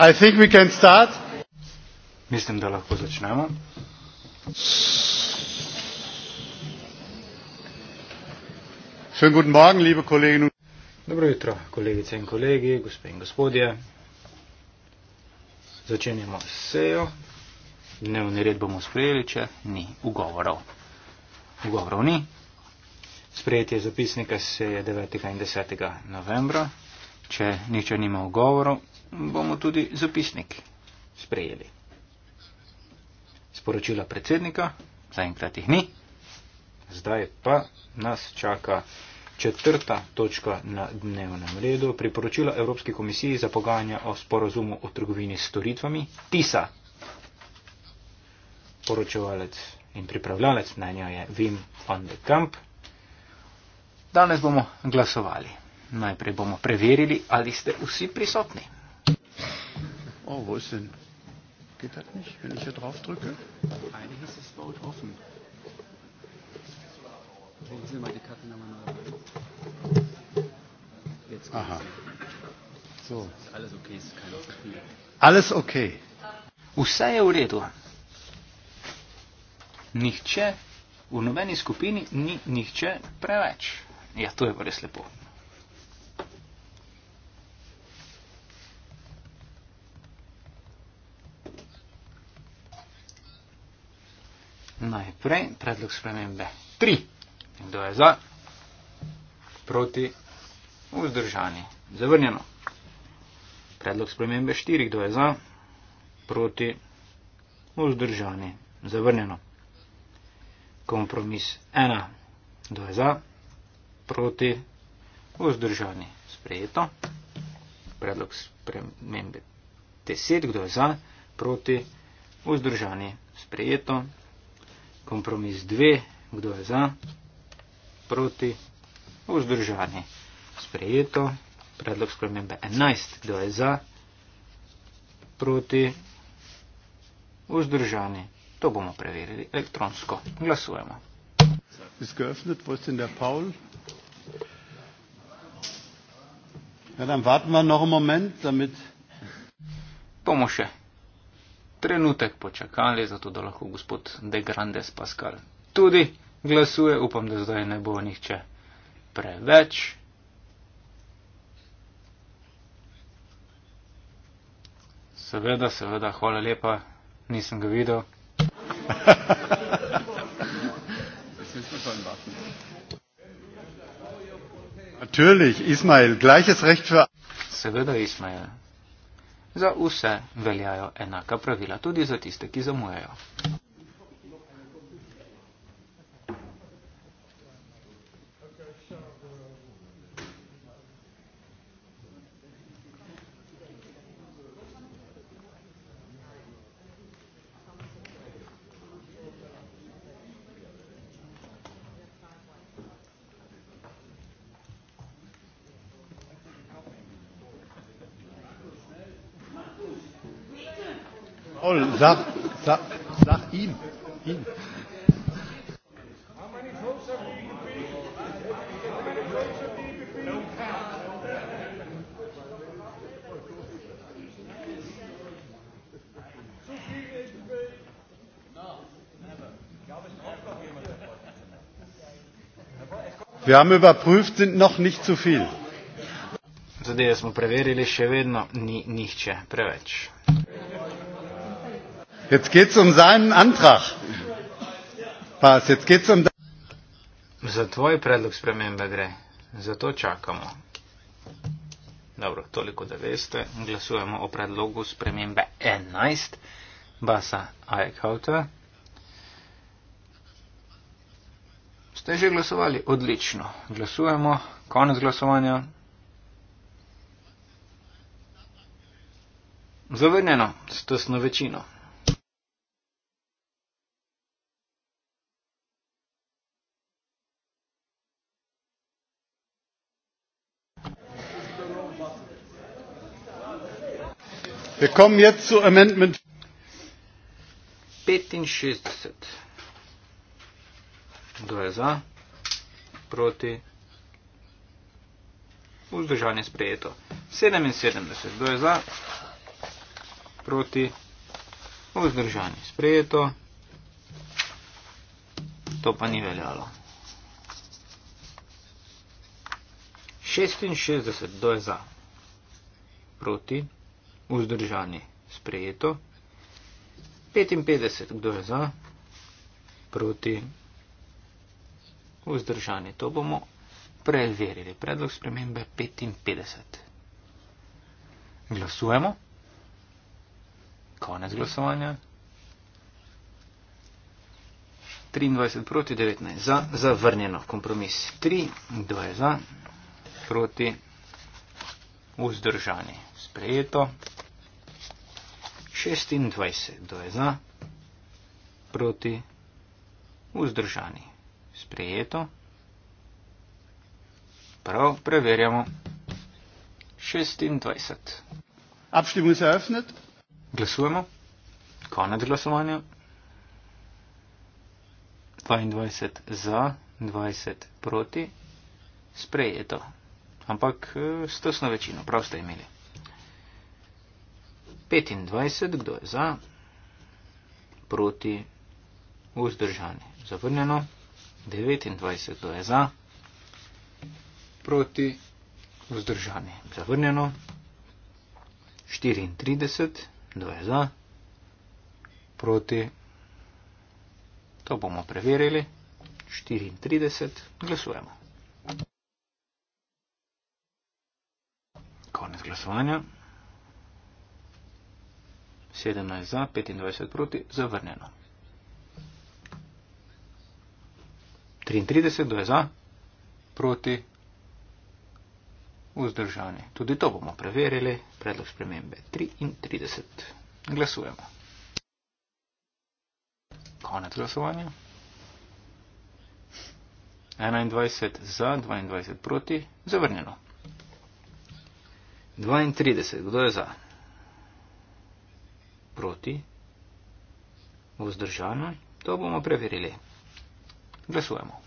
I think we can start. Mislim, da lahko začnemo. Schönen guten Morgen, liebe Kolleginnen Dobro jutro, kolegice in kolegi, gospe in gospodje. Začenjamo sejo. Dnevni red bomo sprejeli, če ni ugovorov. Ugovorov ni. Sprejetje zapisnika se je 9. in 10. novembra. Če nihče nima ugovorov, bomo tudi zapisnik sprejeli. Sporočila predsednika, zaenkrat jih ni. Zdaj pa nas čaka četrta točka na dnevnem redu. Priporočila Evropske komisije za pogajanja o sporozumu o trgovini s storitvami. TISA. Poročevalec in pripravljalec na njo je Wim van de Kamp. Danes bomo glasovali. Najprej bomo preverili, ali ste vsi prisotni. Oh, wo ist denn? Geht das nicht, wenn ich hier drauf drücke? Eigentlich ist das Boot offen. Bringen Sie mal die Karte nochmal neu. Jetzt Aha. So. Ist alles okay, ist kein Problem. Alles okay. Vse je v redu. Nihče v nobeni skupini ni nihče preveč. Ja, to je pa res lepo. Najprej predlog spremembe. Tri. Kdo je za? Proti. Vzdržani. Zavrnjeno. Predlog spremembe štiri. Kdo je za? Proti. Vzdržani. Zavrnjeno. Kompromis ena. Kdo je za? Proti. Vzdržani. Sprejeto. Predlog spremembe deset. Kdo je za? Proti. Vzdržani. Sprejeto kompromis 2, kdo je za, proti, vzdržani, sprejeto, predlog spremembe 11, kdo je za, proti, vzdržani, to bomo preverili elektronsko, glasujemo. Ist geöffnet, wo ist denn der Paul? Ja, dann warten wir noch einen Moment, damit. Pomoche trenutek počakali, zato da lahko gospod De Grandes Pascal tudi glasuje. Upam, da zdaj ne bo nihče preveč. Seveda, seveda, hvala lepa, nisem ga videl. Natürlich, Ismail, gleiches Recht für. Seveda, Ismail. Za vse veljajo enaka pravila, tudi za tiste, ki zamujajo. Sag, sag, sag ihm. ihm. Wir haben überprüft, sind noch nicht zu viel. Zadeve smo preverili, še vedno ni nihče preveč. Jetzt geht es um seinen Antrag. Pas, jetzt geht es um deinen Za tvoj predlog spremembe gre, zato čakamo. Dobro, toliko da veste, glasujemo o predlogu spremembe 11 Basa Aekauta. Ste že glasovali? Odlično. Glasujemo, konec glasovanja. Zavrnjeno, s tesno večino. 65. Kdo je za? Proti? Vzdržanje sprejeto. 77. Kdo je za? Proti? Vzdržanje sprejeto. To pa ni veljalo. 66. Kdo je za? Proti? vzdržani, sprejeto. 55, kdo je za, proti, vzdržani. To bomo preverili. Predlog spremembe 55. Glasujemo. Konec glasovanja. 23 proti 19 za, zavrnjeno. Kompromis 3, kdo je za, proti, vzdržani, sprejeto. 26, kdo je za, proti, vzdržani, sprejeto. Prav, preverjamo. 26. Abstimmung ist eröffnet. Glasujemo. Konec glasovanja. 22 za, 20 proti, sprejeto. Ampak eh, s tesno večino, prav ste imeli. 25, kdo je za, proti, vzdržani, zavrnjeno, 29, kdo je za, proti, vzdržani, zavrnjeno, 34, kdo je za, proti, to bomo preverili, 34, glasujemo. Konec glasovanja. 17 za, 25 proti, zavrnjeno. 33 je za, proti, vzdržani. Tudi to bomo preverili. Predlog spremembe 33. Glasujemo. Konec glasovanja. 21 za, 22 proti, zavrnjeno. 32, kdo je za? proti, vzdržano, to bomo preverili. Glasujemo.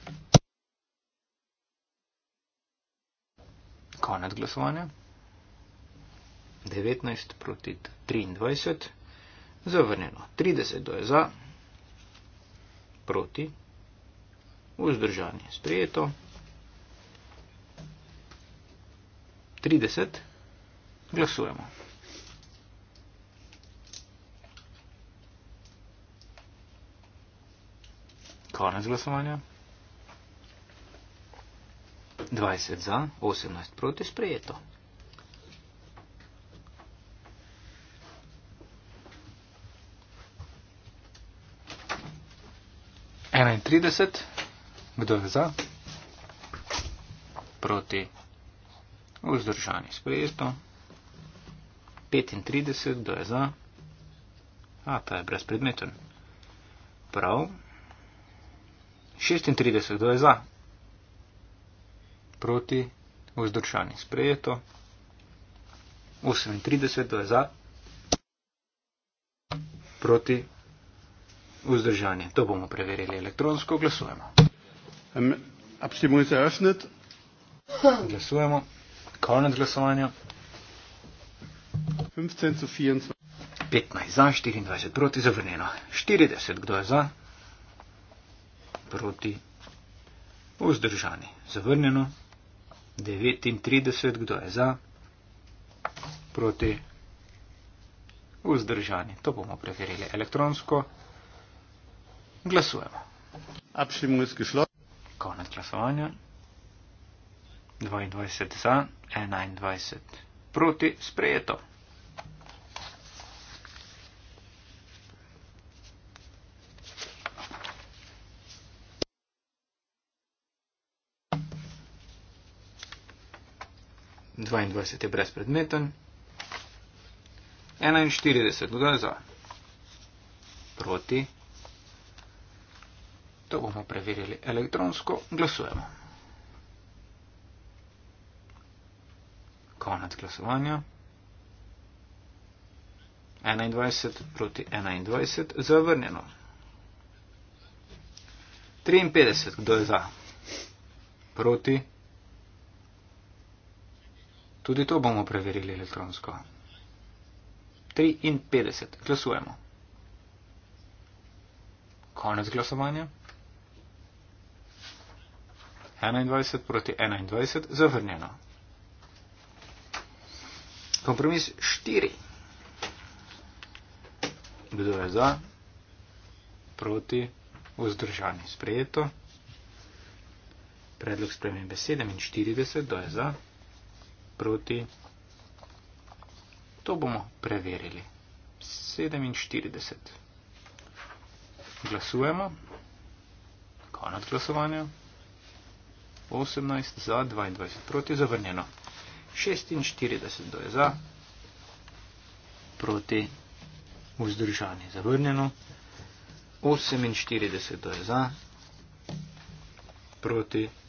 Konec glasovanja. 19 proti 23, zavrnjeno. 30 do je za, proti, vzdržani, sprejeto. 30, glasujemo. konec glasovanja. 20 za, 18 proti, sprejeto. Enaintrideset, kdo je za? Proti, vzdržani, sprejeto. Petintrideset, kdo je za? A, ta je brezpredmeten. Prav. 36, kdo je za? Proti, vzdržani, sprejeto. 38, kdo je za? Proti, vzdržani. To bomo preverili elektronsko, glasujemo. Abstimujte, ašnet. Glasujemo. Konec glasovanja. 15 za, 24 proti, zavrnjeno. 40, kdo je za? proti. Vzdržani. Zavrnjeno. 39, kdo je za? Proti. Vzdržani. To bomo preverili elektronsko. Glasujemo. Konec glasovanja. 22 za, 21 proti, sprejeto. 22 je brezpredmeten. 41, kdo je za? Proti. To bomo preverili elektronsko. Glasujemo. Konec glasovanja. 21 proti 21, zavrnjeno. 53, kdo je za? Proti. Tudi to bomo preverili elektronsko. 53. Glasujemo. Konec glasovanja. 21 proti 21. Zavrnjeno. Kompromis 4. Kdo je za? Proti. Vzdržani. Sprejeto. Predlog spremembe 47. Kdo je za? proti. To bomo preverili. 47. Glasujemo. Konec glasovanja. 18 za, 22 proti, zavrnjeno. 46 do je za, proti, vzdržani, zavrnjeno. 48 do je za, proti, vzdržani.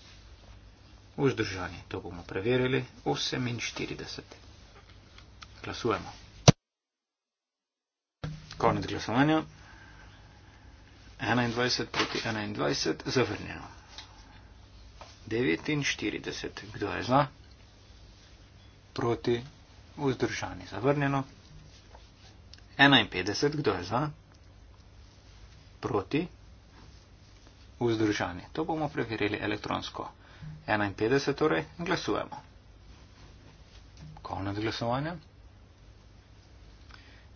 Vzdržani, to bomo preverili. 48. Glasujemo. Konec glasovanja. 21 proti 21, zavrnjeno. 49, kdo je za? Proti, vzdržani, zavrnjeno. 51, kdo je za? Proti, vzdržani. To bomo preverili elektronsko. 51 torej glasujemo. Konec glasovanja.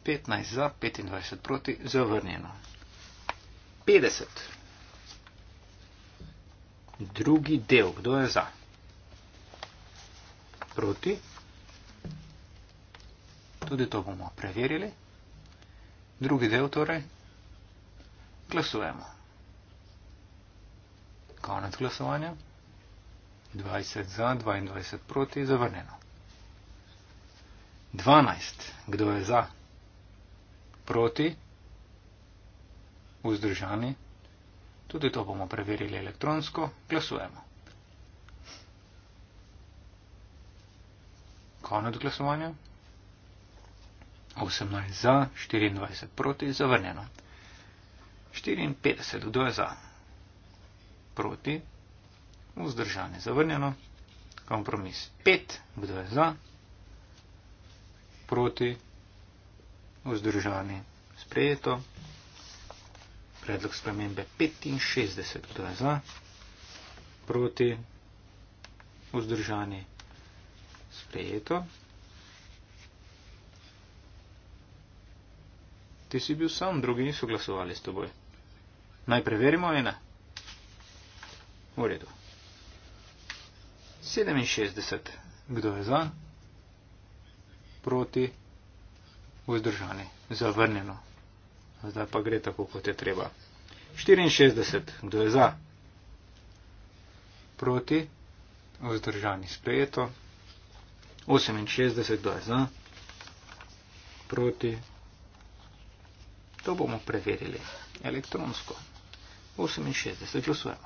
15 za, 25 proti, zavrnjeno. 50. Drugi del, kdo je za? Proti. Tudi to bomo preverili. Drugi del torej. Glasujemo. Konec glasovanja. 20 za, 22 proti, zavrnjeno. 12. Kdo je za? Proti? Vzdržani? Tudi to bomo preverili elektronsko. Glasujemo. Konec glasovanja. 18 za, 24 proti, zavrnjeno. 54. Kdo je za? Proti? vzdržanje zavrnjeno, kompromis 5, kdo je za, proti, vzdržanje sprejeto, predlog spremembe 65, kdo je za, proti, vzdržanje sprejeto. Ti si bil sam, drugi niso glasovali s teboj. Naj preverimo, ena. V redu. 67. Kdo je za? Proti? Vzdržani? Zavrnjeno. Zdaj pa gre tako, kot je treba. 64. Kdo je za? Proti? Vzdržani? Sprejeto. 68. Kdo je za? Proti? To bomo preverili elektronsko. 68. Glasujemo.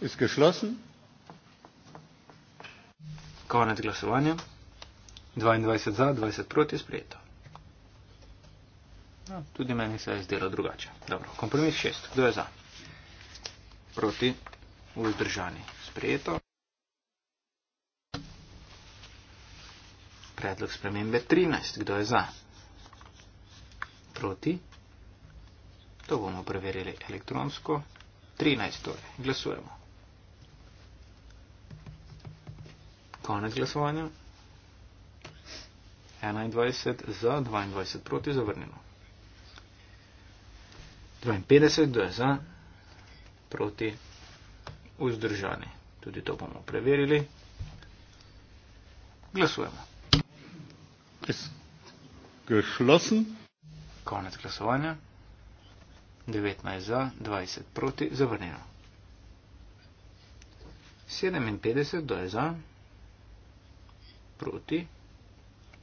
Izkašlasen? Konec glasovanja. 22 za, 20 proti, sprejeto. No, tudi meni se je zdelo drugače. Dobro, kompromis 6. Kdo je za? Proti, vzdržani, sprejeto. Predlog spremembe 13. Kdo je za? Proti. To bomo preverili elektronsko. 13 torej. Glasujemo. konec glasovanja. 21 za, 22 proti zavrnjeno. 52 do je za, proti vzdržani. Tudi to bomo preverili. Glasujemo. Geschlossen. Konec glasovanja. 19 za, 20 proti zavrnjeno. 57 do je za, proti,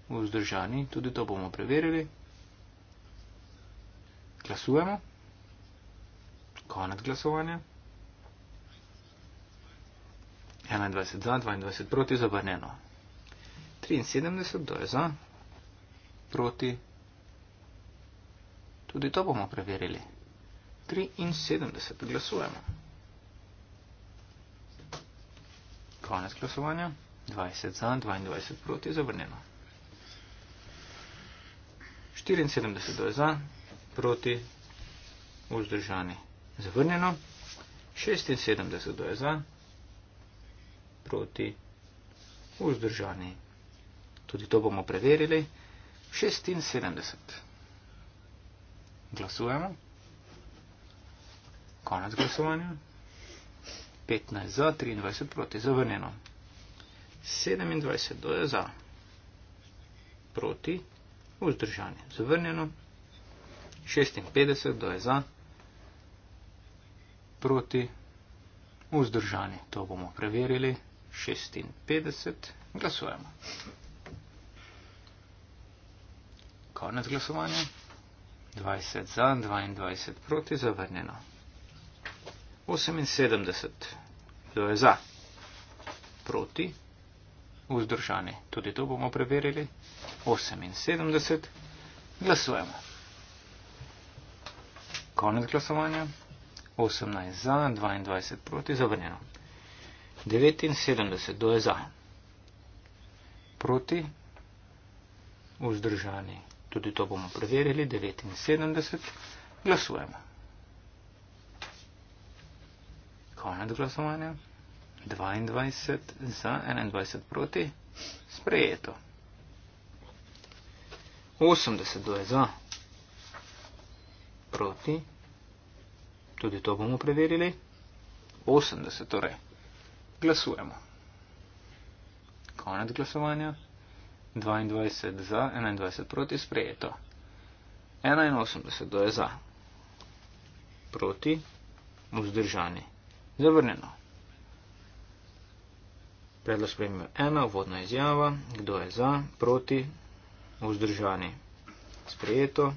vzdržani, tudi to bomo preverili. Glasujemo. Konec glasovanja. 21 za, 22 proti, zabrnjeno. 73, to je za, proti. Tudi to bomo preverili. 73, glasujemo. Konec glasovanja. 20 za, 22 proti, zavrnjeno. 74 za, proti, vzdržani, zavrnjeno. 76 za, proti, vzdržani. Tudi to bomo preverili. 76. Glasujemo. Konec glasovanja. 15 za, 23 proti, zavrnjeno. 27, kdo je za, proti, vzdržanje, zavrnjeno, 56, kdo je za, proti, vzdržanje, to bomo preverili, 56, glasujemo. Konec glasovanja, 20 za, 22 proti, zavrnjeno, 78, kdo je za, proti, vzdržani. Tudi to bomo preverili. 78. Glasujemo. Konec glasovanja. 18 za, 22 proti, zavrnjeno. 79, kdo je za? Proti, vzdržani. Tudi to bomo preverili. 79, glasujemo. Konec glasovanja. 22 za 21 proti sprejeto. 80 je za proti, tudi to bomo preverili. 80 torej glasujemo. Konec glasovanja. 22 za 21 proti sprejeto. 81 je za proti vzdržani. Zavrnjeno. Predlog spremembe ena, vodna izjava, kdo je za, proti, vzdržani, sprejeto.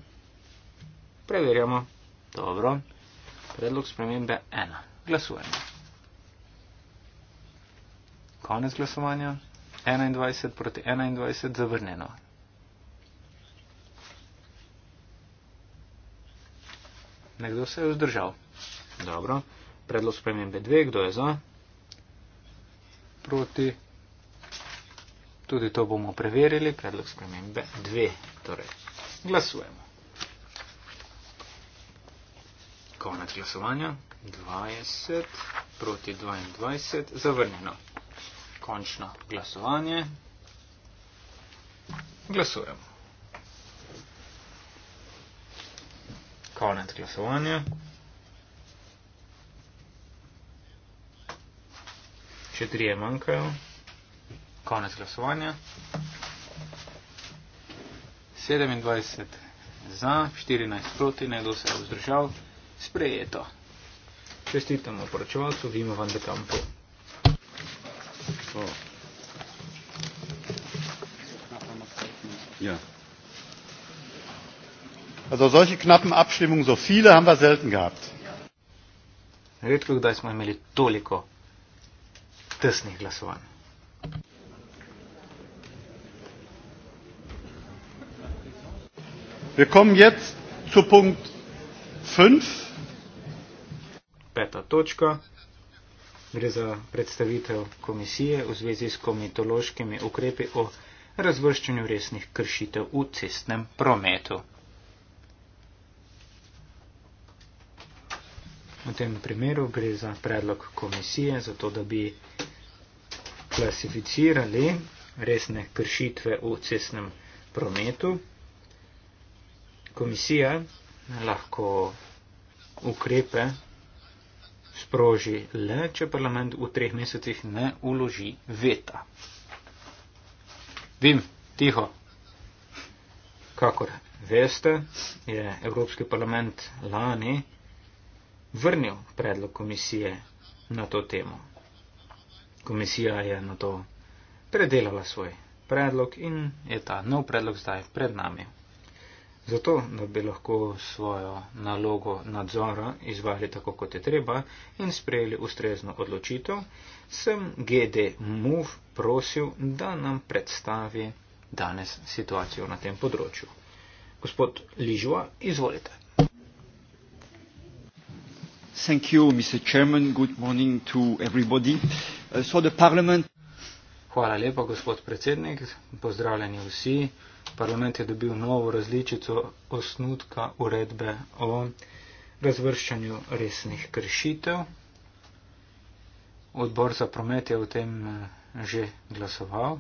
Preverjamo. Dobro. Predlog spremembe ena. Glasujemo. Konec glasovanja. 21 proti 21 zavrnjeno. Nekdo se je vzdržal. Dobro. Predlog spremembe 2. Kdo je za? proti. Tudi to bomo preverili, predlog spremembe 2. Torej, glasujemo. Konec glasovanja. 20 proti 22. Zavrnjeno. Končno glasovanje. Glasujemo. Konec glasovanja. Še tri je manjkajo. Konec glasovanja. 27 za, 14 proti, ne do se je vzdržal. Sprejeto. Čestitamo poročevalcu, vima van de campo. O. Ja. Also solche knappen Abstimmungen, so viele haben wir selten gehabt. Redko kdaj smo imeli toliko tesnih glasovanj. Wir kommen jetzt zu Punkt 5. Peta točka. Gre za predstavitev komisije v zvezi s komitološkimi ukrepi o razvrščanju resnih kršitev v cestnem prometu. V tem primeru gre za predlog komisije, zato da bi klasificirali resne kršitve v cestnem prometu, komisija lahko ukrepe sproži le, če parlament v treh mesecih ne uloži veta. Vim, tiho. Kakor veste, je Evropski parlament lani vrnil predlog komisije na to temo komisija je na to predelala svoj predlog in je ta nov predlog zdaj pred nami. Zato, da bi lahko svojo nalogo nadzora izvali tako, kot je treba in sprejeli ustrezno odločitev, sem GD MUV prosil, da nam predstavi danes situacijo na tem področju. Gospod Ližva, izvolite. Thank you, Mr. Chairman. Good morning to everybody. Uh, Eh, so the parliament. Hvala lepa, gospod predsednik. Pozdravljeni vsi. Parlament je dobil novo različico osnutka uredbe o razvrščanju resnih kršitev. Odbor za promet je o tem eh, že glasoval.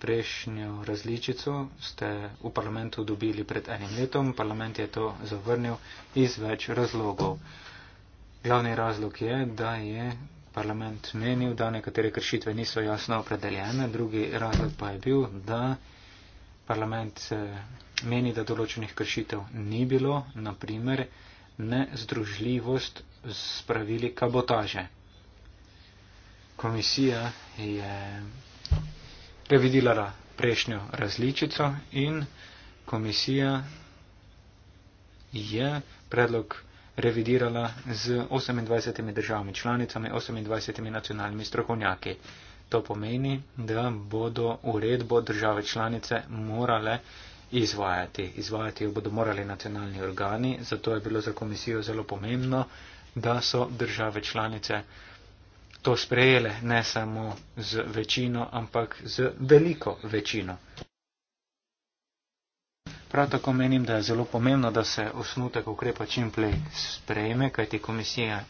Prejšnjo različico ste v parlamentu dobili pred enim letom. Parlament je to zavrnil iz več razlogov. Glavni razlog je, da je parlament menil, da nekatere kršitve niso jasno opredeljene. Drugi razlog pa je bil, da parlament eh, meni, da določenih kršitev ni bilo, naprimer nezdružljivost z pravili kabotaže. Komisija je revidirala prejšnjo različico in komisija je predlog revidirala z 28 državami članicami, 28 nacionalnimi strokovnjaki. To pomeni, da bodo uredbo države članice morale izvajati. Izvajati jo bodo morali nacionalni organi, zato je bilo za komisijo zelo pomembno, da so države članice to sprejele ne samo z večino, ampak z veliko večino. Prav tako menim, da je zelo pomembno, da se osnutek ukrepa čim prej sprejme, kajti komisija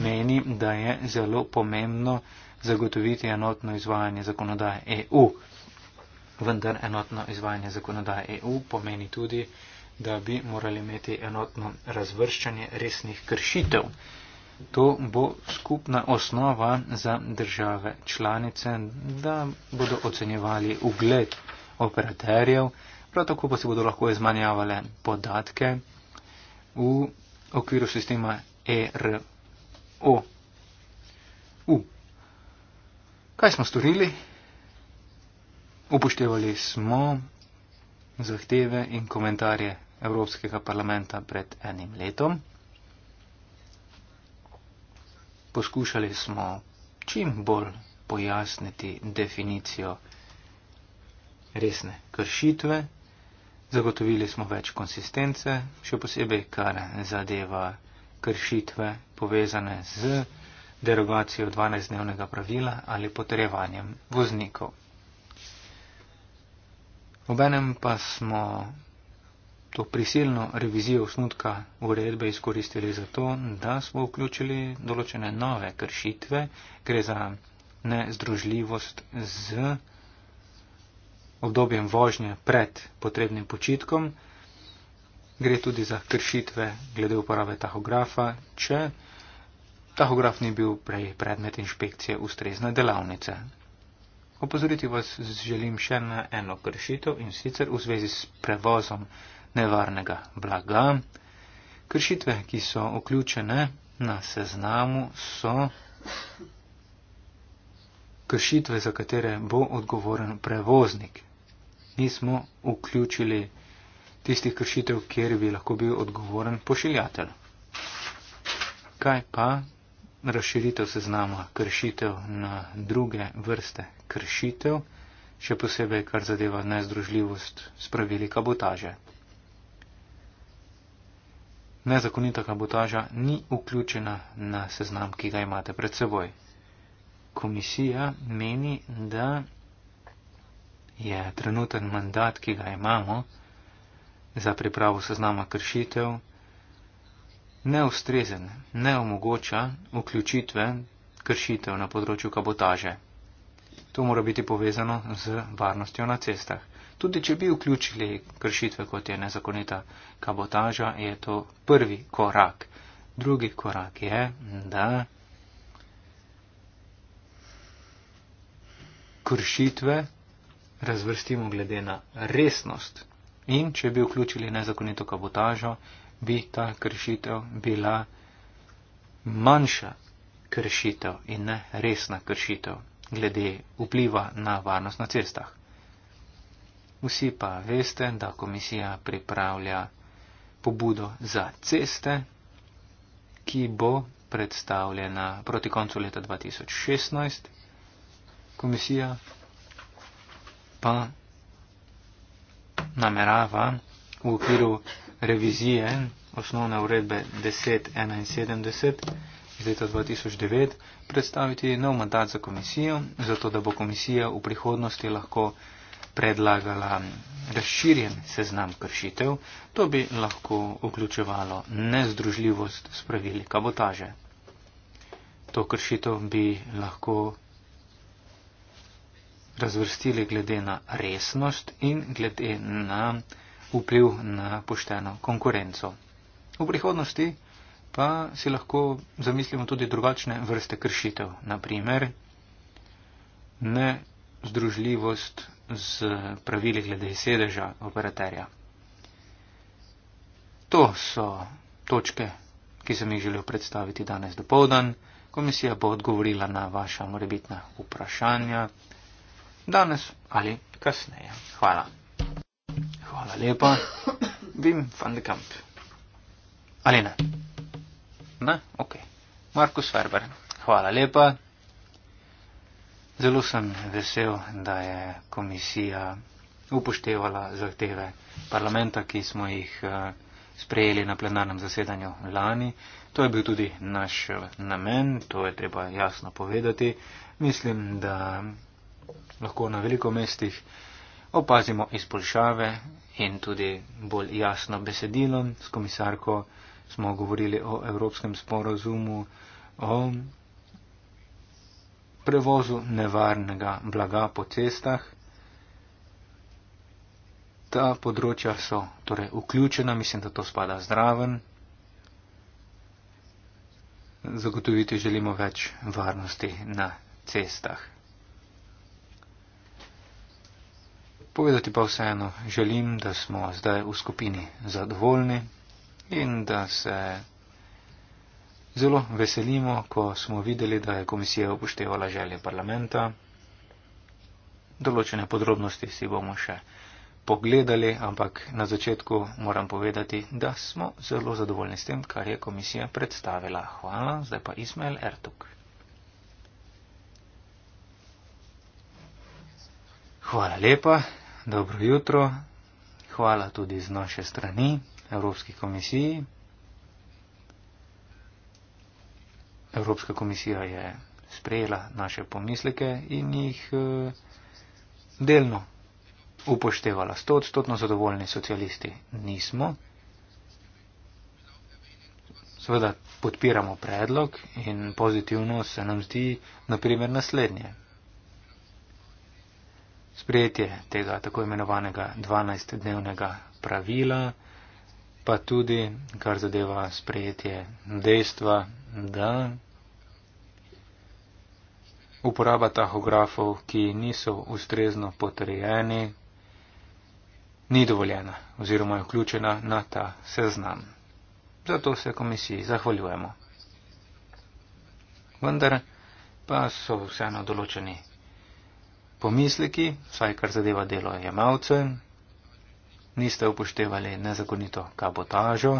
meni, da je zelo pomembno zagotoviti enotno izvajanje zakonodaje EU. Vendar enotno izvajanje zakonodaje EU pomeni tudi, da bi morali imeti enotno razvrščanje resnih kršitev. To bo skupna osnova za države članice, da bodo ocenjevali ugled operaterjev, Prav tako pa se bodo lahko izmanjavale podatke v okviru sistema ERO. U. Kaj smo storili? Upoštevali smo zahteve in komentarje Evropskega parlamenta pred enim letom. Poskušali smo čim bolj pojasniti definicijo resne kršitve Zagotovili smo več konsistence, še posebej kar zadeva kršitve povezane z derogacijo 12-dnevnega pravila ali potrejevanjem voznikov. Obenem pa smo to prisilno revizijo osnutka uredbe izkoristili za to, da smo vključili določene nove kršitve, gre za nezdružljivost z obdobjem vožnje pred potrebnim počitkom. Gre tudi za kršitve glede uporabe tahografa, če tahograf ni bil prej predmet inšpekcije ustrezne delavnice. Opozoriti vas želim še na eno kršitev in sicer v zvezi s prevozom nevarnega blaga. Kršitve, ki so vključene na seznamu, so kršitve, za katere bo odgovoren prevoznik. Nismo vključili tistih kršitev, kjer bi lahko bil odgovoren pošiljatelj. Kaj pa razširitev seznama kršitev na druge vrste kršitev, še posebej kar zadeva nezdružljivost s pravili kabotaže? Nezakonita kabotaža ni vključena na seznam, ki ga imate pred seboj komisija meni, da je trenuten mandat, ki ga imamo za pripravo seznama kršitev, neustrezen, ne omogoča vključitve kršitev na področju kabotaže. To mora biti povezano z varnostjo na cestah. Tudi če bi vključili kršitve, kot je nezakonita kabotaža, je to prvi korak. Drugi korak je, da kršitve razvrstimo glede na resnost. In če bi vključili nezakonito kabotažo, bi ta kršitev bila manjša kršitev in ne resna kršitev glede vpliva na varnost na cestah. Vsi pa veste, da komisija pripravlja pobudo za ceste, ki bo predstavljena proti koncu leta 2016 komisija pa namerava v okviru revizije osnovne uredbe 1071 iz leta 2009 predstaviti nov mandat za komisijo, zato da bo komisija v prihodnosti lahko predlagala razširjen seznam kršitev, to bi lahko vključevalo nezdružljivost s pravili kabotaže. To kršitev bi lahko razvrstili glede na resnost in glede na vpliv na pošteno konkurenco. V prihodnosti pa si lahko zamislimo tudi drugačne vrste kršitev, naprimer nezdružljivost z pravili glede sedeža operaterja. To so točke, ki sem jih želel predstaviti danes do povdan. Komisija bo odgovorila na vaša morebitna vprašanja danes ali kasneje. Hvala. Hvala lepa. Vim, fandekamp. Ali ne? Ne, ok. Markus Ferber. Hvala lepa. Zelo sem vesel, da je komisija upoštevala zahteve parlamenta, ki smo jih eh, sprejeli na plenarnem zasedanju lani. To je bil tudi naš eh, namen, to je treba jasno povedati. Mislim, da lahko na veliko mestih opazimo izboljšave in tudi bolj jasno besedilo. S komisarko smo govorili o evropskem sporozumu, o prevozu nevarnega blaga po cestah. Ta področja so torej vključena, mislim, da to spada zdraven. Zagotoviti želimo več varnosti na cestah. Povedati pa vseeno želim, da smo zdaj v skupini zadovoljni in da se zelo veselimo, ko smo videli, da je komisija upoštevala želje parlamenta. Določene podrobnosti si bomo še pogledali, ampak na začetku moram povedati, da smo zelo zadovoljni s tem, kar je komisija predstavila. Hvala, zdaj pa Ismail Ertuk. Hvala lepa dobro jutro. Hvala tudi z naše strani Evropski komisiji. Evropska komisija je sprejela naše pomisleke in jih eh, delno upoštevala. Sto odstotno zadovoljni socialisti nismo. Seveda podpiramo predlog in pozitivno se nam zdi naprimer naslednje sprejetje tega tako imenovanega 12-dnevnega pravila, pa tudi, kar zadeva sprejetje dejstva, da uporaba tahografov, ki niso ustrezno potrejeni, ni dovoljena oziroma je vključena na ta seznam. Zato se komisiji zahvaljujemo. Vendar pa so vseeno določeni pomisleki, vsaj kar zadeva delo jemalce, niste upoštevali nezakonito kabotažo,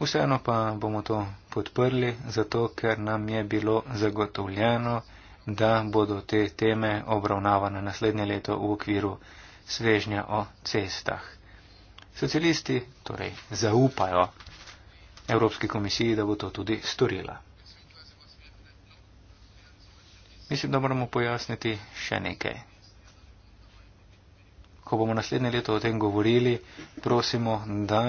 vseeno pa bomo to podprli, zato ker nam je bilo zagotovljeno, da bodo te teme obravnavane naslednje leto v okviru svežnja o cestah. Socialisti torej zaupajo Evropski komisiji, da bo to tudi storila. Mislim, da moramo pojasniti še nekaj. Ko bomo naslednje leto o tem govorili, prosimo, da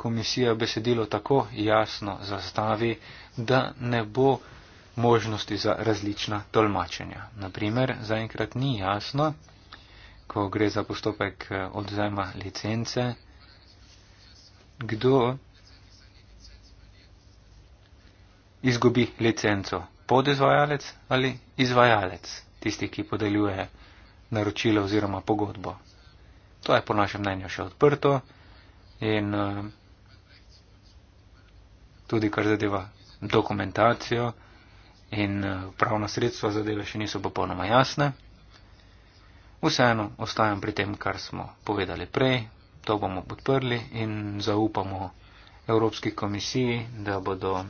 komisija besedilo tako jasno zastavi, da ne bo možnosti za različna tolmačenja. Naprimer, zaenkrat ni jasno, ko gre za postopek eh, odzema licence, kdo izgubi licenco podizvajalec ali izvajalec, tisti, ki podeljuje naročilo oziroma pogodbo. To je po našem mnenju še odprto in eh, tudi kar zadeva dokumentacijo in eh, pravna sredstva zadeve še niso popolnoma jasne. Vseeno ostajam pri tem, kar smo povedali prej, to bomo podprli in zaupamo Evropski komisiji, da bodo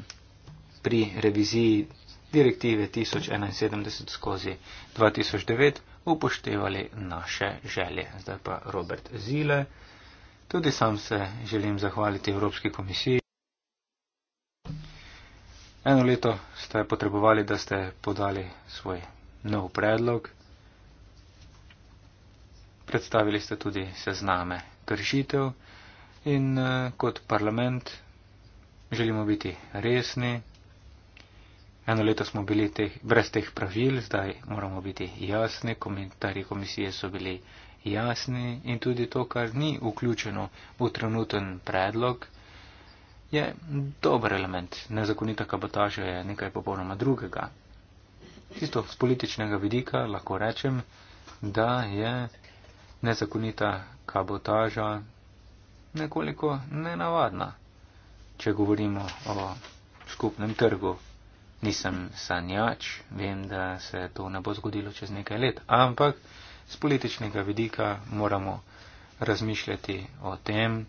pri reviziji direktive 1071 skozi 2009 upoštevali naše želje. Zdaj pa Robert Zile. Tudi sam se želim zahvaliti Evropski komisiji. Eno leto ste potrebovali, da ste podali svoj nov predlog. Predstavili ste tudi sezname kršitev in eh, kot parlament želimo biti resni, Eno leto smo bili teh, brez teh pravil, zdaj moramo biti jasni, komentarji komisije so bili jasni in tudi to, kar ni vključeno v trenuten predlog, je dober element. Nezakonita kabotaža je nekaj popolnoma drugega. Tisto z političnega vidika lahko rečem, da je nezakonita kabotaža nekoliko nenavadna, če govorimo o skupnem trgu nisem sanjač, vem, da se to ne bo zgodilo čez nekaj let, ampak z političnega vidika moramo razmišljati o tem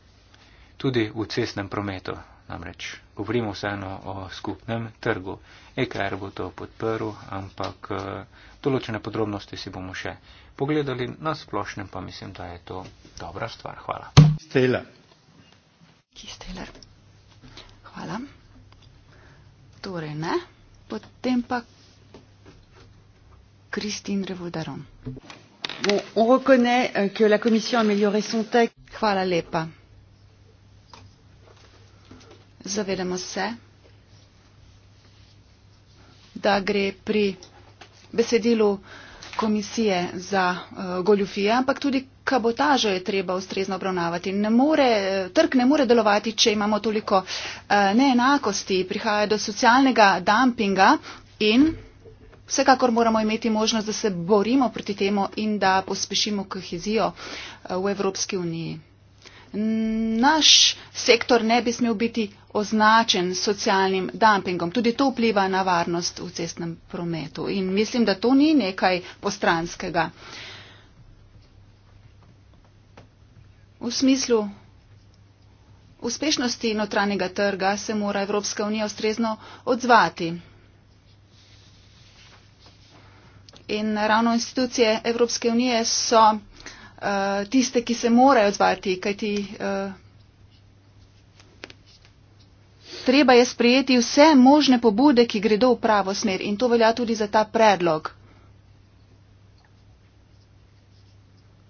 tudi v cestnem prometu. Namreč govorimo vseeno o skupnem trgu. EKR bo to podprl, ampak eh, določene podrobnosti si bomo še pogledali na splošnem, pa mislim, da je to dobra stvar. Hvala. Stela. Ki Steler? Hvala. Torej ne potem pa Kristin Revodaron. Bon, on reconnaît euh, que la Commission a amélioré son texte. Hvala lepa. Zavedamo se, da gre pri besedilu komisije za eh, goljufije, ampak tudi kabotažo je treba ustrezno obravnavati. Ne more, trg ne more delovati, če imamo toliko eh, neenakosti, prihaja do socialnega dumpinga in vsekakor moramo imeti možnost, da se borimo proti temu in da pospešimo kohezijo eh, v Evropski uniji naš sektor ne bi smel biti označen s socialnim dumpingom. Tudi to vpliva na varnost v cestnem prometu in mislim, da to ni nekaj postranskega. V smislu uspešnosti notranjega trga se mora Evropska unija ustrezno odzvati. In ravno institucije Evropske unije so Eh, tiste, ki se morajo odzvati, kajti uh, treba je sprejeti vse možne pobude, ki gredo v pravo smer in to velja tudi za ta predlog.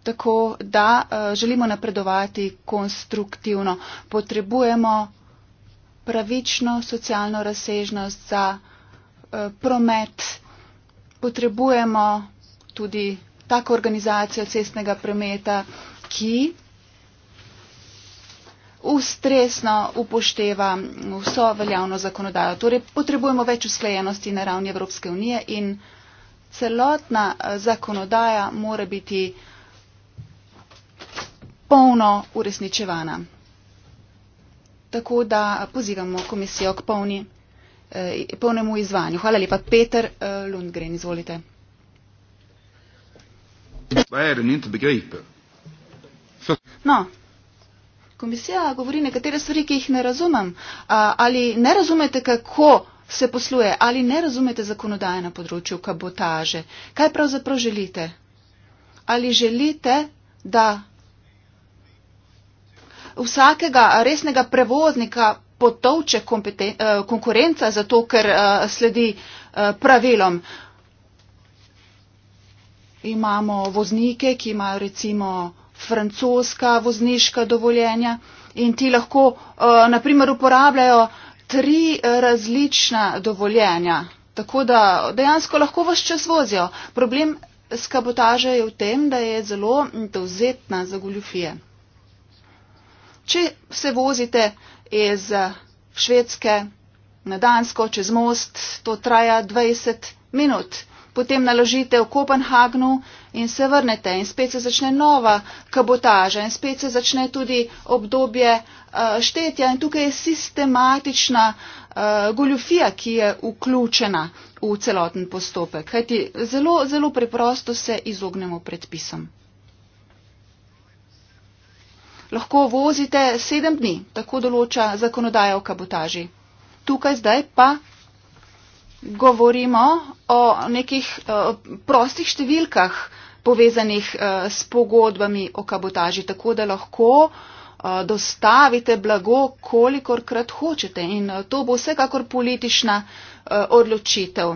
Tako da uh, želimo napredovati konstruktivno. Potrebujemo pravično socialno razsežnost za uh, promet, potrebujemo tudi tako organizacijo cestnega premeta, ki ustresno upošteva vso veljavno zakonodajo. Torej potrebujemo več usklajenosti na ravni Evropske unije in celotna eh, zakonodaja mora biti polno uresničevana. Tako da pozivamo komisijo k polni, eh, polnemu izvanju. Hvala lepa. Peter eh, Lundgren, izvolite världen inte begriper. För... No. Komisija govori nekatere stvari, ki jih ne razumem. A, ali ne razumete, kako se posluje, ali ne razumete zakonodaje na področju kabotaže? Kaj pravzaprav želite? Ali želite, da vsakega resnega prevoznika potovče eh, konkurenca zato, ker a, eh, sledi a, eh, pravilom? imamo voznike, ki imajo recimo francoska vozniška dovoljenja in ti lahko uh, eh, naprimer uporabljajo tri različna dovoljenja. Tako da dejansko lahko vse čas vozijo. Problem s kabotažo je v tem, da je zelo dovzetna za goljufije. Če se vozite iz Švedske na Dansko čez most, to traja 20 minut potem naložite v Kopenhagnu in se vrnete in spet se začne nova kabotaža in spet se začne tudi obdobje uh, štetja in tukaj je sistematična uh, goljufija, ki je vključena v celoten postopek. Kajti zelo, zelo preprosto se izognemo predpisom. Lahko vozite sedem dni, tako določa zakonodaja o kabotaži. Tukaj zdaj pa govorimo o nekih eh, prostih številkah povezanih eh, s pogodbami o kabotaži, tako da lahko eh, dostavite blago, kolikorkrat hočete. In to bo vsekakor politična odločitev.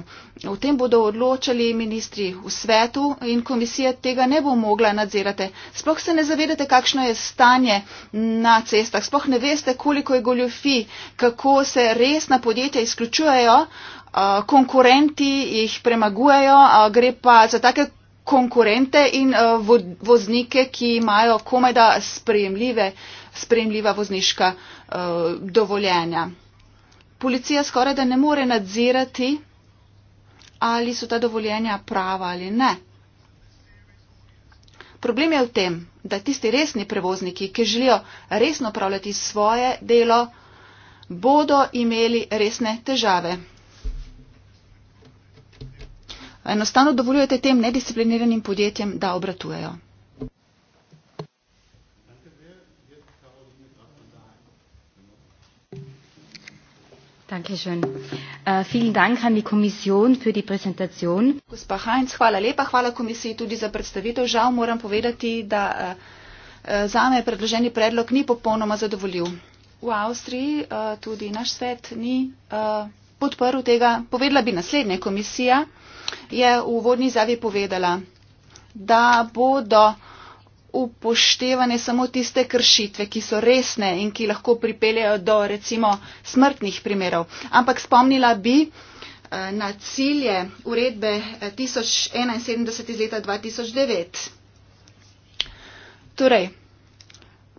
O tem bodo odločali ministri v svetu in komisija tega ne bo mogla nadzirati. Sploh se ne zavedate, kakšno je stanje na cestah, sploh ne veste, koliko je goljofi, kako se resna podjetja izključujejo uh, konkurenti jih premagujejo, gre pa za take konkurente in voznike, ki imajo komajda sprejemljiva vozniška dovoljenja. Policija skoraj da ne more nadzirati, ali so ta dovoljenja prava ali ne. Problem je v tem, da tisti resni prevozniki, ki želijo resno upravljati svoje delo, bodo imeli resne težave enostavno dovoljujete tem nediscipliniranim podjetjem, da obratujejo. Dankeschön. Uh, vielen Dank an die Kommission für die Präsentation. Gospa Heinz, hvala lepa, hvala komisiji tudi za predstavitev. Žal moram povedati, da uh, äh, äh, za me predloženi predlog ni popolnoma zadovoljiv. V Avstriji uh, tudi naš svet ni uh, podprl tega. Povedala bi naslednja komisija je v uvodni zavi povedala, da bodo upoštevane samo tiste kršitve, ki so resne in ki lahko pripeljajo do recimo smrtnih primerov. Ampak spomnila bi eh, na cilje uredbe 1071 eh, iz leta 2009. Torej,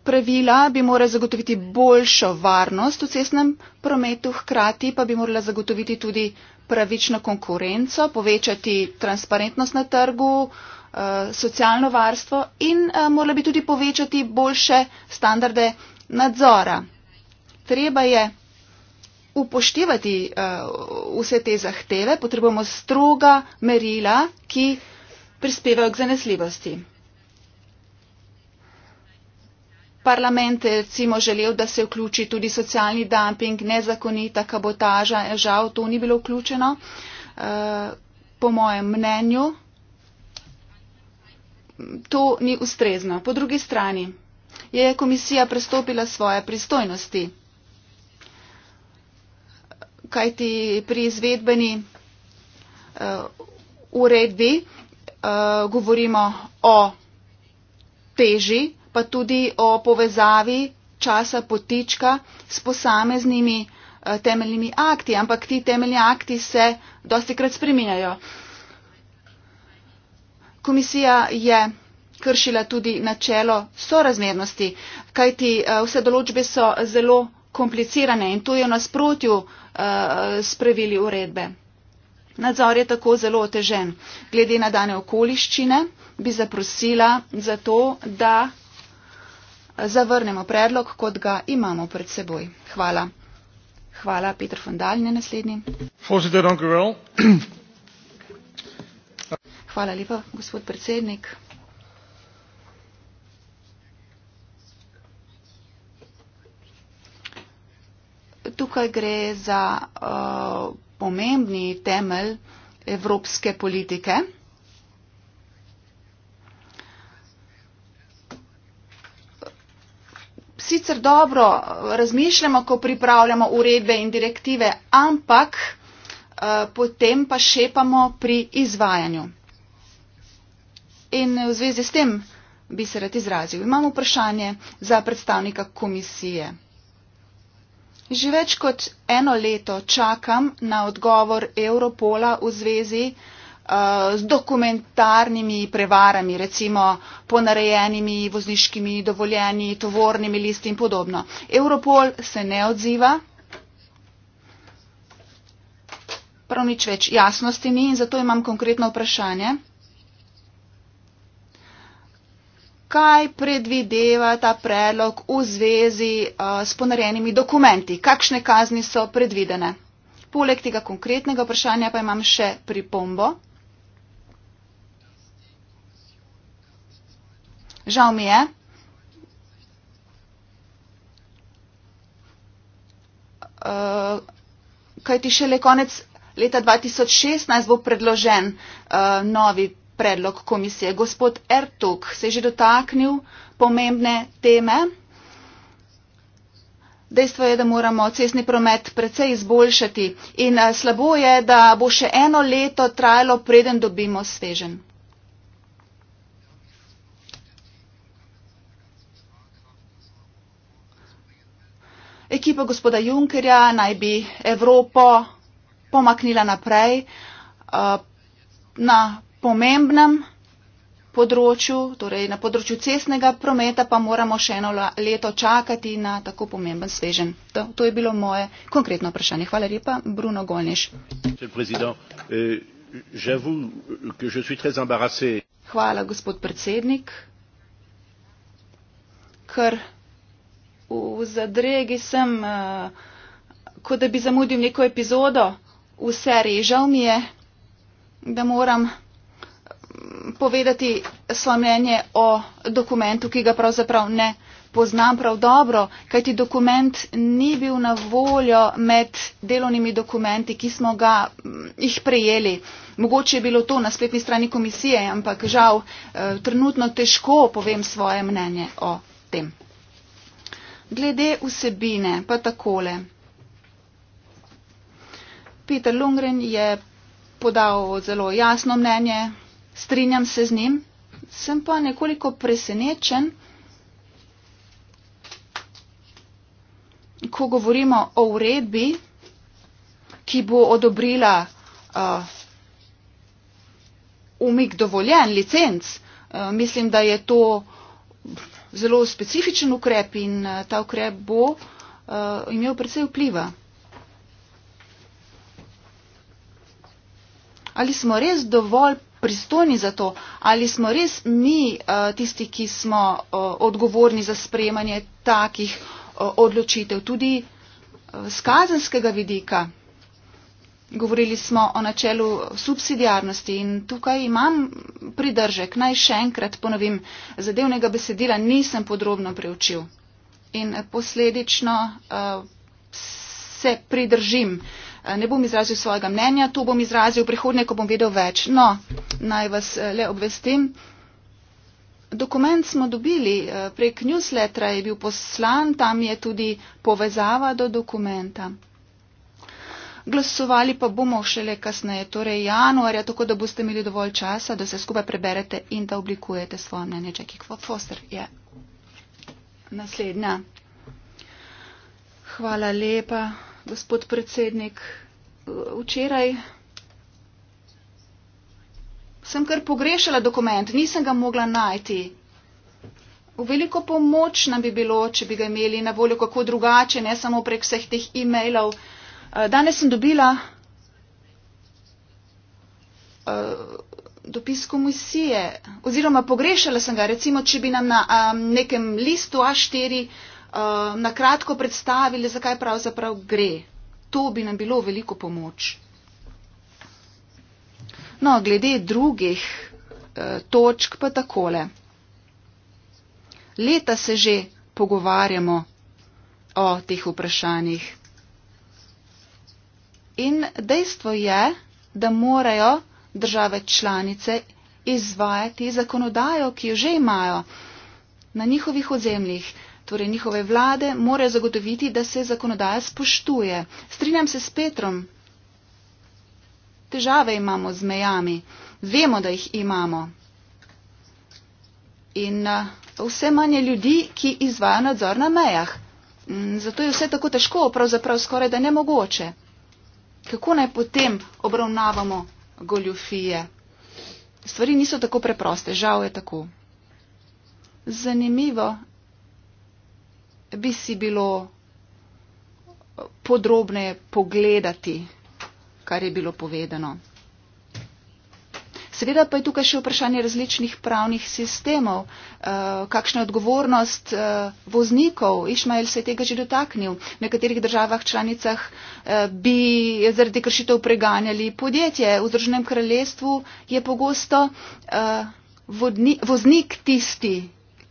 pravila bi morala zagotoviti boljšo varnost v cestnem prometu, hkrati pa bi morala zagotoviti tudi pravično konkurenco, povečati transparentnost na trgu, eh, socialno varstvo in eh, morala bi tudi povečati boljše standarde nadzora. Treba je upoštevati eh, vse te zahteve, potrebujemo stroga merila, ki prispevajo k zanesljivosti. parlament je recimo želel, da se vključi tudi socialni dumping, nezakonita kabotaža, žal to ni bilo vključeno. Eh, po mojem mnenju to ni ustrezno. Po drugi strani je komisija prestopila svoje pristojnosti, kajti pri izvedbeni eh, uredbi eh, govorimo o teži pa tudi o povezavi časa potička s posameznimi eh, temeljnimi akti, ampak ti temeljni akti se dosti krat spreminjajo. Komisija je kršila tudi načelo sorazmernosti, kajti eh, vse določbe so zelo komplicirane in to je v nasprotju eh, s pravili uredbe. Nadzor je tako zelo otežen. Glede na dane okoliščine bi zaprosila za to, da zavrnemo predlog, kot ga imamo pred seboj. Hvala. Hvala, Peter Fondal, ne naslednji. Hvala lepa, gospod predsednik. Tukaj gre za uh, pomembni temelj evropske politike. sicer dobro razmišljamo, ko pripravljamo uredbe in direktive, ampak eh, potem pa šepamo pri izvajanju. In v zvezi s tem bi se rad izrazil. Imam vprašanje za predstavnika komisije. Že več kot eno leto čakam na odgovor Europola v zvezi Eh, z dokumentarnimi prevarami recimo ponarejenimi vozniškimi dovoljenji tovornimi listi in podobno. Europol se ne odziva. Prav nič več jasnosti ni in zato imam konkretno vprašanje. Kaj predvideva ta predlog v zvezi uh, s ponarejenimi dokumenti? Kakšne kazni so predvidene? Poleg tega konkretnega vprašanja pa imam še pripombo. Žal mi je. Eh, Kaj ti šele konec leta 2016 bo predložen eh, novi predlog komisije. Gospod Ertug se je že dotaknil pomembne teme. Dejstvo je, da moramo cestni promet precej izboljšati in eh, slabo je, da bo še eno leto trajalo, preden dobimo svežen. ekipa gospoda Junkerja naj bi Evropo pomaknila naprej eh, na pomembnem področju, torej na področju cestnega prometa, pa moramo še eno leto čakati na tako pomemben svežen. To, to je bilo moje konkretno vprašanje. Hvala lepa, Bruno Golniš. Euh, Hvala, gospod predsednik. Ker v zadregi sem, uh, kot da bi zamudil neko epizodo, vse režal mi je, da moram mm, povedati svoje mnenje o dokumentu, ki ga pravzaprav ne poznam prav dobro, kajti dokument ni bil na voljo med delovnimi dokumenti, ki smo ga mm, jih prejeli. Mogoče je bilo to na spletni strani komisije, ampak žal eh, trenutno težko povem svoje mnenje o tem. Glede vsebine pa takole. Peter Lungren je podal zelo jasno mnenje, strinjam se z njim, sem pa nekoliko presenečen, ko govorimo o uredbi, ki bo odobrila uh, umik dovoljen, licenc. Uh, mislim, da je to zelo specifičen ukrep in eh, ta ukrep bo uh, imel predvsej vpliva. Ali smo res dovolj pristojni za to? Ali smo res mi uh, tisti, ki smo uh, odgovorni za sprejemanje takih uh, odločitev, tudi uh, z kazenskega vidika? Govorili smo o načelu subsidijarnosti in tukaj imam pridržek. Naj še enkrat ponovim, zadevnega besedila nisem podrobno preučil in posledično eh, se pridržim. Eh, ne bom izrazil svojega mnenja, to bom izrazil prihodnje, ko bom vedel več. No, naj vas eh, le obvestim. Dokument smo dobili prek newslettera, je bil poslan, tam je tudi povezava do dokumenta glasovali pa bomo šele kasneje, torej januarja, tako da boste imeli dovolj časa, da se skupaj preberete in da oblikujete svoje mnenje. Jackie Foster je naslednja. Hvala lepa, gospod predsednik. Včeraj sem kar pogrešala dokument, nisem ga mogla najti. V veliko pomoč nam bi bilo, če bi ga imeli na voljo, kako drugače, ne samo prek vseh teh e-mailov. Eh, danes sem dobila eh, dopis komisije oziroma pogrešala sem ga recimo če bi nam na nekem listu a štiri eh, na kratko predstavili zakaj pravzaprav gre to bi nam bilo veliko pomoč no glede drugih točk pa takole leta se že pogovarjamo o teh vprašanjih In dejstvo je, da morajo države članice izvajati zakonodajo, ki jo že imajo na njihovih ozemljih. Torej njihove vlade morajo zagotoviti, da se zakonodaja spoštuje. Strinjam se s Petrom. Težave imamo z mejami. Vemo, da jih imamo. In eh, vse manje ljudi, ki izvajo nadzor na mejah. Mm, zato je vse tako težko, pravzaprav skoraj da nemogoče kako naj potem obravnavamo goljofije. Stvari niso tako preproste, žal je tako. Zanimivo bi si bilo podrobneje pogledati, kar je bilo povedano. Seveda pa je tukaj še vprašanje različnih pravnih sistemov, uh, kakšna je odgovornost uh, voznikov. Išmael se je tega že dotaknil. V nekaterih državah članicah uh, bi zaradi kršitev preganjali podjetje. V Združenem kraljestvu je pogosto uh, vodni, voznik tisti,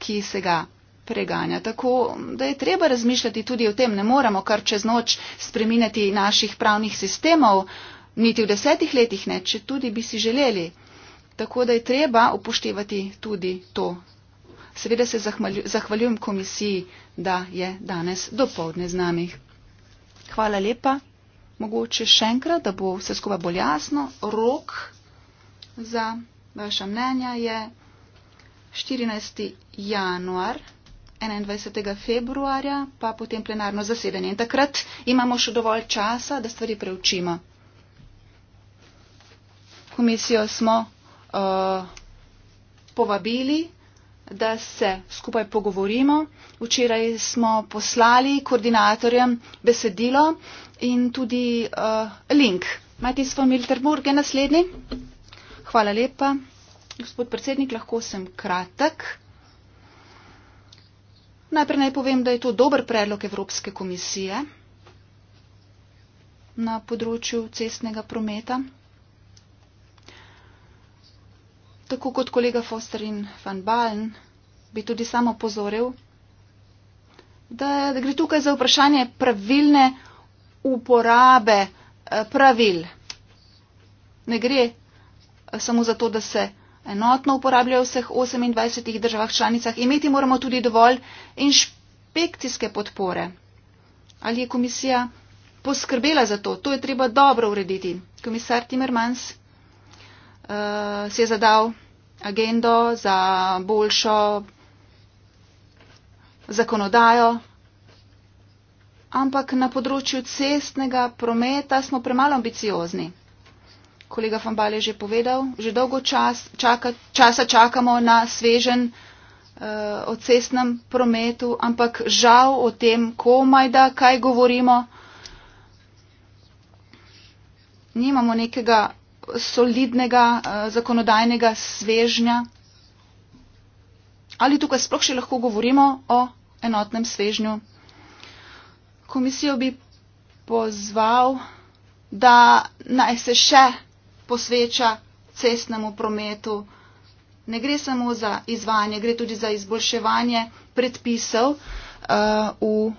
ki se ga. Preganja. Tako da je treba razmišljati tudi o tem, ne moramo kar čez noč spreminjati naših pravnih sistemov, niti v desetih letih ne, če tudi bi si želeli. Tako da je treba upoštevati tudi to. Seveda se zahvaljujem komisiji, da je danes dopoledne z nami. Hvala lepa. Mogoče še enkrat, da bo vse skupaj bolj jasno. Rok za vaša mnenja je 14. januar, 21. februarja, pa potem plenarno zasedanje. In takrat imamo še dovolj časa, da stvari preučimo. Komisijo smo Eh, povabili, da se skupaj pogovorimo. Včeraj smo poslali koordinatorjem besedilo in tudi uh, link. Matis von Milterburg je naslednji. Hvala lepa. Gospod predsednik, lahko sem kratek. Najprej naj povem, da je to dober predlog Evropske komisije na področju cestnega prometa tako kot kolega Foster in Van Balen, bi tudi samo pozoril, da, da gre tukaj za vprašanje pravilne uporabe eh, pravil. Ne gre eh, samo za to, da se enotno uporabljajo v vseh 28 državah članicah. Imeti moramo tudi dovolj inšpekcijske podpore. Ali je komisija poskrbela za to? To je treba dobro urediti. Komisar Timmermans uh, si je zadal agendo za boljšo zakonodajo. Ampak na področju cestnega prometa smo premalo ambiciozni. Kolega Fambal je že povedal, že dolgo čas, čaka, časa čakamo na svežen uh, o cestnem prometu, ampak žal o tem komaj da kaj govorimo. Nimamo nekega solidnega uh, zakonodajnega svežnja? Ali tukaj sploh še lahko govorimo o enotnem svežnju? Komisijo bi pozval, da naj se še posveča cestnemu prometu. Ne gre samo za izvajanje, gre tudi za izboljševanje predpisov uh, v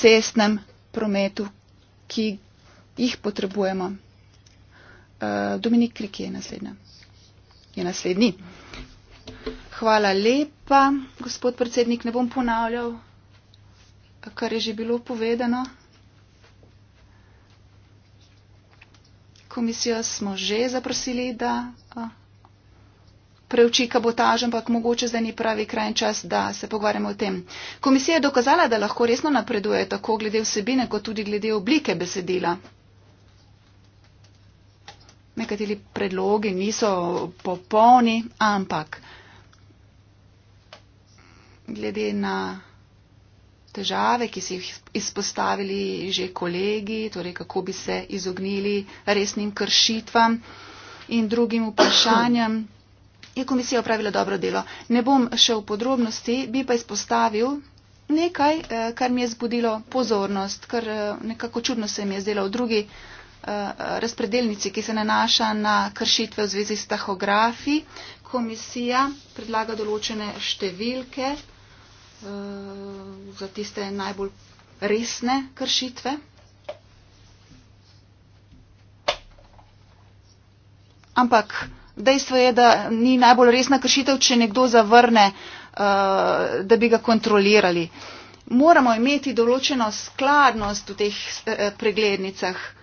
cestnem prometu, ki jih potrebujemo. Eh, Dominik Kriki je naslednja. Je naslednji. Hvala lepa, gospod predsednik. Ne bom ponavljal, kar je že bilo povedano. Komisijo smo že zaprosili, da eh, preuči kabotaž, ampak mogoče zdaj ni pravi kraj in čas, da se pogovarjamo o tem. Komisija je dokazala, da lahko resno napreduje tako glede vsebine, kot tudi glede oblike besedila nekateri predlogi niso popolni, ampak glede na težave, ki so jih izpostavili že kolegi, torej kako bi se izognili resnim kršitvam in drugim vprašanjem, je komisija upravila dobro delo. Ne bom še v podrobnosti, bi pa izpostavil nekaj, eh, kar mi je zbudilo pozornost, kar eh, nekako čudno se mi je zdelo v drugi razpredelnici, ki se nanaša na kršitve v zvezi s tahografi. Komisija predlaga določene številke eh, za tiste najbolj resne kršitve. Ampak dejstvo je, da ni najbolj resna kršitev, če nekdo zavrne, eh, da bi ga kontrolirali. Moramo imeti določeno skladnost v teh eh, preglednicah.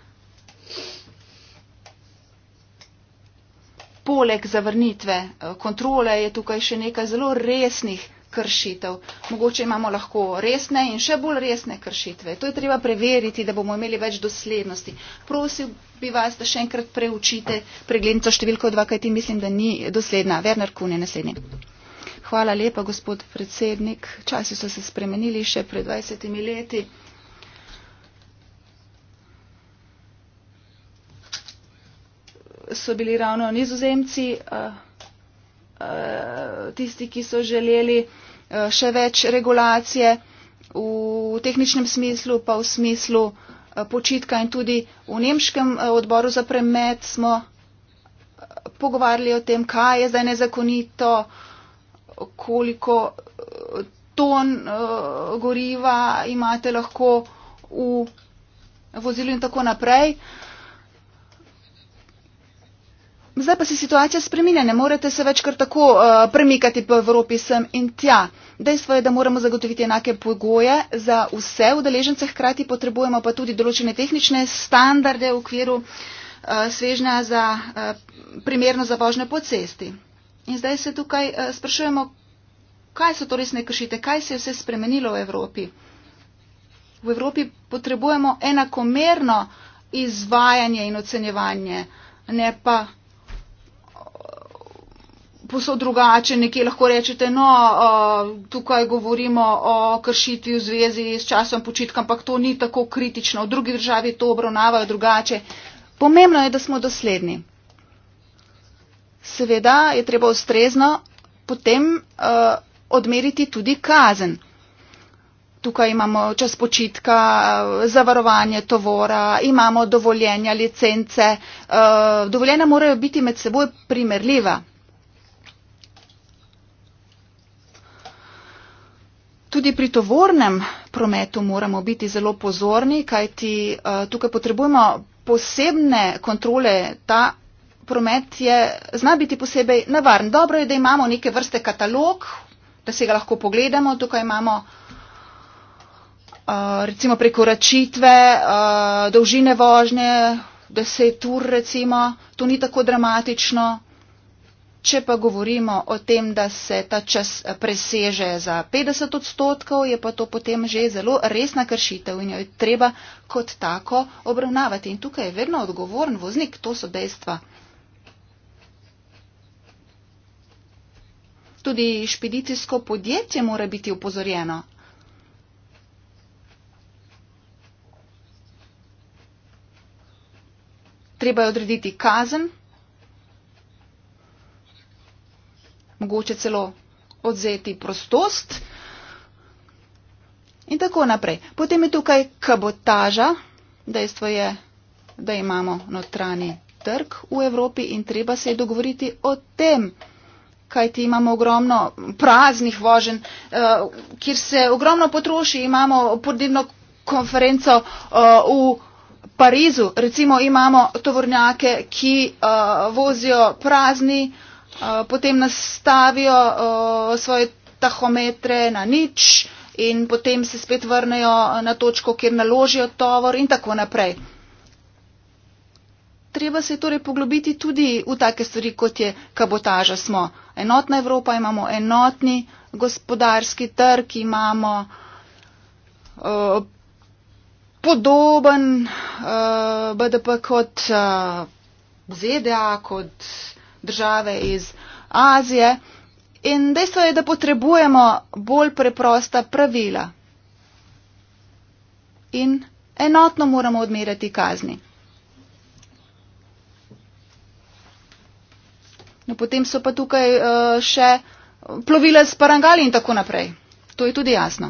Poleg zavrnitve eh, kontrole je tukaj še nekaj zelo resnih kršitev. Mogoče imamo lahko resne in še bolj resne kršitve. To je treba preveriti, da bomo imeli več doslednosti. Prosil bi vas, da še enkrat preučite preglednico številko 2, kajti mislim, da ni dosledna. Werner Kuhn je naslednji. Hvala lepa, gospod predsednik. Časi so se spremenili še pred 20 leti. so bili ravno nizozemci eh, eh, tisti, ki so želeli eh, še več regulacije v tehničnem smislu, pa v smislu počitka in tudi v nemškem odboru za premet smo pogovarjali o tem, kaj je zdaj nezakonito, koliko ton goriva imate lahko v vozilu in tako naprej. Uh, Zdaj pa se situacija spreminja, ne morete se več kar tako uh, premikati po Evropi sem in tja. Dejstvo je, da moramo zagotoviti enake pogoje za vse udeležence, hkrati potrebujemo pa tudi določene tehnične standarde v okviru uh, svežnja za uh, primerno za vožnje po cesti. In zdaj se tukaj uh, sprašujemo, kaj so to resne kršite, kaj se je vse spremenilo v Evropi. V Evropi potrebujemo enakomerno izvajanje in ocenjevanje, ne pa posod drugače, nekje lahko rečete, no, uh, tukaj govorimo o kršitvi v zvezi s časom počitka, ampak to ni tako kritično. V drugi državi to obravnavajo drugače. Pomembno je, da smo dosledni. Seveda je treba ustrezno potem uh, odmeriti tudi kazen. Tukaj imamo čas počitka, zavarovanje tovora, imamo dovoljenja, licence. Dovoljena morajo biti med seboj primerljiva. Tudi pri tovornem prometu moramo biti zelo pozorni, kajti uh, tukaj potrebujemo posebne kontrole. Ta promet je, zna biti posebej nevaren. Dobro je, da imamo neke vrste katalog, da se ga lahko pogledamo. Tukaj imamo uh, recimo prekoračitve, uh, dolžine vožnje, deset ur recimo. To ni tako dramatično. Če pa govorimo o tem, da se ta čas eh, preseže za 50 odstotkov, je pa to potem že zelo resna kršitev in jo je treba kot tako obravnavati. In tukaj je vedno odgovoren voznik, to so dejstva. Tudi špedicijsko podjetje mora biti upozorjeno. Treba je odrediti kazen, mogoče celo odzeti prostost in tako naprej. Potem je tukaj kabotaža, dejstvo je, da imamo notranji trg v Evropi in treba se je dogovoriti o tem, kaj ti imamo ogromno praznih vožen, eh, kjer se ogromno potroši, imamo podnebno konferenco eh, v Parizu, recimo imamo tovornjake, ki eh, vozijo prazni, Eh, potem nastavijo uh, svoje tahometre na nič in potem se spet vrnejo eh, na točko, kjer naložijo tovor in tako naprej. Treba se torej poglobiti tudi v take stvari, kot je kabotaža. Smo enotna Evropa, imamo enotni gospodarski trg, imamo uh, podoben uh, BDP kot uh, ZDA, kot države iz Azije. In dejstvo je, da potrebujemo bolj preprosta pravila. In enotno moramo odmerjati kazni. No, potem so pa tukaj uh, še plovile s parangali in tako naprej. To je tudi jasno.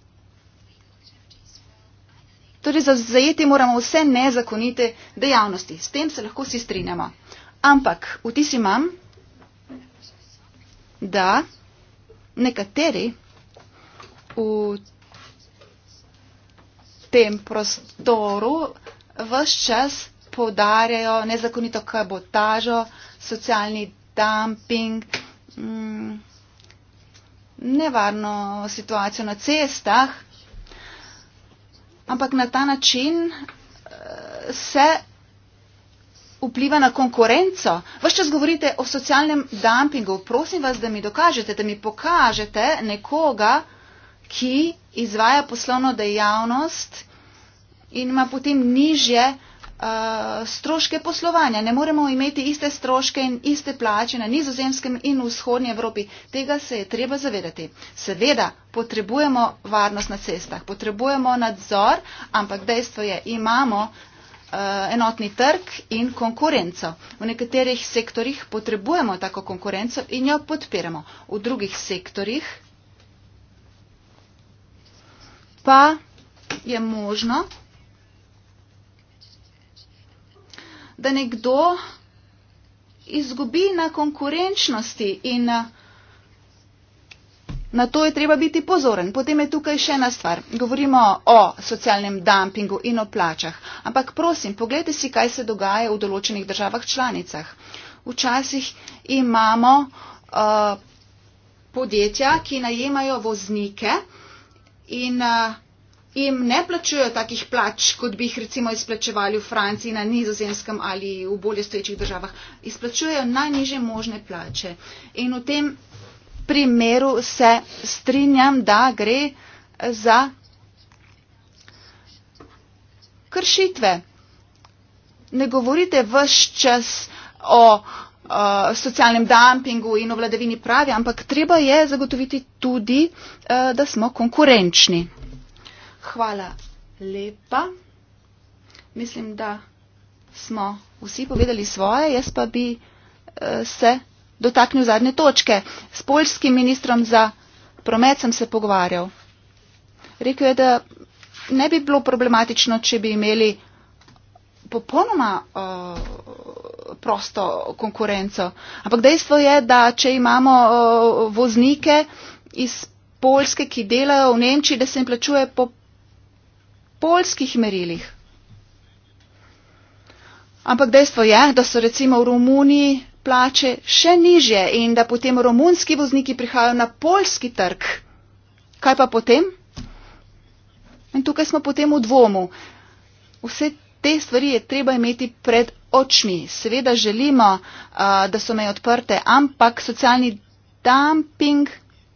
Torej, zajeti moramo vse nezakonite dejavnosti. S tem se lahko vsi strinjamo. Ampak vtis imam, da nekateri v tem prostoru vse čas podarjajo nezakonito kabotažo, socialni dumping, mm, nevarno situacijo na cestah ampak na ta način eh, se vpliva na konkurenco. Vse čas govorite o socialnem dumpingu. Prosim vas, da mi dokažete, da mi pokažete nekoga, ki izvaja poslovno dejavnost in ima potem nižje Eh, stroške poslovanja. Ne moremo imeti iste stroške in iste plače na nizozemskem in v vzhodnji Evropi. Tega se je treba zavedati. Seveda potrebujemo varnost na cestah, potrebujemo nadzor, ampak dejstvo je, imamo eh, enotni trg in konkurenco. V nekaterih sektorjih potrebujemo tako konkurenco in jo podpiramo. V drugih sektorjih pa je možno, da nekdo izgubi na konkurenčnosti in eh, na to je treba biti pozoren. Potem je tukaj še ena stvar. Govorimo o socialnem dumpingu in o plačah. Ampak prosim, pogledajte si, kaj se dogaja v določenih državah članicah. Včasih imamo uh, podjetja, ki najemajo voznike in uh, jim ne plačujejo takih plač, kot bi jih recimo izplačevali v Franciji, na nizozemskem ali v bolje stojičih državah. Izplačujejo najniže možne plače. In v tem primeru se strinjam, da gre za kršitve. Ne govorite vse čas o uh, socialnem dumpingu in o vladavini pravi, ampak treba je zagotoviti tudi, uh, da smo konkurenčni. Hvala lepa. Mislim, da smo vsi povedali svoje, jaz pa bi eh, se dotaknil zadnje točke. S polskim ministrom za promet sem se pogovarjal. Rekl je, da ne bi bilo problematično, če bi imeli popolnoma uh, prosto konkurenco. Ampak dejstvo je, da če imamo uh, voznike iz Polske, ki delajo v Nemčiji, da se jim plačuje popolnoma polskih merilih. Ampak dejstvo je, da so recimo v Romuniji plače še nižje in da potem romunski vozniki prihajajo na polski trg. Kaj pa potem? In tukaj smo potem v dvomu. Vse te stvari je treba imeti pred očmi. Seveda želimo, da so meje odprte, ampak socialni dumping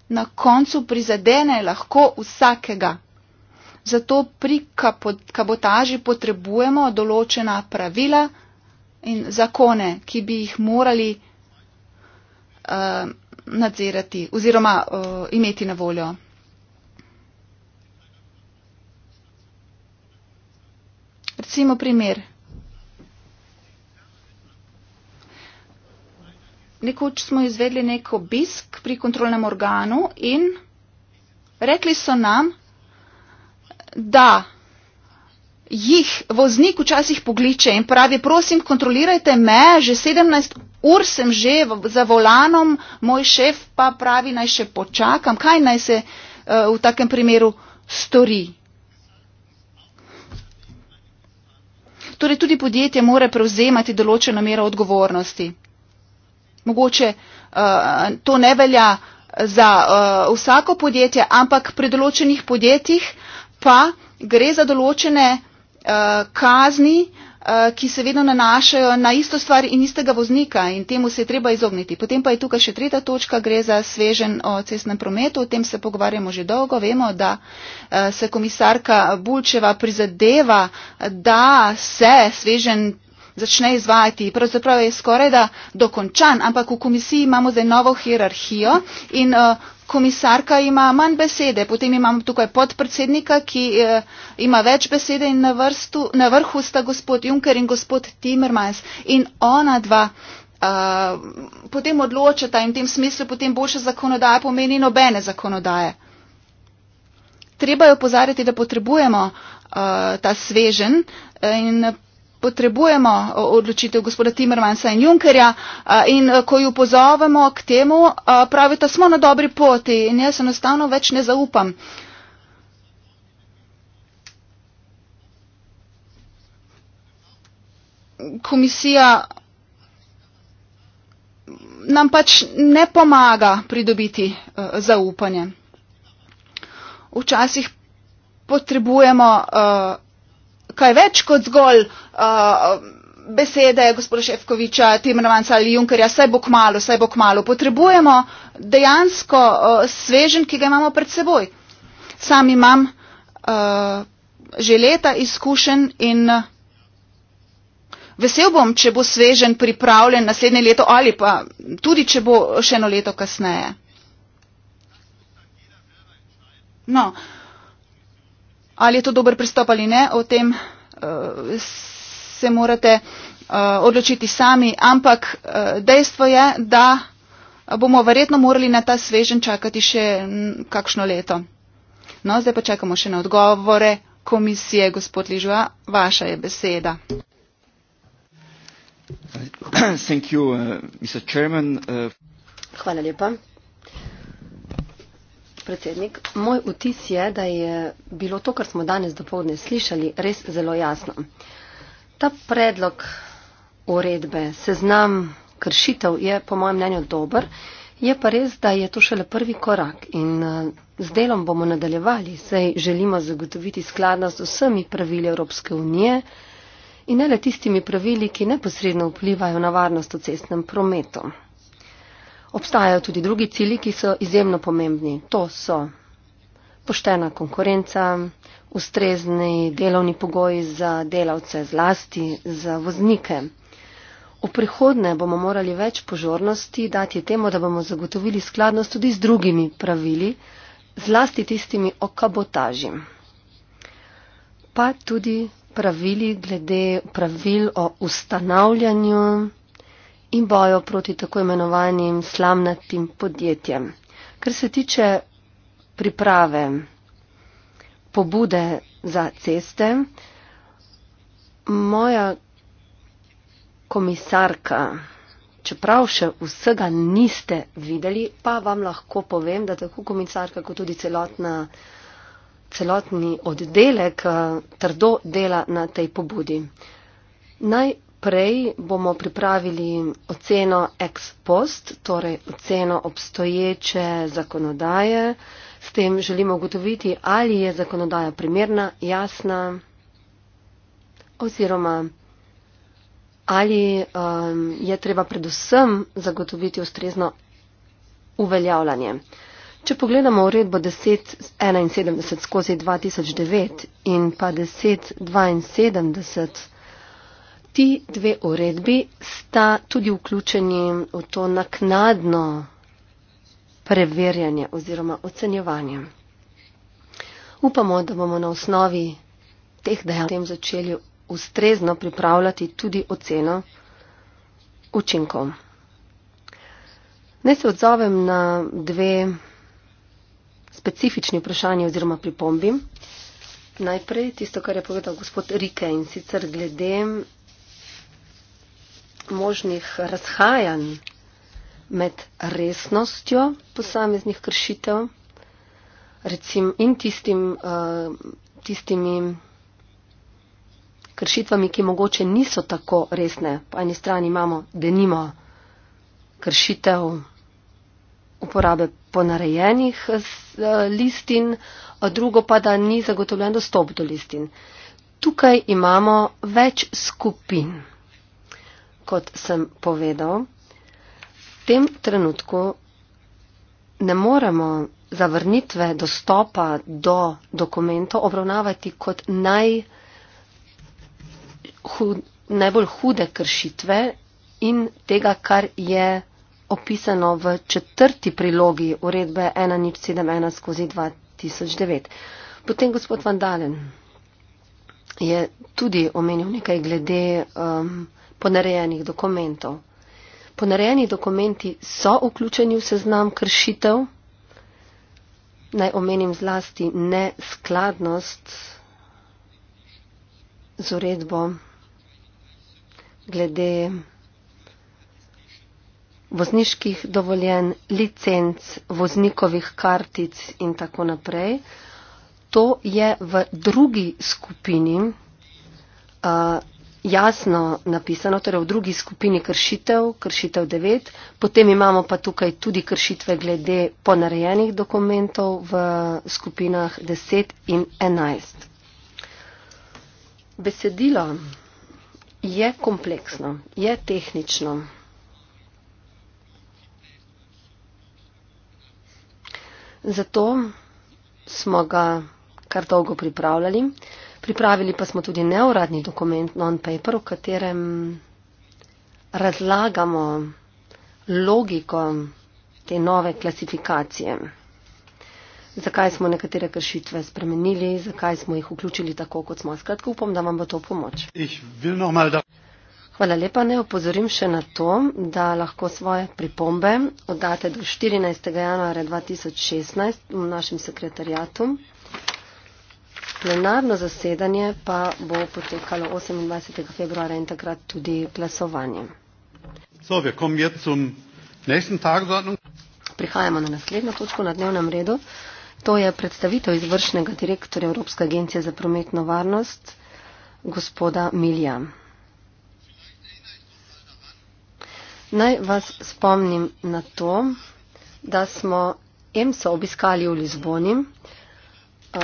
na koncu prizadene lahko vsakega. Zato pri kabotaži potrebujemo določena pravila in zakone, ki bi jih morali uh, nadzirati oziroma uh, imeti na voljo. Recimo primer. Nekoč smo izvedli nek obisk pri kontrolnem organu in rekli so nam, da jih voznik včasih pogliče in pravi, prosim, kontrolirajte me, že 17 ur sem že za volanom, moj šef pa pravi, naj še počakam, kaj naj se uh, v takem primeru stori. Torej tudi podjetje mora prevzemati določeno mero odgovornosti. Mogoče uh, to ne velja za uh, vsako podjetje, ampak pri določenih podjetjih uh, pa gre za določene uh, kazni, uh, ki se vedno nanašajo na isto stvar in istega voznika in temu se je treba izogniti. Potem pa je tukaj še tretja točka, gre za svežen o cestnem prometu, o tem se pogovarjamo že dolgo, vemo, da uh, se komisarka Bulčeva prizadeva, da se svežen začne izvajati. Pravzaprav je skoraj da dokončan, ampak v komisiji imamo zdaj novo hierarhijo in uh, komisarka ima manj besede, potem imam tukaj podpredsednika, ki eh, ima več besede in na, vrstu, na vrhu sta gospod Juncker in gospod Timmermans in ona dva. Uh, potem odločata in v tem smislu potem boljša zakonodaja pomeni nobene zakonodaje. Treba je opozarjati, da potrebujemo uh, ta svežen in potrebujemo odločitev gospoda Timmermansa in Junkerja in ko ju pozovemo k temu, pravita, smo na dobri poti in jaz enostavno več ne zaupam. Komisija nam pač ne pomaga pridobiti zaupanje. Včasih potrebujemo uh, kaj več kot zgolj uh, besede gospoda Šefkoviča, Timrovanca ali Junkerja, saj bo kmalo, saj bo kmalo. Potrebujemo dejansko uh, svežen, ki ga imamo pred seboj. Sam imam uh, že leta izkušen in uh, vesel bom, če bo svežen pripravljen naslednje leto ali pa tudi, če bo še eno leto kasneje. No. Uh, Ali je to dober pristop ali ne, o tem eh, se morate eh, odločiti sami, ampak eh, dejstvo je, da bomo verjetno morali na ta svežen čakati še kakšno leto. No, zdaj pa čakamo še na odgovore komisije, gospod Ližva, vaša je beseda. Uh, uh. Hvala lepa predsednik, moj vtis je, da je bilo to, kar smo danes dopovdne slišali, res zelo jasno. Ta predlog uredbe, seznam kršitev je po mojem mnenju dober, je pa res, da je to šele prvi korak in eh, z delom bomo nadaljevali, saj želimo zagotoviti skladnost z vsemi pravili Evropske unije in ne le tistimi pravili, ki neposredno vplivajo na varnost v cestnem prometu. Obstajajo tudi drugi cili, ki so izjemno pomembni. To so poštena konkurenca, ustrezni delovni pogoji za delavce, zlasti za voznike. V prihodne bomo morali več pozornosti dati temu, da bomo zagotovili skladnost tudi z drugimi pravili, zlasti tistimi o kabotaži. Pa tudi pravili glede pravil o ustanavljanju in bojo proti tako imenovanim slamnatim podjetjem. Kar se tiče priprave pobude za ceste, moja komisarka, čeprav še vsega niste videli, pa vam lahko povem, da tako komisarka kot tudi celotna, celotni oddelek eh, trdo dela na tej pobudi. Naj prej bomo pripravili oceno ex post, torej oceno obstoječe zakonodaje. S tem želimo ugotoviti, ali je zakonodaja primerna, jasna oziroma ali um, je treba predvsem zagotoviti ustrezno uveljavljanje. Če pogledamo uredbo 1071 skozi 2009 in pa 1072 ti dve uredbi sta tudi vključeni v to naknadno preverjanje oziroma ocenjevanje. Upamo, da bomo na osnovi teh dejav potem začeli ustrezno pripravljati tudi oceno učinkov. Ne se odzovem na dve specifični vprašanje oziroma pripombi. Najprej tisto, kar je povedal gospod Rike in sicer glede možnih razhajanj med resnostjo posameznih kršitev recim, in tistim, uh, tistimi kršitvami, ki mogoče niso tako resne. Po eni strani imamo, da nimamo kršitev uporabe ponarejenih eh, listin, drugo pa, da ni zagotovljen dostop do listin. Tukaj imamo več skupin kot sem povedal, v tem trenutku ne moremo zavrnitve dostopa do dokumentov obravnavati kot naj, hud, najbolj hude kršitve in tega, kar je opisano v četrti prilogi uredbe 1071 skozi 2009. Potem gospod Vandalen je tudi omenil nekaj glede um, ponarejenih dokumentov. Ponarejeni dokumenti so vključeni v seznam kršitev. Naj omenim zlasti neskladnost z uredbo glede vozniških dovoljen, licenc, voznikovih kartic in tako naprej. To je v drugi skupini jasno napisano, torej v drugi skupini kršitev, kršitev 9, potem imamo pa tukaj tudi kršitve glede ponarejenih dokumentov v skupinah 10 in 11. Besedilo je kompleksno, je tehnično. Zato smo ga kar dolgo pripravljali. Pripravili pa smo tudi neuradni dokument non-paper, v katerem razlagamo logiko te nove klasifikacije. Zakaj smo nekatere kršitve spremenili, zakaj smo jih vključili tako, kot smo. Skratka, upam, da vam bo to pomoč. Hvala lepa. Ne opozorim še na to, da lahko svoje pripombe oddate do 14. januarja 2016 v našem sekretarjatu plenarno zasedanje pa bo potekalo 28. februarja in takrat tudi glasovanje. So, Prihajamo na naslednjo točko na dnevnem redu. To je predstavitev izvršnega direktorja Evropske agencije za prometno varnost, gospoda Milja. Naj vas spomnim na to, da smo EMSO obiskali v Lizboni.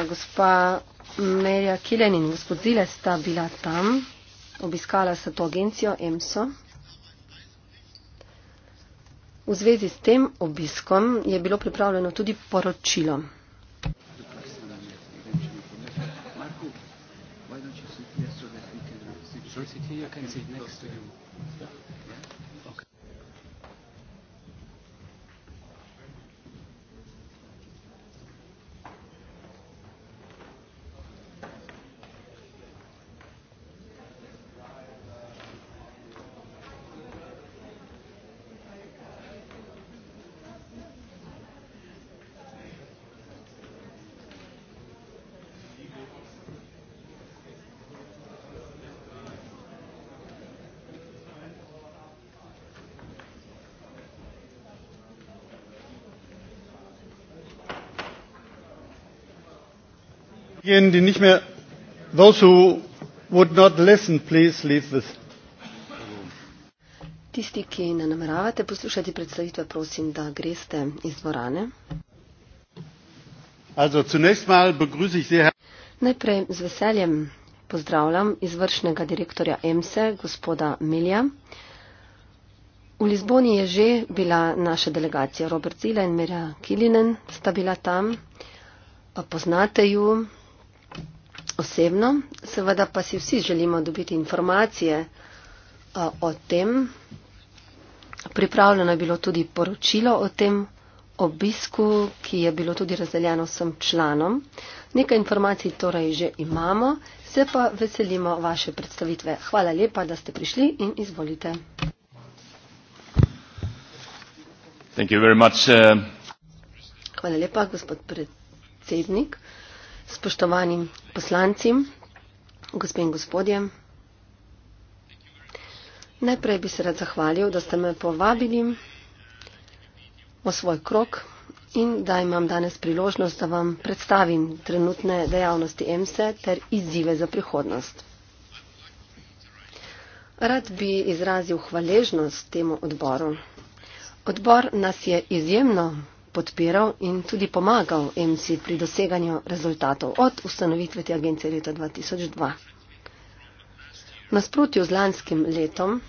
Gospa Merja Kilen in gospod Zile sta bila tam, obiskala sta to agencijo EMSO. V zvezi s tem obiskom je bilo pripravljeno tudi poročilo. Yeah. Diejenigen, die nicht mehr. Those who would not listen, please leave this. Tisti, ki ne nameravate poslušati predstavitve, prosim, da greste iz dvorane. Also, mal ich Sie, Najprej z veseljem pozdravljam izvršnega direktorja EMSE, gospoda Milja. V Lizboni je že bila naša delegacija Robert Zila in Mirja Kilinen, sta bila tam, poznate ju osebno, seveda pa si vsi želimo dobiti informacije o tem. Pripravljeno je bilo tudi poročilo o tem obisku, ki je bilo tudi razdeljeno vsem članom. Nekaj informacij torej že imamo, se pa veselimo vaše predstavitve. Hvala lepa, da ste prišli in izvolite. Uh, Hvala lepa, gospod predsednik. Spoštovanim poslancim, gospe in gospodje, najprej bi se rad zahvalil, da ste me povabili v svoj krok in da imam danes priložnost, da vam predstavim trenutne dejavnosti EMSE ter izzive za prihodnost. Rad bi izrazil hvaležnost temu odboru. Odbor nas je izjemno podpiral in tudi pomagal EMSI pri doseganju rezultatov od ustanovitve te agencije leta 2002. Nasprotju z lanskim letom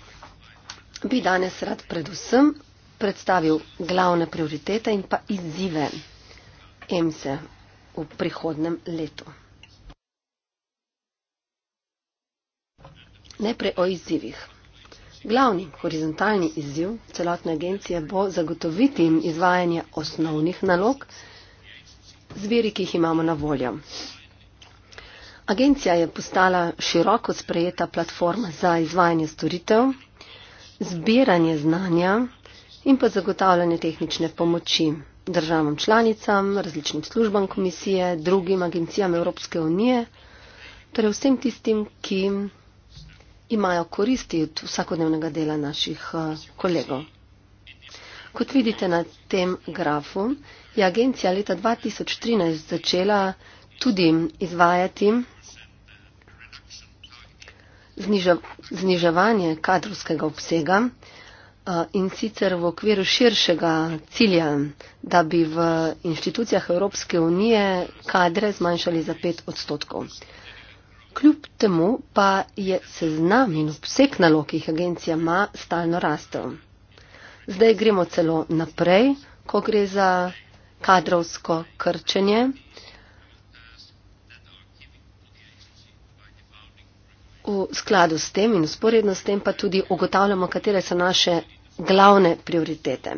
bi danes rad predvsem predstavil glavne prioritete in pa izzive EMSE v prihodnem letu. Najprej o izzivih. Glavni horizontalni izziv celotne agencije bo zagotoviti jim izvajanje osnovnih nalog, zveri, ki jih imamo na voljo. Agencija je postala široko sprejeta platforma za izvajanje storitev, zbiranje znanja in pa zagotavljanje tehnične pomoči državam članicam, različnim službam komisije, drugim agencijam Evropske unije, torej vsem tistim, ki imajo koristi od vsakodnevnega dela naših eh, kolegov. Kot vidite na tem grafu, je agencija leta 2013 začela tudi izvajati zniževanje kadrovskega obsega eh, in sicer v okviru širšega cilja, da bi v inštitucijah Evropske unije kadre zmanjšali za 5 odstotkov. Kljub temu pa je seznam in obseg nalog, ki jih agencija ima, stalno rastel. Zdaj gremo celo naprej, ko gre za kadrovsko krčenje. V skladu s tem in usporedno s tem pa tudi ugotavljamo, katere so naše glavne prioritete.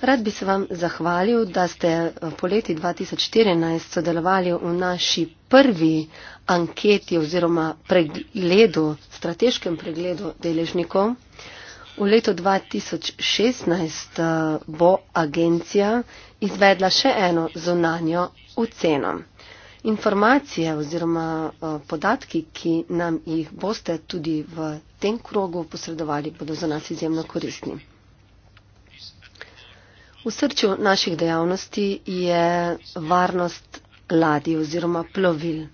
Rad bi se vam zahvalil, da ste eh, poleti 2014 sodelovali v naši prvi anketi oziroma pregledu, strateškem pregledu deležnikov. V letu 2016 eh, bo agencija izvedla še eno zunanjo oceno. Informacije oziroma eh, podatki, ki nam jih boste tudi v tem krogu posredovali, bodo za nas izjemno koristni. V srcu naših dejavnosti je varnost ladi oziroma plovil.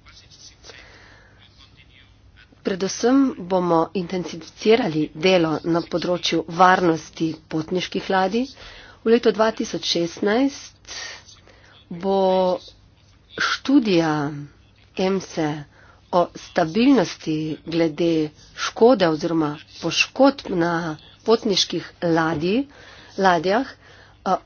Predvsem bomo intensificirali delo na področju varnosti potniških ladi. V letu 2016 bo študija EMSE o stabilnosti glede škode oziroma poškodb na potniških ladi, ladjah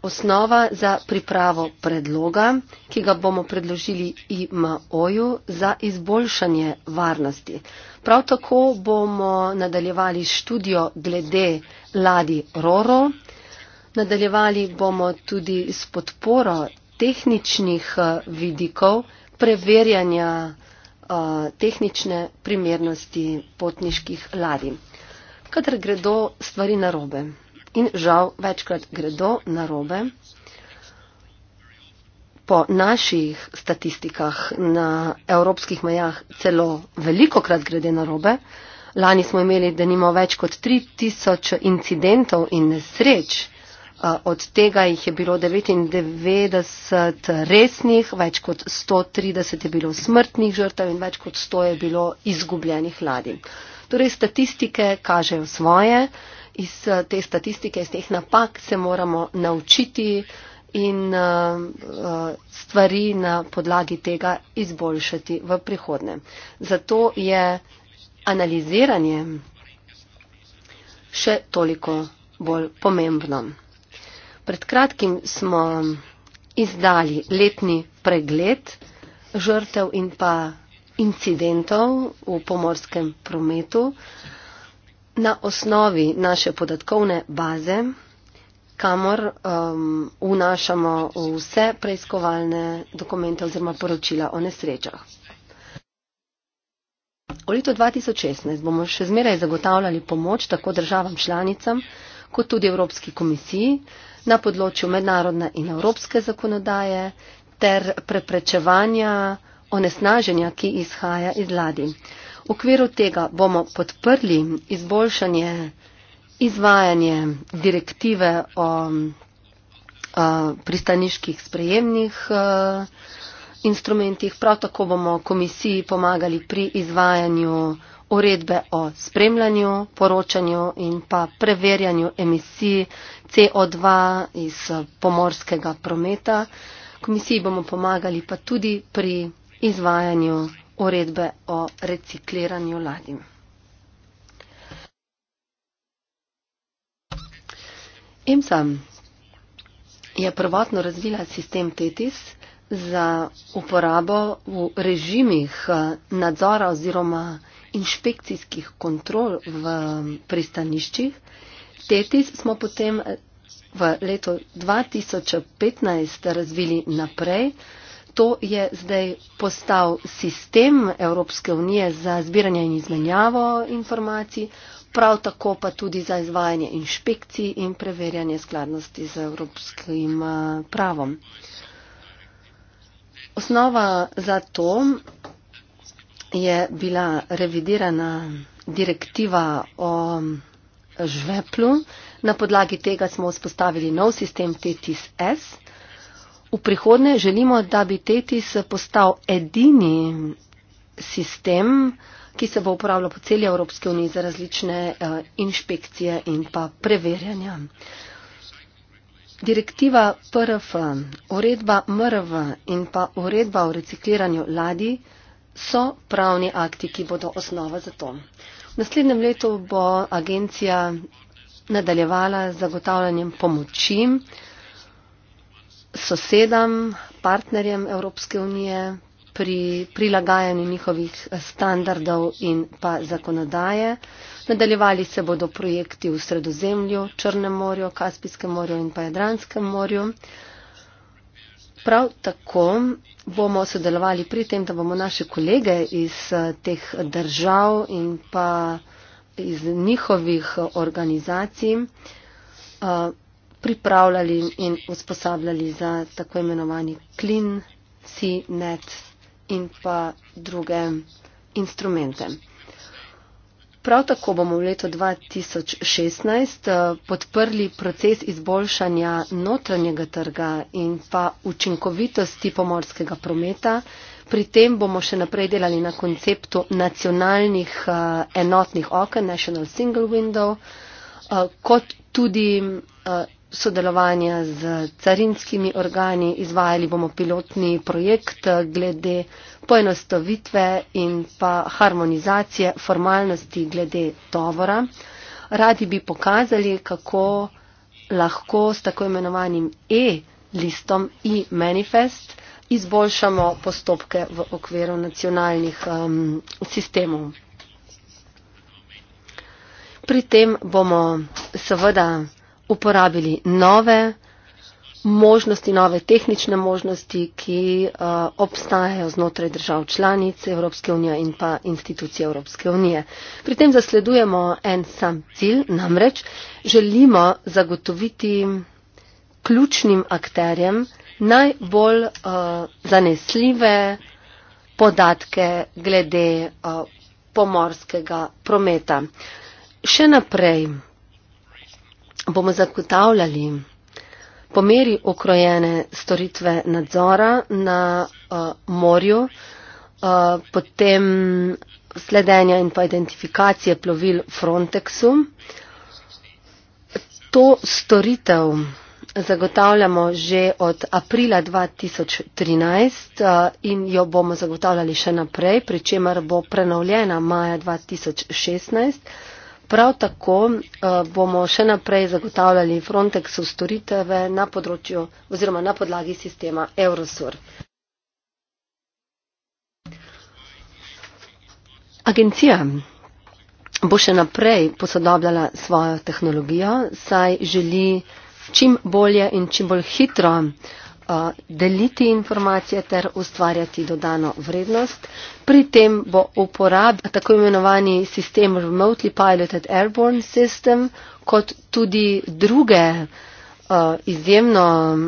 osnova za pripravo predloga, ki ga bomo predložili IMO-ju za izboljšanje varnosti. Prav tako bomo nadaljevali študijo glede ladi Roro, nadaljevali bomo tudi s podporo tehničnih vidikov preverjanja uh, tehnične primernosti potniških ladij. Kadar gredo stvari narobe in žal večkrat gredo na robe. Po naših statistikah na evropskih mejah celo veliko krat grede na robe. Lani smo imeli, da nimamo več kot 3000 incidentov in nesreč. Od tega jih je bilo 99 resnih, več kot 130 je bilo smrtnih žrtev in več kot 100 je bilo izgubljenih ladij. Torej statistike kažejo svoje iz eh, te statistike, iz teh napak se moramo naučiti in eh, eh, stvari na podlagi tega izboljšati v prihodnje. Zato je analiziranje še toliko bolj pomembno. Pred kratkim smo izdali letni pregled žrtev in pa incidentov v pomorskem prometu. Na osnovi naše podatkovne baze, kamor um, vnašamo vse preiskovalne dokumente oziroma poročila o nesrečah. V letu 2016 bomo še zmeraj zagotavljali pomoč tako državam članicam kot tudi Evropski komisiji na področju mednarodne in evropske zakonodaje ter preprečevanja onesnaženja, ki izhaja iz ladij. V okviru tega bomo podprli izboljšanje izvajanje direktive o, o pristaniških sprejemnih instrumentih. Prav tako bomo komisiji pomagali pri izvajanju uredbe o spremljanju, poročanju in pa preverjanju emisij CO2 iz pomorskega prometa. Komisiji bomo pomagali pa tudi pri izvajanju uredbe o recikliranju ladim. EMSA je prvotno razvila sistem TETIS za uporabo v režimih eh, nadzora oziroma inšpekcijskih kontrol v pristaniščih. TETIS smo potem v letu 2015 razvili naprej to je zdaj postal sistem Evropske unije za zbiranje in izmenjavo informacij, prav tako pa tudi za izvajanje inšpekcij in preverjanje skladnosti z evropskim eh, pravom. Osnova za to je bila revidirana direktiva o žveplu. Na podlagi tega smo vzpostavili nov sistem TTIS-S. V prihodnje želimo, da bi TETIS postal edini sistem, ki se bo uporabljal po celi Evropski uniji za različne eh, inšpekcije in pa preverjanja. Direktiva PRF, uredba MRV in pa uredba o recikliranju ladi so pravni akti, ki bodo osnova za to. V naslednjem letu bo agencija nadaljevala z zagotavljanjem pomoči sosedam, partnerjem Evropske unije pri prilagajanju njihovih standardov in pa zakonodaje. Nadaljevali se bodo projekti v Sredozemlju, Črnem morju, Kaspijskem morju in pa Jadranskem morju. Prav tako bomo sodelovali pri tem, da bomo naše kolege iz teh držav in pa iz njihovih organizacij pripravljali in usposabljali za tako imenovani klin, si, net in pa druge instrumente. Prav tako bomo v letu 2016 eh, podprli proces izboljšanja notranjega trga in pa učinkovitosti pomorskega prometa. Pri tem bomo še naprej delali na konceptu nacionalnih eh, enotnih oken, National Single Window, eh, kot tudi sodelovanja z carinskimi organi. Izvajali bomo pilotni projekt glede poenostavitve in pa harmonizacije formalnosti glede tovora. Radi bi pokazali, kako lahko s tako imenovanim e-listom e-manifest izboljšamo postopke v okviru nacionalnih um, sistemov. Pri tem bomo seveda uporabili nove možnosti, nove tehnične možnosti, ki uh, obstajajo znotraj držav članic Evropske unije in pa institucije Evropske unije. Pri tem zasledujemo en sam cilj, namreč želimo zagotoviti ključnim akterjem najbolj uh, zanesljive podatke glede uh, pomorskega prometa. Še naprej bomo zagotavljali po meri okrojene storitve nadzora na uh, morju, uh, potem sledenja in pa identifikacije plovil Frontexu. To storitev zagotavljamo že od aprila 2013 eh, in jo bomo zagotavljali še naprej, pri čemer bo prenovljena maja 2016. Prav tako eh, bomo še naprej zagotavljali Frontexu storitve na področju oziroma na podlagi sistema Eurosur. Agencija bo še naprej posodobljala svojo tehnologijo, saj želi čim bolje in čim bolj hitro uh, deliti informacije ter ustvarjati dodano vrednost. Pri tem bo uporab tako imenovani sistem Remotely Piloted Airborne System, kot tudi druge uh, izjemno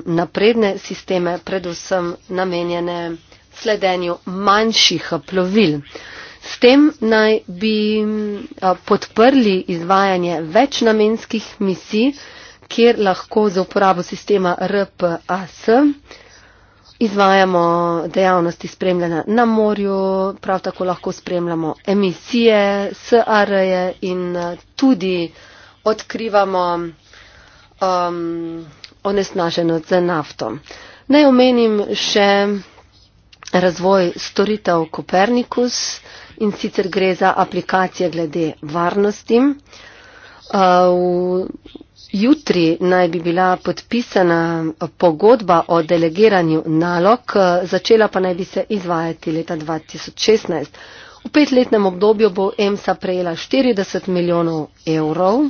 napredne sisteme, predvsem namenjene sledenju manjših plovil. S tem naj bi uh, podprli izvajanje večnamenskih misij, kjer lahko z uporabo sistema RPAS izvajamo dejavnosti spremljanja na morju, prav tako lahko spremljamo emisije, SR-je in eh, tudi odkrivamo um, onesnaženo z naftom. Naj omenim še razvoj storitev Copernicus in sicer gre za aplikacije glede varnosti. Uh, v, Jutri naj bi bila podpisana pogodba o delegiranju nalog, začela pa naj bi se izvajati leta 2016. V petletnem obdobju bo EMSA prejela 40 milijonov evrov.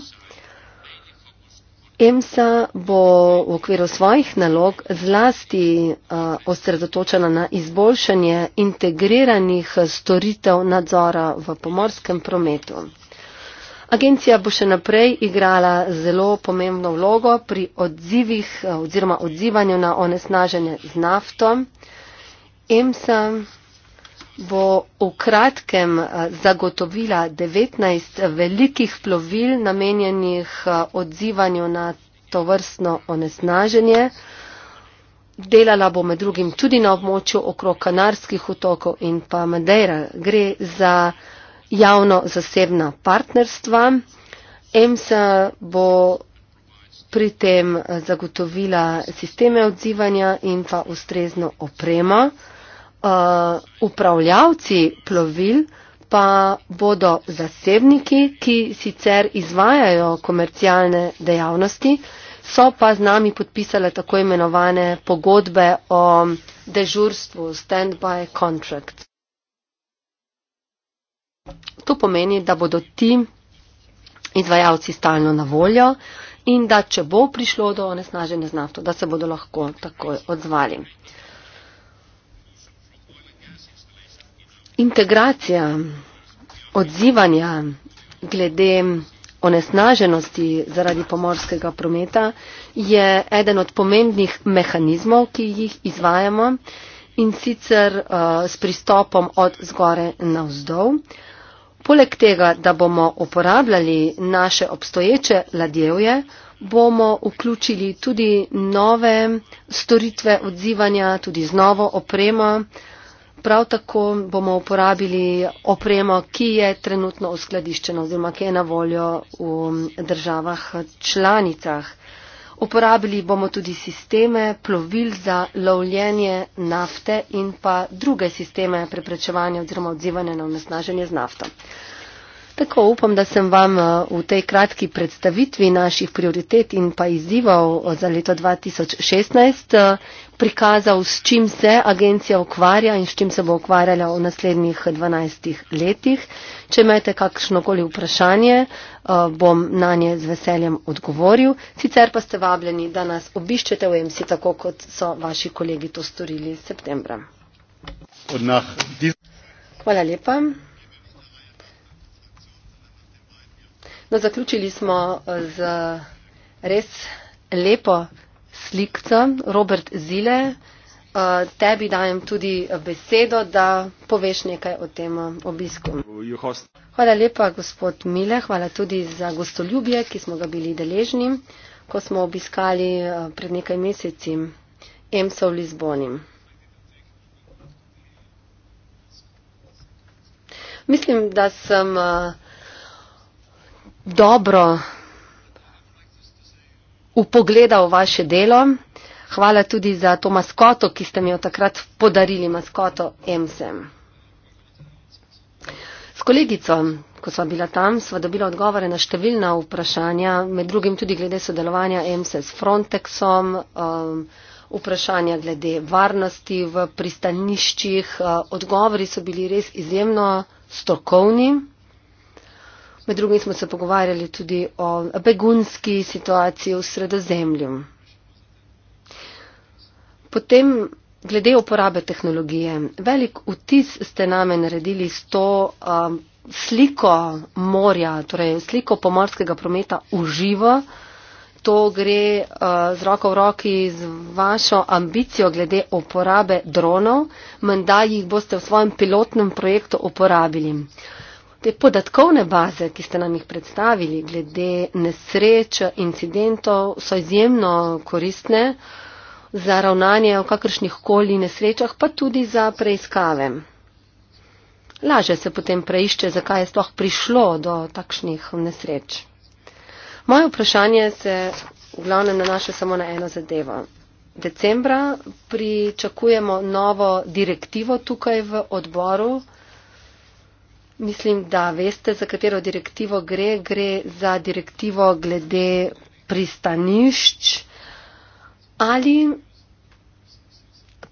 EMSA bo v okviru svojih nalog zlasti osredotočena na izboljšanje integriranih storitev nadzora v pomorskem prometu. Agencija bo še naprej igrala zelo pomembno vlogo pri odzivih eh, oziroma odzivanju na onesnaženje z nafto. EMSA bo v kratkem eh, zagotovila 19 velikih plovil namenjenih eh, odzivanju na to vrstno onesnaženje. Delala bo med drugim tudi na območju okrog kanarskih otokov in pa Madeira. Gre za javno-zasebna partnerstva. EMSA bo pri tem eh, zagotovila sisteme odzivanja in pa ustrezno opremo. Uh, upravljavci plovil pa bodo zasebniki, ki sicer izvajajo komercialne dejavnosti, so pa z nami podpisale tako imenovane pogodbe o dežurstvu, stand-by contracts. To pomeni, da bodo ti izvajalci stalno na voljo in da če bo prišlo do onesnaženja z nafto, da se bodo lahko takoj odzvali. Integracija odzivanja glede onesnaženosti zaradi pomorskega prometa je eden od pomembnih mehanizmov, ki jih izvajamo in sicer uh, s pristopom od zgore na vzdolj. Poleg tega, da bomo uporabljali naše obstoječe ladjevje, bomo vključili tudi nove storitve odzivanja, tudi z novo opremo. Prav tako bomo uporabili opremo, ki je trenutno uskladiščena oziroma ki je na voljo v državah članicah. Uporabili bomo tudi sisteme plovil za lovljenje nafte in pa druge sisteme preprečevanja oziroma odzivanja na onesnaženje z nafto. Tako upam, da sem vam eh, v tej kratki predstavitvi naših prioritet in pa izzivov eh, za leto 2016 prikazal, s čim se agencija ukvarja in s čim se bo ukvarjala v naslednjih 12 letih. Če imate kakšnokoli vprašanje, eh, bom na nje z veseljem odgovoril. Sicer pa ste vabljeni, da nas obiščete v EMSI, tako kot so vaši kolegi to storili v septembra. Hvala lepa. No, zaključili smo eh, z res lepo slikca Robert Zile. Eh, tebi dajem tudi besedo, da poveš nekaj o tem eh, obisku. Hvala lepa, gospod Mile, hvala tudi za gostoljubje, ki smo ga bili deležni, ko smo obiskali eh, pred nekaj meseci EMSO v Lizboni. Mislim, da sem dobro upogleda v vaše delo. Hvala tudi za to maskoto, ki ste mi jo takrat podarili, maskoto MSM. E s kolegico, ko sva bila tam, sva dobila odgovore na številna vprašanja, med drugim tudi glede sodelovanja MSM e s Frontexom, um, vprašanja glede varnosti v pristaniščih. Uh, odgovori so bili res izjemno strokovni. Med drugim smo se pogovarjali tudi o begunski situaciji v sredozemlju. Potem, glede uporabe tehnologije, velik vtis ste name naredili s to um, sliko morja, torej sliko pomorskega prometa v živo. To gre uh, z roko v roki z vašo ambicijo glede uporabe dronov, menda jih boste v svojem pilotnem projektu uporabili. Uh, te podatkovne baze, ki ste nam jih predstavili glede nesreč, incidentov, so izjemno koristne za ravnanje v kakršnih koli nesrečah, pa tudi za preiskave. Laže se potem preišče, zakaj je sploh prišlo do takšnih nesreč. Moje vprašanje se v glavnem nanaša samo na eno zadevo. Decembra pričakujemo novo direktivo tukaj v odboru. Mislim, da veste, za katero direktivo gre. Gre za direktivo glede pristanišč. Ali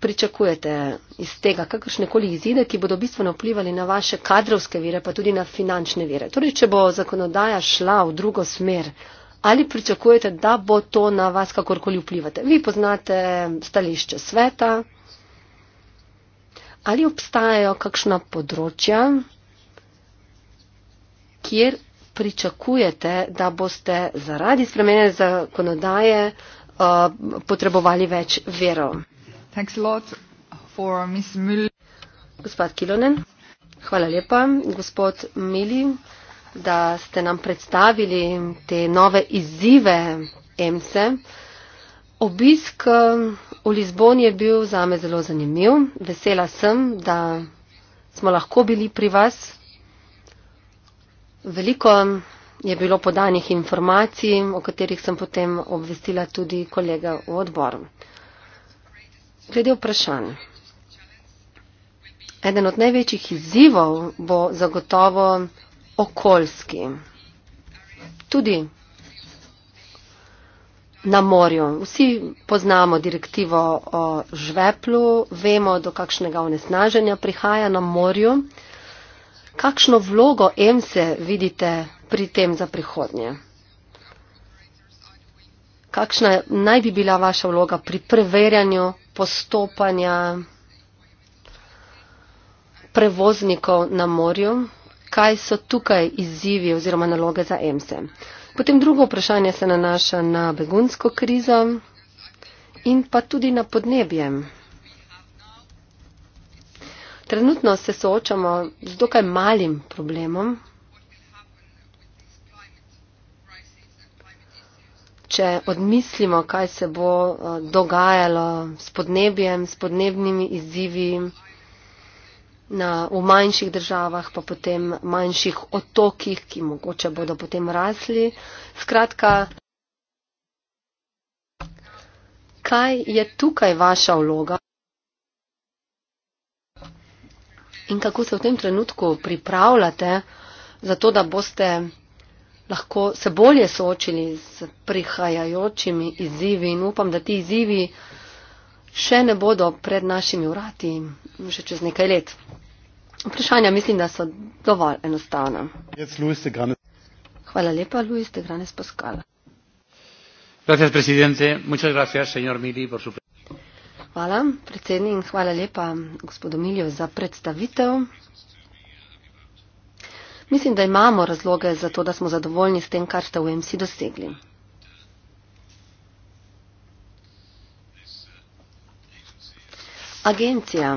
pričakujete iz tega kakršnekoli izide, ki bodo bistveno vplivali na vaše kadrovske vire, pa tudi na finančne vire? Torej, če bo zakonodaja šla v drugo smer, ali pričakujete, da bo to na vas kakorkoli vplivati? Vi poznate stališče sveta. Ali obstajajo kakšna področja, kjer pričakujete, da boste zaradi spremenjene zakonodaje uh, potrebovali več verov. Gospod Kilonen, hvala lepa. Gospod Mili, da ste nam predstavili te nove izzive EMSE. Obisk uh, v Lizboni je bil zame zelo zanimiv. Vesela sem, da smo lahko bili pri vas. Veliko je bilo podanih informacij, o katerih sem potem obvestila tudi kolega v odboru. Glede vprašanj. Eden od največjih izzivov bo zagotovo okoljski. Tudi na morju. Vsi poznamo direktivo o žveplu, vemo, do kakšnega onesnaženja prihaja na morju. Kakšno vlogo EMSE vidite pri tem za prihodnje? Kakšna naj bi bila vaša vloga pri preverjanju postopanja prevoznikov na morju? Kaj so tukaj izzivi oziroma naloge za EMSE? Potem drugo vprašanje se nanaša na begunsko krizo in pa tudi na podnebjem. Trenutno se soočamo z dokaj malim problemom. Če odmislimo, kaj se bo eh, dogajalo s podnebjem, s podnebnimi izzivi na, v manjših državah, pa potem manjših otokih, ki mogoče bodo potem rasli. Skratka, kaj je tukaj vaša vloga? in kako se v tem trenutku pripravljate, zato da boste lahko se bolje soočili z prihajajočimi izzivi in upam, da ti izzivi še ne bodo pred našimi vrati, še čez nekaj let. Vprašanja mislim, da so dovolj enostavna. Hvala lepa, Luis de Granes Pascal. Gracias, presidente. Muchas gracias, señor Mili, por su presencia. Hvala, predsednik, hvala lepa gospodu Miljo za predstavitev. Mislim, da imamo razloge za to, da smo zadovoljni s tem, kar ste v MC dosegli. Agencija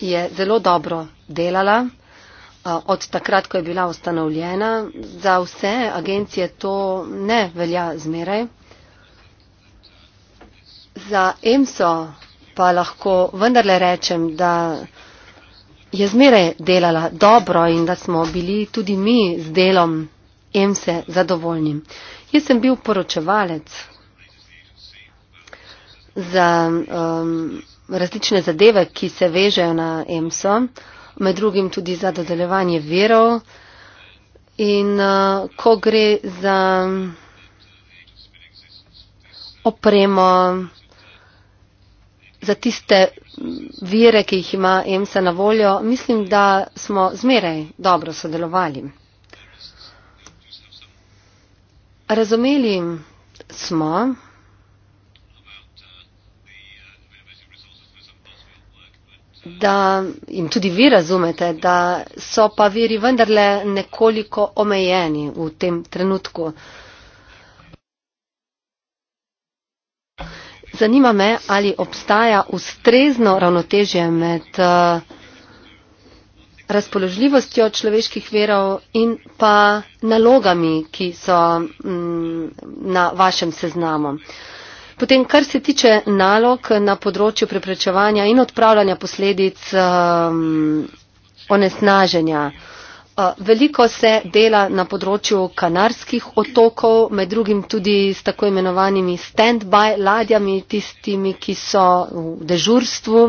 je zelo dobro delala od takrat, ko je bila ustanovljena. Za vse agencije to ne velja zmeraj za EMSO pa lahko vendarle rečem, da je zmeraj delala dobro in da smo bili tudi mi z delom EMSE zadovoljni. Jaz sem bil poročevalec za um, različne zadeve, ki se vežejo na EMSO, med drugim tudi za dodeljevanje verov in uh, ko gre za opremo, za tiste vire, ki jih ima EMSA na voljo, mislim, da smo zmeraj dobro sodelovali. Razumeli smo da, in tudi vi razumete, da so pa viri vendarle nekoliko omejeni v tem trenutku zanima me ali obstaja ustrezno ravnotežje med eh, razpoložljivostjo človeških verov in pa nalogami, ki so mm, na vašem seznamu. Potem, kar se tiče nalog na področju preprečevanja in odpravljanja posledic eh, onesnaženja. Eh, veliko se dela na področju kanarskih otokov, med drugim tudi s tako imenovanimi stand-by ladjami, tistimi, ki so v dežurstvu.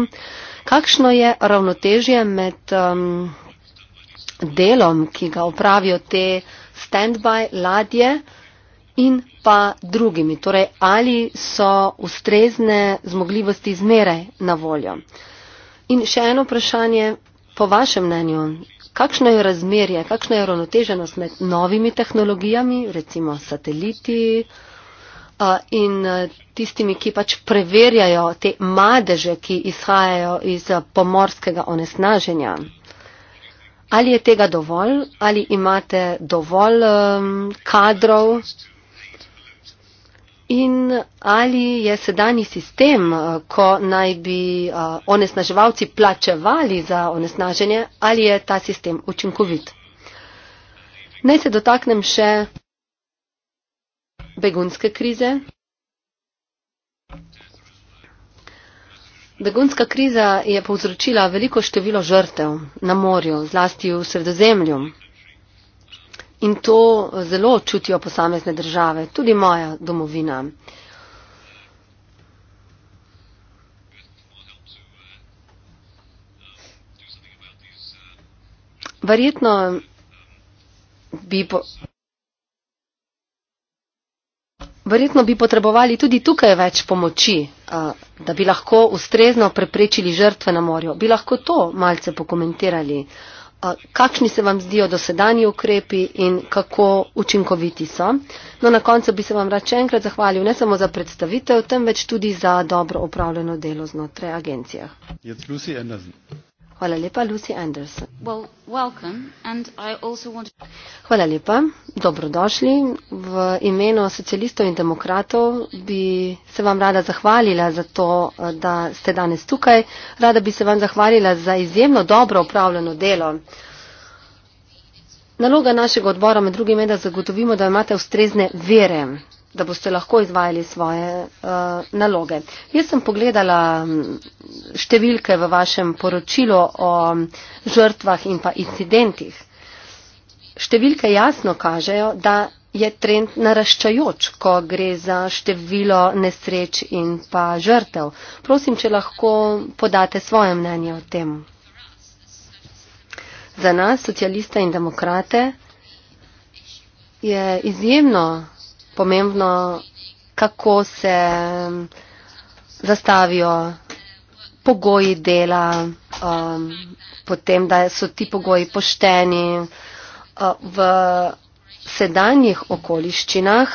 Kakšno je ravnotežje med um, delom, ki ga upravijo te stand-by ladje in pa drugimi? Torej, ali so ustrezne zmogljivosti zmeraj na voljo? In še eno vprašanje po vašem mnenju kakšno je razmerje, kakšna je ravnoteženost med novimi tehnologijami, recimo sateliti in tistimi, ki pač preverjajo te madeže, ki izhajajo iz pomorskega onesnaženja. Ali je tega dovolj, ali imate dovolj kadrov? In ali je sedani sistem, eh, ko naj bi eh, onesnaževalci plačevali za onesnaženje, ali je ta sistem učinkovit? Naj se dotaknem še begunske krize. Begunska kriza je povzročila veliko število žrtev na morju, zlasti v sredozemlju. In to zelo čutijo posamezne države, tudi moja domovina. Verjetno bi, po, verjetno bi potrebovali tudi tukaj več pomoči, da bi lahko ustrezno preprečili žrtve na morju. Bi lahko to malce pokomentirali? Uh, kakšni se vam zdijo dosedani ukrepi in kako učinkoviti so. No, na koncu bi se vam rad še enkrat zahvalil ne samo za predstavitev, temveč tudi za dobro upravljeno delo znotraj agencije. Jetzt Lucy Anderson. Hvala lepa, Lucy Anderson. Well, welcome, and I also want to... Hvala lepa, dobrodošli. V imenu socialistov in demokratov bi se vam rada zahvalila za to, da ste danes tukaj. Rada bi se vam zahvalila za izjemno dobro upravljeno delo. Naloga našega odbora med drugim je, da zagotovimo, da imate ustrezne vere da boste lahko izvajali svoje uh, naloge. Jaz sem pogledala mm, številke v vašem poročilu o mm, žrtvah in pa incidentih. Številke jasno kažejo, da je trend naraščajoč, ko gre za število nesreč in pa žrtev. Prosim, če lahko podate svoje mnenje o tem. Za nas, socialiste in demokrate, je izjemno pomembno, kako se zastavijo pogoji dela, um, potem, da so ti pogoji pošteni. Uh, v sedanjih okoliščinah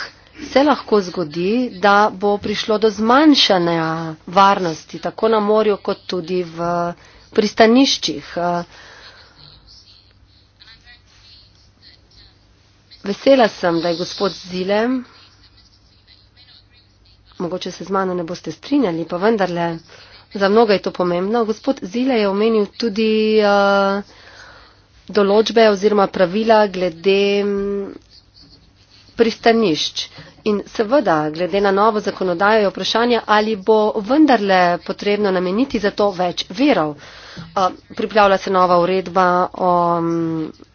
se lahko zgodi, da bo prišlo do zmanjšanja varnosti tako na morju, kot tudi v pristaniščih. Uh, Vesela sem, da je gospod Zilem, mogoče se z mano ne boste strinjali, pa vendarle, za mnoga je to pomembno. Gospod Zile je omenil tudi uh, določbe oziroma pravila glede mm, pristanišč. In seveda, glede na novo zakonodajo je vprašanje, ali bo vendarle potrebno nameniti za to več verov. Uh, pripravlja se nova uredba o um,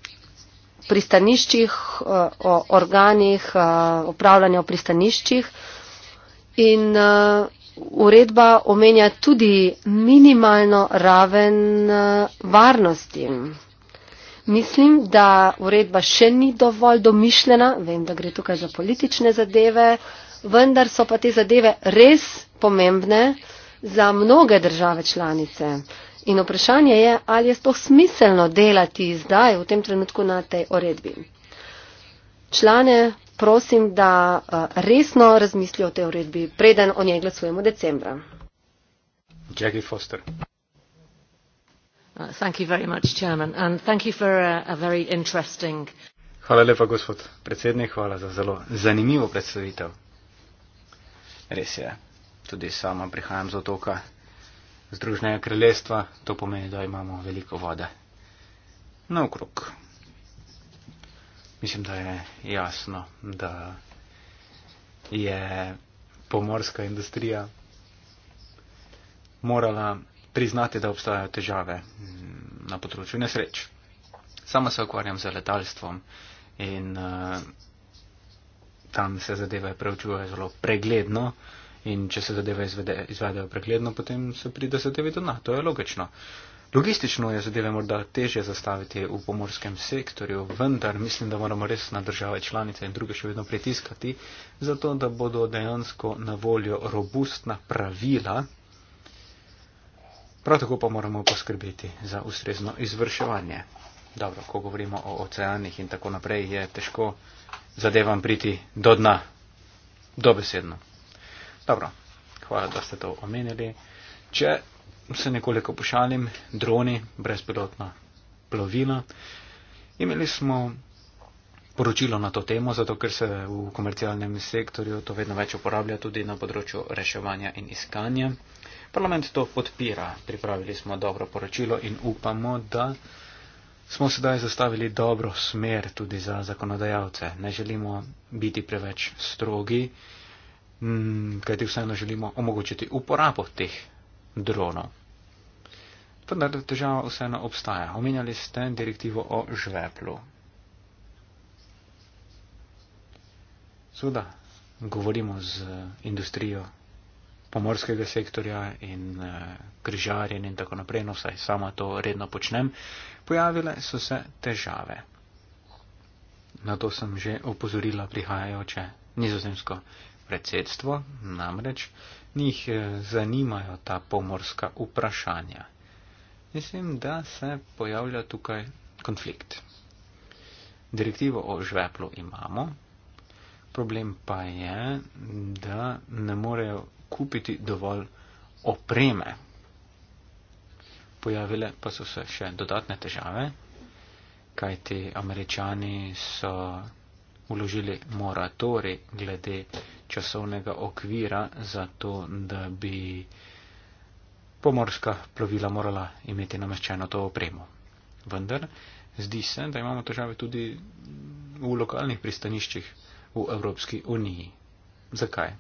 pristaniščih, eh, o organih eh, upravljanja v pristaniščih in eh, uredba omenja tudi minimalno raven varnosti. Mislim, da uredba še ni dovolj domišljena, vem, da gre tukaj za politične zadeve, vendar so pa te zadeve res pomembne za mnoge države članice. In vprašanje je, ali je sploh smiselno delati zdaj, v tem trenutku, na tej uredbi. Člane prosim, da eh, resno razmislijo o tej uredbi, preden o njej glasujemo decembra. Jackie Foster. Uh, uh, hvala lepa, gospod predsednik, hvala za zelo zanimivo predstavitev. Res je, tudi sama prihajam z otoka. Združnega kraljestva, to pomeni, da imamo veliko vode na okrog. Mislim, da je jasno, da je pomorska industrija morala priznati, da obstajajo težave mm, na področju nesreč. Sama se ukvarjam z letalstvom in uh, tam se zadeve preučujejo zelo pregledno. Uh, In če se zadeve izvede, izvedejo pregledno, potem se pride zadevi do dna. To je logično. Logistično je zadeve morda teže zastaviti v pomorskem sektorju, vendar mislim, da moramo res na države članice in druge še vedno pritiskati, zato da bodo dejansko na voljo robustna pravila. Prav tako pa moramo poskrbeti za ustrezno izvrševanje. Dobro, ko govorimo o oceanih in tako naprej, je težko zadevam priti do dna. Dobesedno. Dobro, hvala, da ste to omenili. Če se nekoliko pošalim, droni, brezpilotna plovila. Imeli smo poročilo na to temo, zato ker se v komercialnem sektorju to vedno več uporablja tudi na področju reševanja in iskanja. Parlament to podpira, pripravili smo dobro poročilo in upamo, da smo sedaj zastavili dobro smer tudi za zakonodajalce. Ne želimo biti preveč strogi. Mm, kaj ti vseeno želimo omogočiti uporabo teh dronov. Vendar težava vseeno obstaja. Omenjali ste direktivo o žveplu. Seveda, govorimo z industrijo pomorskega sektorja in eh, križarjen in tako naprej, no vsaj sama to redno počnem, pojavile so se težave. Na to sem že opozorila prihajajoče nizozemsko predsedstvo, namreč njih eh, zanimajo ta pomorska vprašanja. Mislim, da se pojavlja tukaj konflikt. Direktivo o žveplu imamo, problem pa je, da ne morejo kupiti dovolj opreme. Pojavile pa so se še dodatne težave, kajti američani so uložili moratori glede časovnega okvira za to, da bi pomorska plovila morala imeti nameščeno to opremo. Vendar zdi se, da imamo težave tudi v lokalnih pristaniščih v Evropski uniji. Zakaj?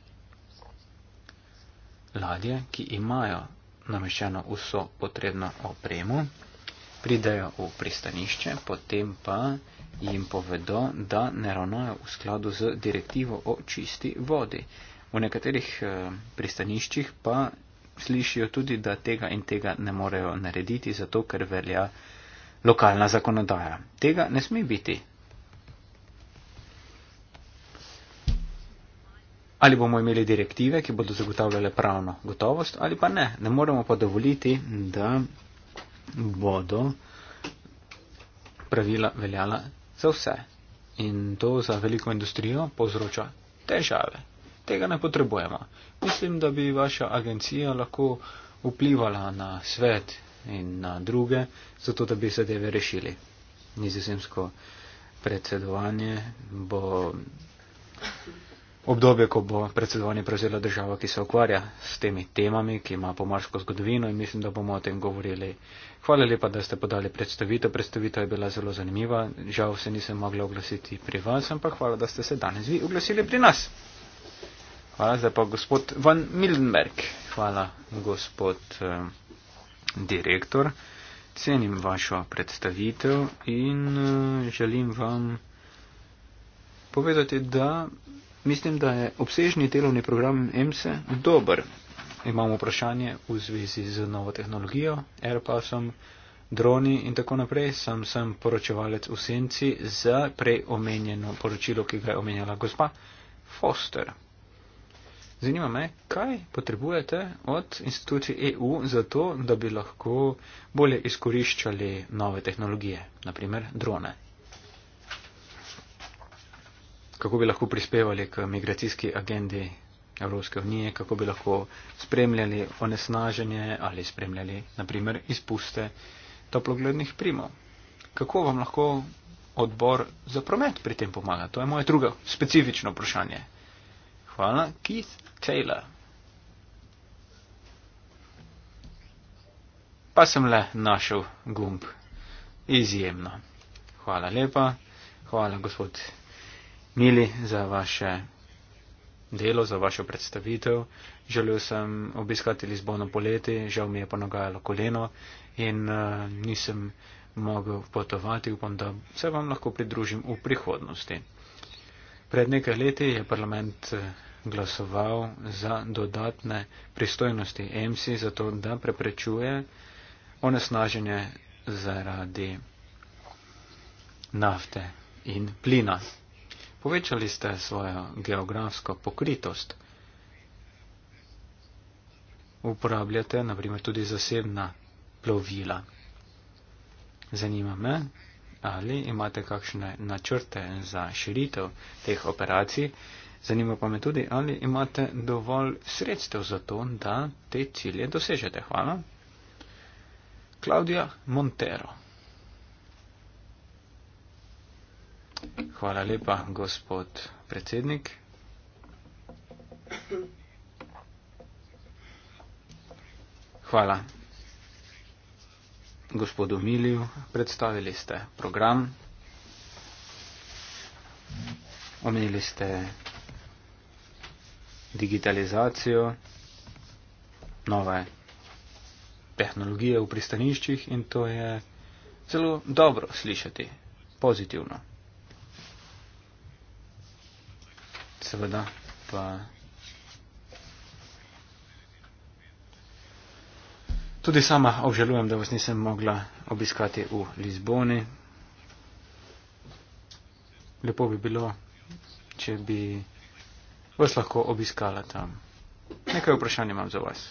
Ladje, ki imajo nameščeno vso potrebno opremo, pridejo v pristanišče, potem pa jim povedo, da ne ravnajo v skladu z direktivo o čisti vodi. V nekaterih eh, pristaniščih pa slišijo tudi, da tega in tega ne morejo narediti, zato ker velja lokalna zakonodaja. Tega ne sme biti. Ali bomo imeli direktive, ki bodo zagotavljale pravno gotovost, ali pa ne. Ne moremo pa dovoliti, da bodo pravila veljala za vse. In to za veliko industrijo povzroča težave. Tega ne potrebujemo. Mislim, da bi vaša agencija lahko vplivala na svet in na druge, zato da bi zadeve rešili. Nizozemsko predsedovanje bo obdobje, ko bo predsedovanje prevzela država, ki se ukvarja s temi temami, ki ima pomarsko zgodovino in mislim, da bomo o tem govorili. Hvala lepa, da ste podali predstavitev. Predstavitev je bila zelo zanimiva. Žal se nisem mogla oglasiti pri vas, ampak hvala, da ste se danes vi oglasili pri nas. Hvala, zdaj pa gospod Van Mildenberg. Hvala, gospod eh, direktor. Cenim vašo predstavitev in eh, želim vam povedati, da Mislim, da je obsežni delovni program EMSE dober. Imamo vprašanje v zvezi z novo tehnologijo, Airpasom, droni in tako naprej. Sam sem poročevalec v senci za preomenjeno poročilo, ki ga je omenjala gospa Foster. Zanima me, kaj potrebujete od institucij EU za to, da bi lahko bolje izkoriščali nove tehnologije, naprimer drone kako bi lahko prispevali k migracijski agendi Evropske unije, kako bi lahko spremljali onesnaženje ali spremljali, naprimer, izpuste toplogrednih primov. Kako vam lahko odbor za promet pri tem pomaga? To je moje drugo specifično vprašanje. Hvala, Keith Taylor. Pa sem le našel gumb. Izjemno. Hvala lepa. Hvala, gospod Mili, za vaše delo, za vašo predstavitev. Želel sem obiskati Lizbono poleti, žal mi je ponagajalo koleno in uh, nisem mogel potovati. Upam, da se vam lahko pridružim v prihodnosti. Pred nekaj leti je parlament eh, glasoval za dodatne pristojnosti EMSI, zato da preprečuje onesnaženje zaradi nafte in plina. Povečali ste svojo geografsko pokritost. Uporabljate, naprimer, tudi zasebna plovila. Zanima me, ali imate kakšne načrte za širitev teh operacij. Zanima pa me tudi, ali imate dovolj sredstev za to, da te cilje dosežete. Hvala. Klaudija Montero. Hvala lepa, gospod predsednik. Hvala gospodu Miliju. Predstavili ste program. Omenili ste digitalizacijo, nove tehnologije v pristaniščih in to je zelo dobro slišati, pozitivno. seveda pa tudi sama obžalujem, da vas nisem mogla obiskati v Lizboni. Lepo bi bilo, če bi vas lahko obiskala tam. Nekaj vprašanj imam za vas.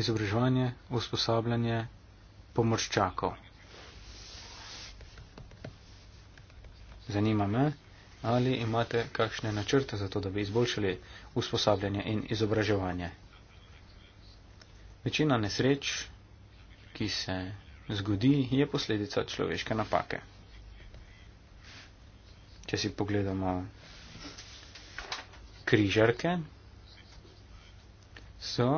Izobraževanje, usposabljanje, pomorščakov. Zanima me, ali imate kakšne načrte za to, da bi izboljšali usposabljanje in izobraževanje. Večina nesreč, ki se zgodi, je posledica človeške napake. Če si pogledamo križarke, so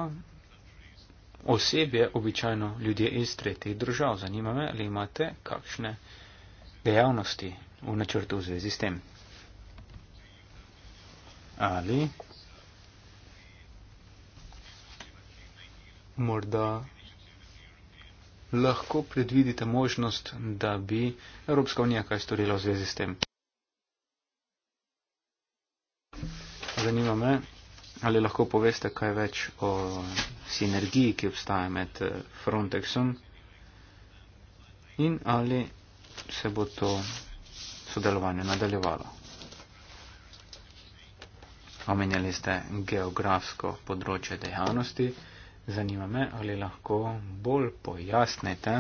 osebje običajno ljudje iz tretjih držav. Zanima me, ali imate kakšne dejavnosti v načrtu v zvezi s tem. Ali morda lahko predvidite možnost, da bi Evropska unija kaj storila v zvezi s tem? Zanima me, ali lahko poveste kaj več o sinergiji, ki obstaja med eh, Frontexom in ali se bo to sodelovanje nadaljevalo. Omenjali ste geografsko področje dejavnosti. Zanima me, ali lahko bolj pojasnite,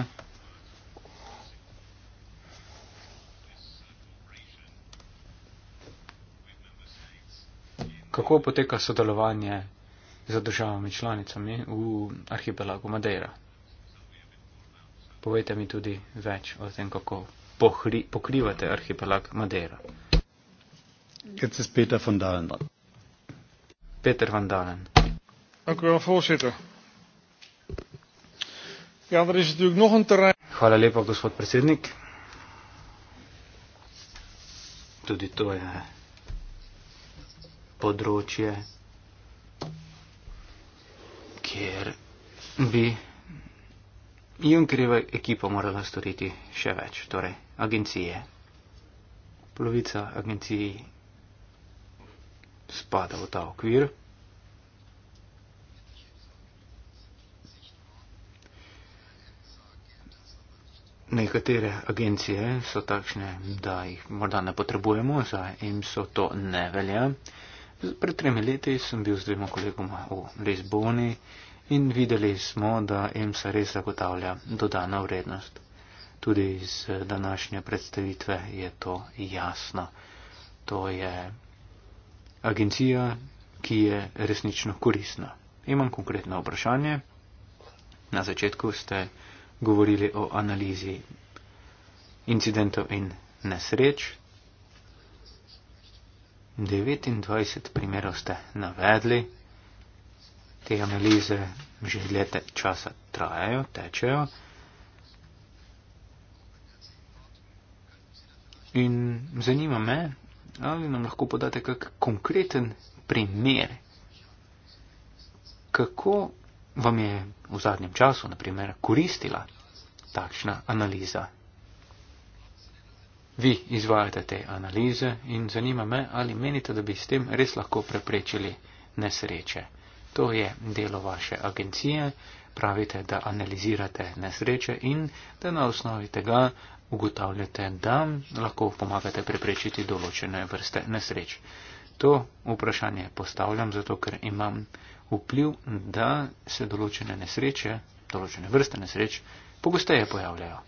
kako poteka sodelovanje z državami članicami v arhipelagu Madeira. Povejte mi tudi več o tem, kako pohri, pokrivate arhipelag Madeira. Het is Peter van Dalen. Peter van Dalen. Dank u wel, voorzitter. Ja, er is natuurlijk nog een terrein. Hvala lepa, gospod predsednik. Tudi to je področje, kjer bi Junkerjeva ekipa morala storiti še več. Torej, agencije. Polovica agencij spada v ta okvir. Nekatere agencije so takšne, da jih morda ne potrebujemo, za jim so to ne velja. Pred tremi leti sem bil z dvema kolegoma v Lizboni in videli smo, da jim se res zagotavlja dodana vrednost. Tudi iz današnje predstavitve je to jasno. To je agencija, ki je resnično korisna. Imam konkretno vprašanje. Na začetku ste govorili o analizi incidentov in nesreč. 29 primerov ste navedli. Te analize že leta časa trajajo, tečejo. In zanima me, ali nam lahko podate kak konkreten primer, kako vam je v zadnjem času, naprimer, koristila takšna analiza. Vi izvajate te analize in zanima me, ali menite, da bi s tem res lahko preprečili nesreče. To je delo vaše agencije, pravite, da analizirate nesreče in da na osnovi tega ugotavljate, da lahko pomagate preprečiti določene vrste nesreč. To vprašanje postavljam zato, ker imam vpliv, da se določene nesreče, določene vrste nesreč, pogosteje pojavljajo.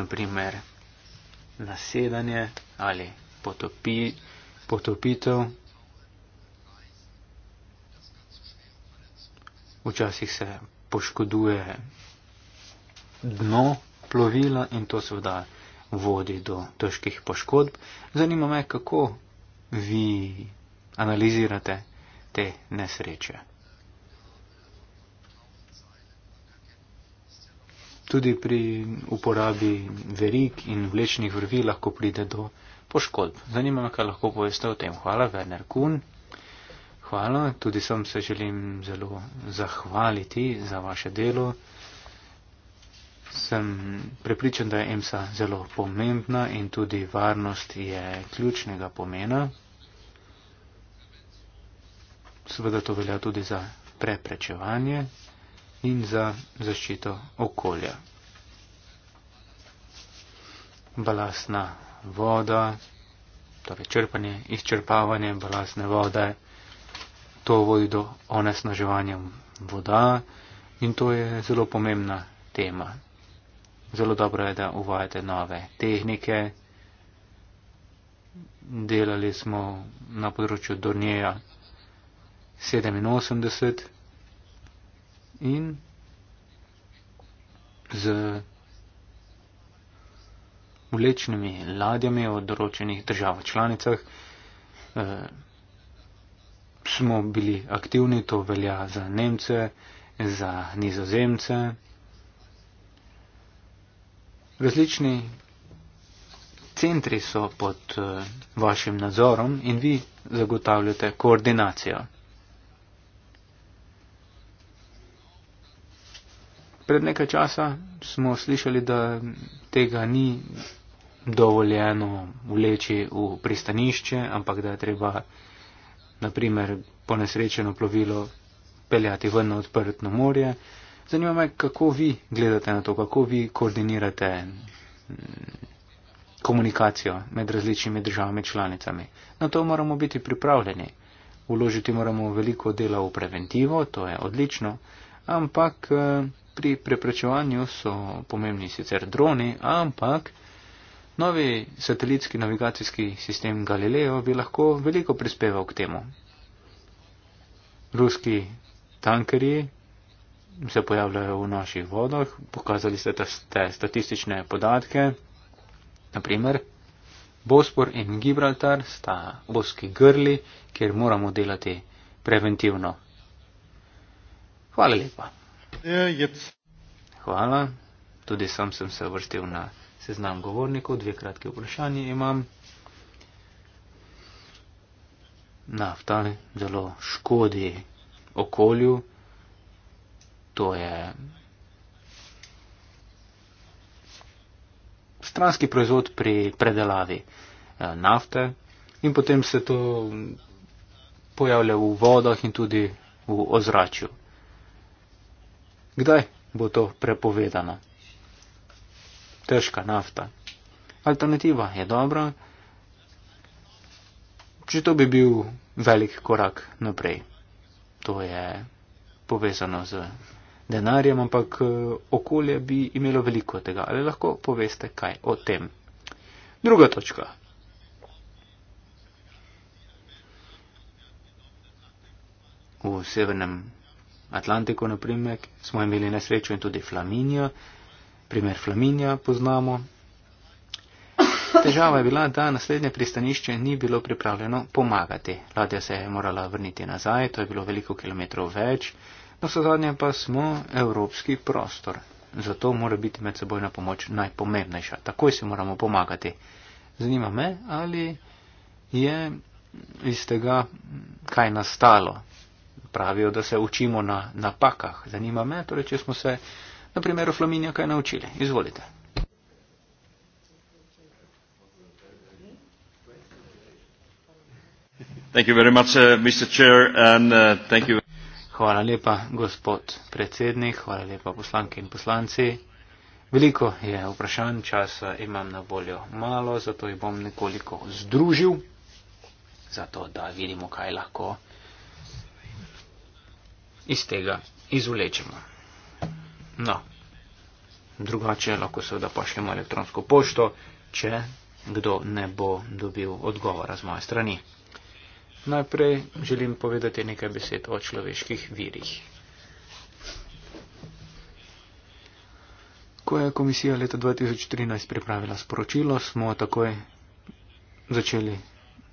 Naprimer, nasedanje ali potopi, potopitev. Včasih se poškoduje dno plovila in to seveda vodi do težkih poškodb. Zanima me, kako vi analizirate te nesreče. Tudi pri uporabi verik in vlečnih vrvi lahko pride do poškodb. Zanima me, kaj lahko poveste o tem. Hvala, Werner Kuhn. Hvala, tudi sem se želim zelo zahvaliti za vaše delo. Sem prepričan, da je EMSA zelo pomembna in tudi varnost je ključnega pomena. Seveda to velja tudi za preprečevanje in za zaščito okolja. Balastna voda, torej črpanje, izčrpavanje balastne vode to vodi do onesnaževanja voda in to je zelo pomembna tema. Zelo dobro je, da uvajate nove tehnike. Delali smo na področju Dornjeja 87 in z vlečnimi ladjami v določenih državah članicah. Eh, smo bili aktivni, to velja za Nemce, za Nizozemce. Različni centri so pod eh, vašim nadzorom in vi zagotavljate koordinacijo. Pred nekaj časa smo slišali, da tega ni dovoljeno vleči v pristanišče, ampak da je treba naprimer ponesrečeno plovilo peljati ven na odprto morje. Zanima me, kako vi gledate na to, kako vi koordinirate mm, komunikacijo med različnimi državami članicami. Na to moramo biti pripravljeni. Uložiti moramo veliko dela v preventivo, to je odlično, ampak eh, pri preprečevanju so pomembni sicer droni, ampak Novi satelitski navigacijski sistem Galileo bi lahko veliko prispeval k temu. Ruski tankerji se pojavljajo v naših vodah, pokazali ste te statistične podatke. Naprimer, Bospor in Gibraltar sta oski grli, kjer moramo delati preventivno. Hvala lepa. Ja, Hvala, tudi sam sem se vrstil na seznam govornikov, dve kratke vprašanje imam. Nafta zelo škodi okolju, to je stranski proizvod pri predelavi eh, nafte in potem se to pojavlja v vodah in tudi v ozračju. Kdaj bo to prepovedano? težka nafta. Alternativa je dobra, če to bi bil velik korak naprej. To je povezano z denarjem, ampak eh, okolje bi imelo veliko tega. Ali lahko poveste kaj o tem? Druga točka. V severnem Atlantiku, naprimer, smo imeli nesrečo in tudi Flaminijo. Primer Flaminja poznamo. Težava je bila, da naslednje pristanišče ni bilo pripravljeno pomagati. Ladja se je morala vrniti nazaj, to je bilo veliko kilometrov več, na vse zadnje pa smo evropski prostor. Zato mora biti medsebojna pomoč najpomembnejša. Takoj si moramo pomagati. Zanima me, ali je iz tega kaj nastalo. Pravijo, da se učimo na napakah. Zanima me, torej, če smo se na primeru Flaminija kaj naučili. Izvolite. Uh, uh, hvala lepa, gospod predsednik, hvala lepa poslanke in poslanci. Veliko je vprašanj, časa imam na voljo malo, zato jih bom nekoliko združil, zato da vidimo, kaj lahko iz tega izvlečemo. No, drugače lahko seveda pošljemo elektronsko pošto, če kdo ne bo dobil odgovora z moje strani. Najprej želim povedati nekaj besed o človeških virih. Ko je komisija leta 2013 pripravila sporočilo, smo takoj začeli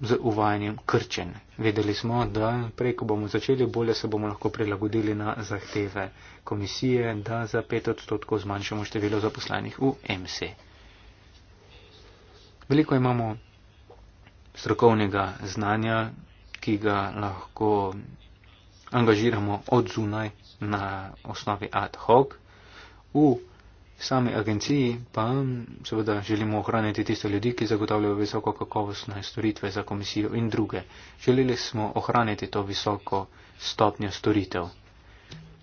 z uvajanjem krčen. Vedeli smo, da prej, ko bomo začeli, bolje se bomo lahko prilagodili na zahteve komisije, da za pet odstotkov zmanjšamo število zaposlenih v MC. E. Veliko imamo strokovnega znanja, ki ga lahko angažiramo od zunaj na osnovi ad hoc. V sami agenciji pa seveda želimo ohraniti tiste ljudi, ki zagotavljajo visoko kakovostne storitve za komisijo in druge. Želeli smo ohraniti to visoko stopnjo storitev.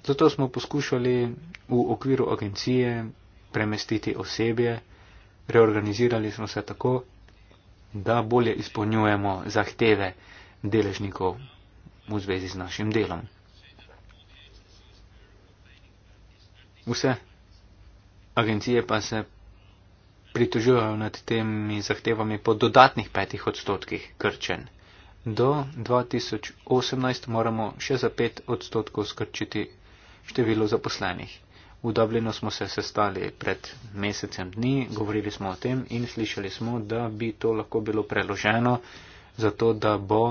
Zato smo poskušali v okviru agencije premestiti osebje, reorganizirali smo se tako, da bolje izpolnjujemo zahteve deležnikov v zvezi z našim delom. Vse agencije pa se pritožujejo nad temi zahtevami po dodatnih petih odstotkih krčen. Do 2018 moramo še za pet odstotkov skrčiti število zaposlenih. V Dublinu smo se sestali pred mesecem dni, govorili smo o tem in slišali smo, da bi to lahko bilo preloženo, zato da bo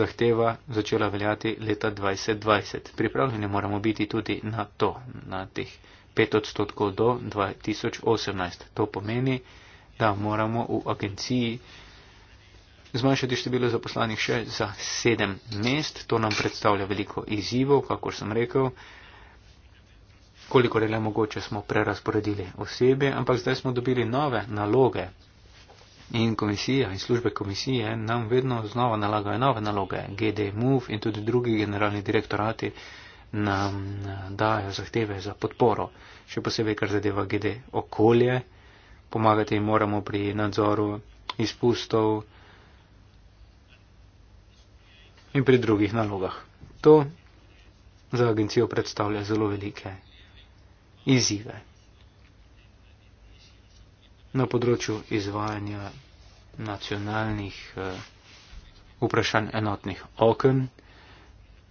zahteva začela veljati leta 2020. Pripravljeni moramo biti tudi na to, na teh 5 odstotkov do 2018. To pomeni, da moramo v agenciji zmanjšati število zaposlanih še za 7 mest. To nam predstavlja veliko izzivov, kakor sem rekel. Kolikor je le mogoče, smo prerasporedili osebe, ampak zdaj smo dobili nove naloge. In komisija in službe komisije nam vedno znova nalagajo nove naloge. GD Move in tudi drugi generalni direktorati nam eh, dajo zahteve za podporo, še posebej, kar zadeva glede okolje. Pomagati jim moramo pri nadzoru izpustov in pri drugih nalogah. To za agencijo predstavlja zelo velike izzive. Na področju izvajanja nacionalnih eh, vprašanj enotnih okn,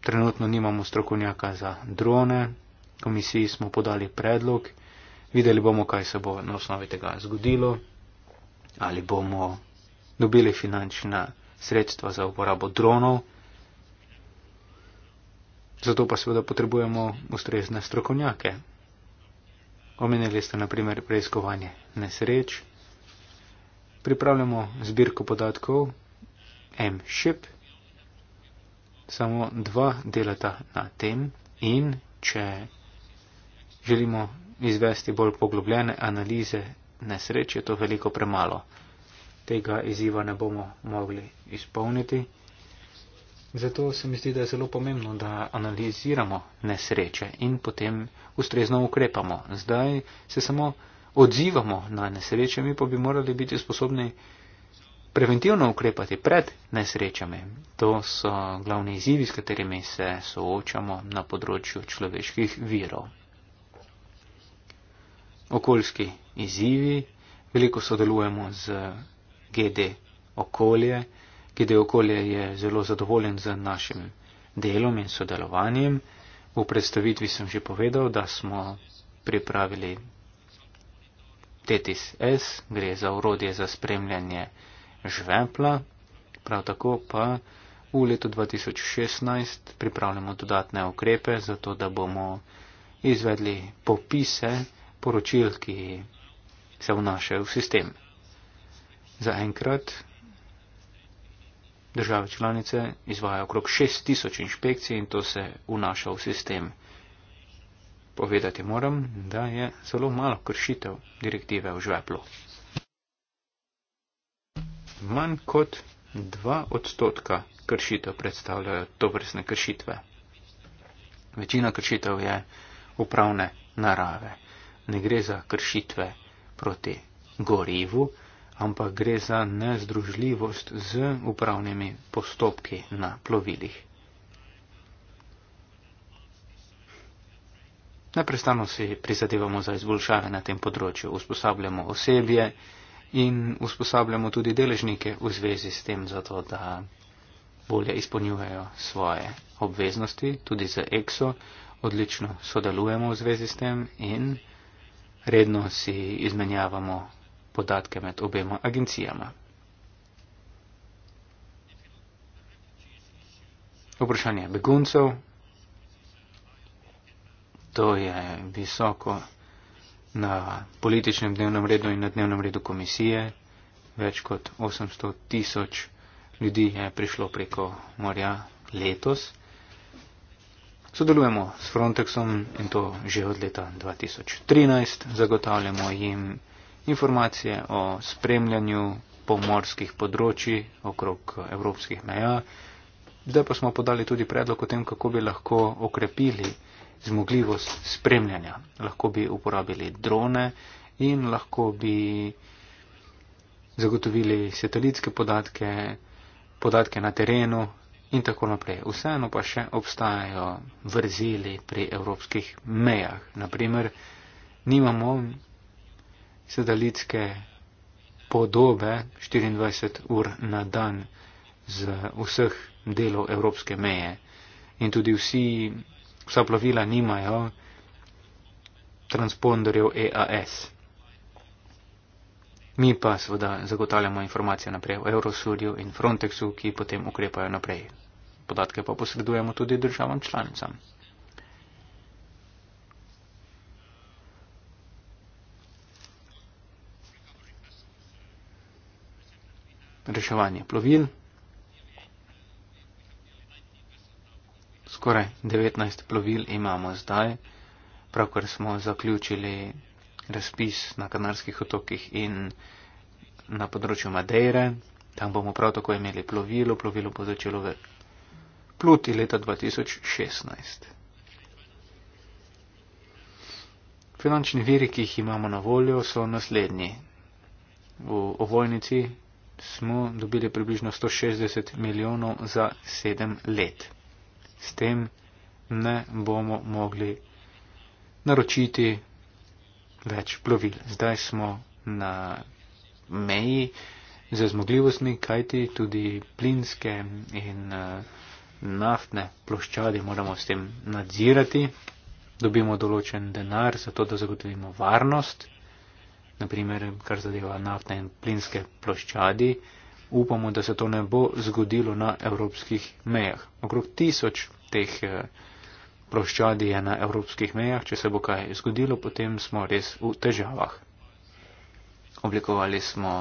trenutno nimamo strokovnjaka za drone, komisiji smo podali predlog, videli bomo, kaj se bo na osnovi tega zgodilo, ali bomo dobili finančna sredstva za uporabo dronov. Zato pa seveda potrebujemo ustrezne strokovnjake. Omenili ste naprimer preiskovanje nesreč. Pripravljamo zbirko podatkov M-Ship samo dva delata na tem in če želimo izvesti bolj poglobljene analize nesreč, je to veliko premalo. Tega izziva ne bomo mogli izpolniti. Zato se mi zdi, da je zelo pomembno, da analiziramo nesreče in potem ustrezno ukrepamo. Zdaj se samo odzivamo na nesreče, mi pa bi morali biti sposobni preventivno ukrepati pred nesrečami. To so glavni izzivi, s katerimi se soočamo na področju človeških virov. Okoljski izzivi. Veliko sodelujemo z GD okolje. GD okolje je zelo zadovoljen z našim delom in sodelovanjem. V predstavitvi sem že povedal, da smo pripravili TTS, gre za urodje za spremljanje žvepla, prav tako pa v letu 2016 pripravljamo dodatne ukrepe, zato da bomo izvedli popise poročil, ki se vnašajo v sistem. Za enkrat države članice izvajajo okrog 6000 inšpekcij in to se vnaša v sistem. Povedati moram, da je zelo malo kršitev direktive v žveplu manj kot 2 odstotka kršitev predstavljajo to vrstne kršitve. Večina kršitev je upravne narave. Ne gre za kršitve proti gorivu, ampak gre za nezdružljivost z upravnimi postopki na plovilih. Neprestano si prizadevamo za izboljšave na tem področju, usposabljamo osebje, in usposabljamo tudi deležnike v zvezi s tem, zato da bolje izpolnjujejo svoje obveznosti, tudi za EXO odlično sodelujemo v zvezi s tem in redno si izmenjavamo podatke med obema agencijama. Vprašanje beguncev. To je visoko na političnem dnevnem redu in na dnevnem redu komisije. Več kot 800 tisoč ljudi je prišlo preko morja letos. Sodelujemo s Frontexom in to že od leta 2013. Zagotavljamo jim informacije o spremljanju pomorskih področji okrog evropskih meja. Zdaj pa smo podali tudi predlog o tem, kako bi lahko okrepili zmogljivost spremljanja. Lahko bi uporabili drone in lahko bi zagotovili satelitske podatke, podatke na terenu in tako naprej. Vseeno pa še obstajajo vrzeli pri evropskih mejah. Naprimer, nimamo satelitske podobe 24 ur na dan z vseh delov evropske meje. In tudi vsi Vsa plovila nimajo transponderjev EAS. Mi pa seveda zagotavljamo informacije naprej v Eurosurju in Frontexu, ki potem ukrepajo naprej. Podatke pa posredujemo tudi državam članicam. Reševanje plovil. skoraj 19 plovil imamo zdaj, pravkar smo zaključili razpis na Kanarskih otokih in na področju Madeire. Tam bomo prav tako imeli plovilo, plovilo bo začelo v pluti leta 2016. Finančni viri, ki jih imamo na voljo, so naslednji. V ovojnici smo dobili približno 160 milijonov za 7 let s tem ne bomo mogli naročiti več plovil. Zdaj smo na meji za zmogljivostmi, kajti tudi plinske in eh, naftne ploščadi moramo s tem nadzirati. Dobimo določen denar za to, da zagotovimo varnost, naprimer, kar zadeva naftne in plinske ploščadi upamo, da se to ne bo zgodilo na evropskih mejah. Okrog tisoč teh eh, ploščadi je na evropskih mejah. Če se bo kaj zgodilo, potem smo res v težavah. Oblikovali smo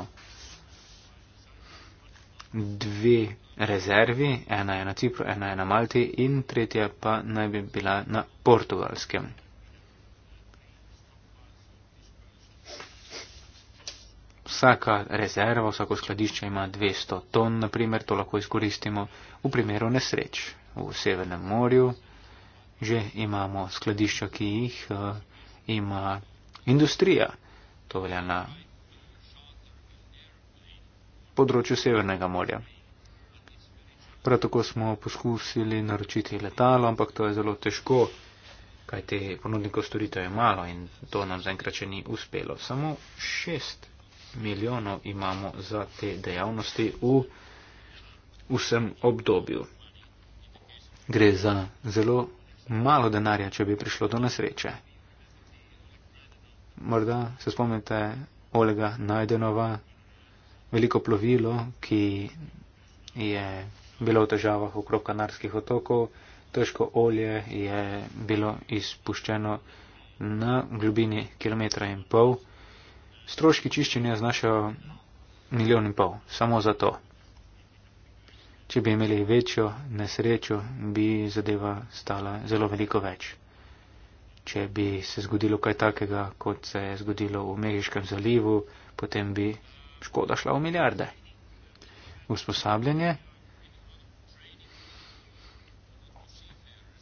dve rezervi, ena je na Cipru, ena je na Malti in tretja pa naj bi bila na portugalskem. vsaka rezerva, vsako skladišče ima 200 ton, naprimer, to lahko izkoristimo v primeru nesreč. V Severnem morju že imamo skladišča, ki jih uh, ima industrija. To velja na področju Severnega morja. Prav tako smo poskusili naročiti letalo, ampak to je zelo težko, kaj te ponudnikov storitev je malo in to nam zaenkrat še ni uspelo. Samo šest milijonov imamo za te dejavnosti v vsem obdobju. Gre za zelo malo denarja, če bi prišlo do nesreče. Morda se spomnite Olega Najdenova, veliko plovilo, ki je bilo v težavah okrog Kanarskih otokov, težko olje je bilo izpuščeno na globini kilometra in pol stroški čiščenja znašajo milijon in pol, samo za to. Če bi imeli večjo nesrečo, bi zadeva stala zelo veliko več. Če bi se zgodilo kaj takega, kot se je zgodilo v Mehiškem zalivu, potem bi škoda šla v milijarde. Usposabljanje.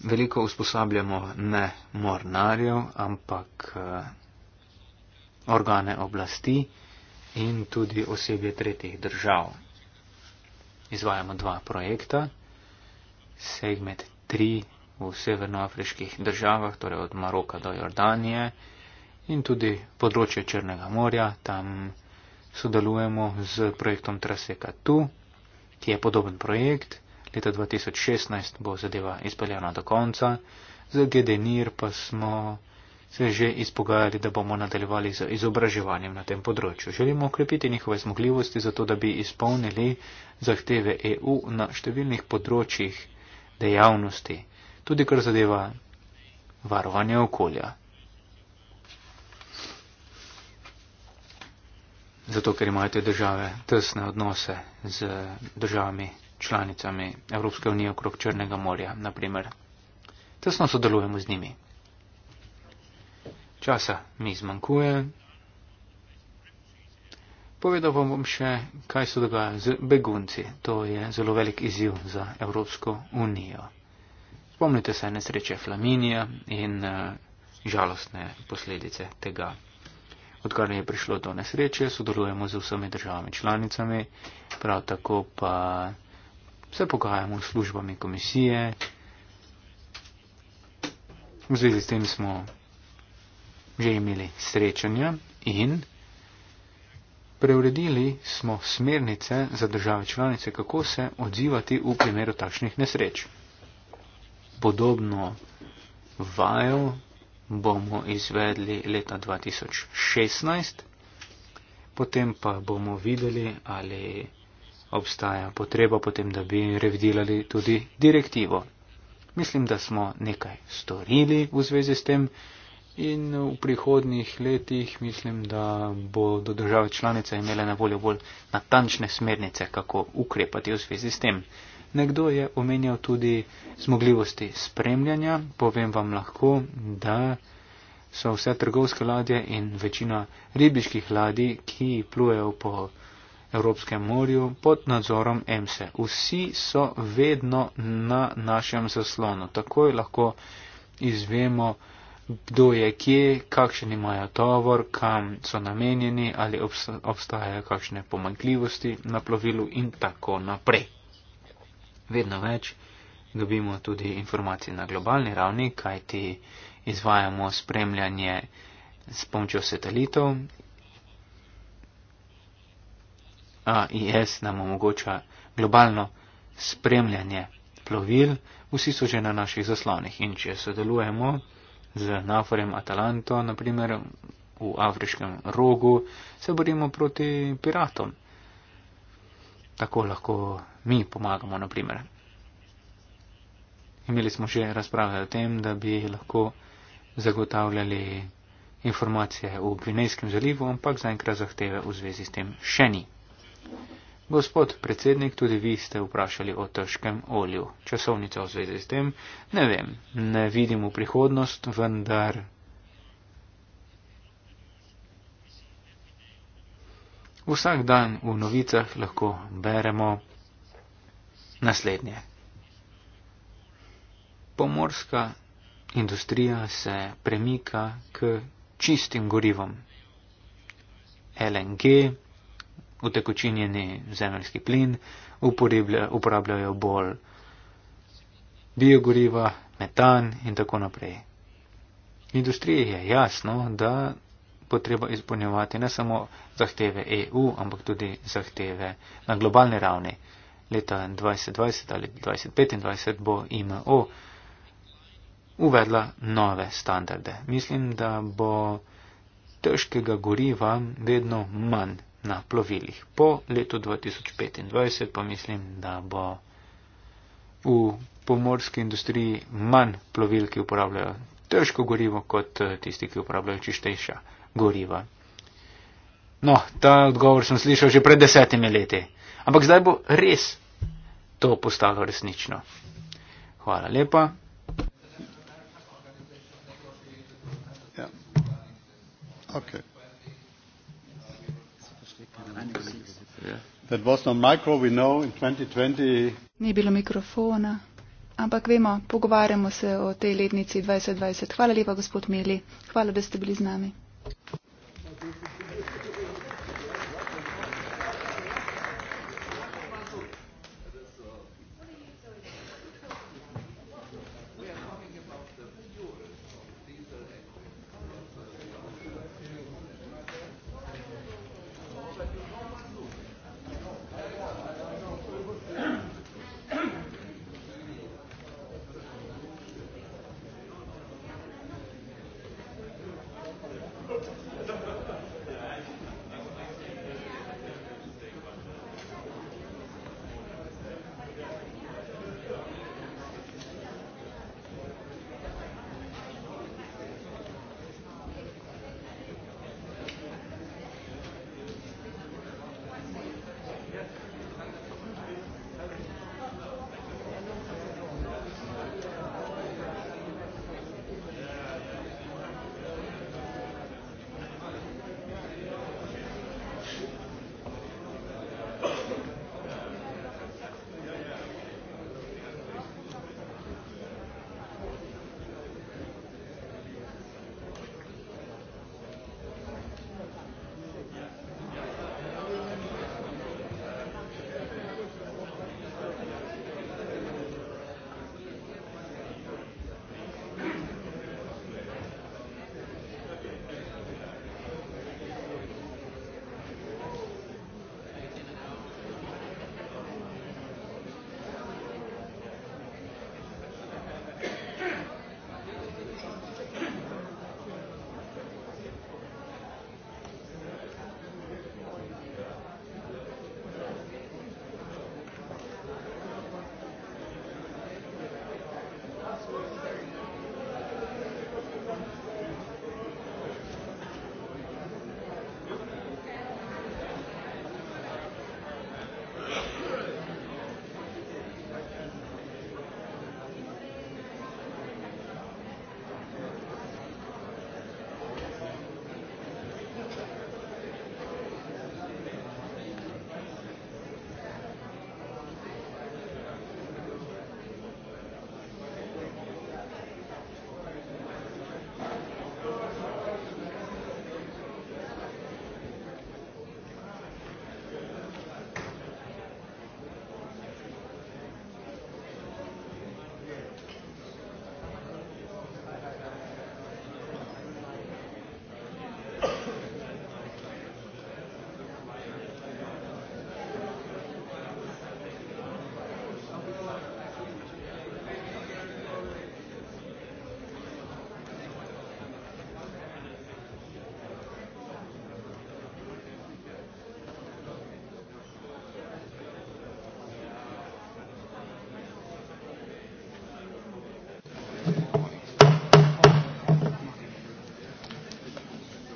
Veliko usposabljamo ne mornarjev, ampak eh, organe oblasti in tudi osebje tretjih držav. Izvajamo dva projekta, segment 3 v severnoafriških državah, torej od Maroka do Jordanije in tudi področje Črnega morja, tam sodelujemo z projektom Traseka Tu, ki je podoben projekt. Leta 2016 bo zadeva izpeljana do konca, za Gedenir pa smo se že izpogajali, da bomo nadaljevali z izobraževanjem na tem področju. Želimo okrepiti njihove zmogljivosti, zato da bi izpolnili zahteve EU na številnih področjih dejavnosti, tudi kar zadeva varovanje okolja. Zato, ker imajo te države tesne odnose z državami članicami Evropske unije okrog Črnega morja, naprimer. Tesno sodelujemo z njimi. Časa mi zmanjkuje. Povedal bom še, kaj se dogaja z begunci. To je zelo velik izziv za Evropsko unijo. Spomnite se nesreče Flaminija in uh, žalostne posledice tega. Odkar je prišlo do nesreče, sodelujemo z vsemi državami članicami, prav tako pa se pogajamo s službami komisije. V zvezi s tem smo že imeli srečanja in preuredili smo smernice za države članice, kako se odzivati v primeru takšnih nesreč. Podobno vajo bomo izvedli leta 2016, potem pa bomo videli, ali obstaja potreba potem, da bi revidirali tudi direktivo. Mislim, da smo nekaj storili v zvezi s tem in v prihodnih letih mislim, da bodo države članice imele na voljo bolj natančne smernice, kako ukrepati v zvezi s tem. Nekdo je omenjal tudi zmogljivosti spremljanja. Povem vam lahko, da so vse trgovske ladje in večina ribiških ladij, ki plujejo po Evropskem morju, pod nadzorom EMSE. Vsi so vedno na našem zaslonu. Takoj lahko izvemo, kdo je kje, kakšen imajo tovor, kam so namenjeni, ali obstajajo kakšne pomankljivosti na plovilu in tako naprej. Vedno več dobimo tudi informacije na globalni ravni, kajti izvajamo spremljanje s pomočjo satelitov. AIS nam omogoča globalno spremljanje plovil, vsi so že na naših zaslonih in če sodelujemo, z naforjem Atalanto, naprimer v afriškem rogu, se borimo proti piratom. Tako lahko mi pomagamo, naprimer. Imeli smo že razprave o tem, da bi lahko zagotavljali informacije v Gvinejskem zalivu, ampak zaenkrat zahteve v zvezi s tem še ni. Gospod predsednik, tudi vi ste vprašali o težkem olju. Časovnica v zvezi s tem, ne vem, ne vidim v prihodnost, vendar. Vsak dan v novicah lahko beremo naslednje. Pomorska industrija se premika k čistim gorivom. LNG, utekočinjeni zemeljski plin, uporabljajo bolj biogoriva, metan in tako naprej. Industriji je jasno, da bo treba izpolnjevati ne samo zahteve EU, ampak tudi zahteve na globalni ravni. Leta 2020 ali 2025 bo IMO uvedla nove standarde. Mislim, da bo težkega goriva vedno manj na plovilih. Po letu 2025 pa mislim, da bo v pomorski industriji manj plovil, ki uporabljajo težko gorivo, kot eh, tisti, ki uporabljajo čistejša goriva. No, ta odgovor sem slišal že pred desetimi leti. Ampak zdaj bo res to postalo resnično. Hvala lepa. Ja. Okay. No Ni bilo mikrofona, ampak vemo, pogovarjamo se o tej letnici 2020. Hvala lepa, gospod Meli. Hvala, da ste bili z nami.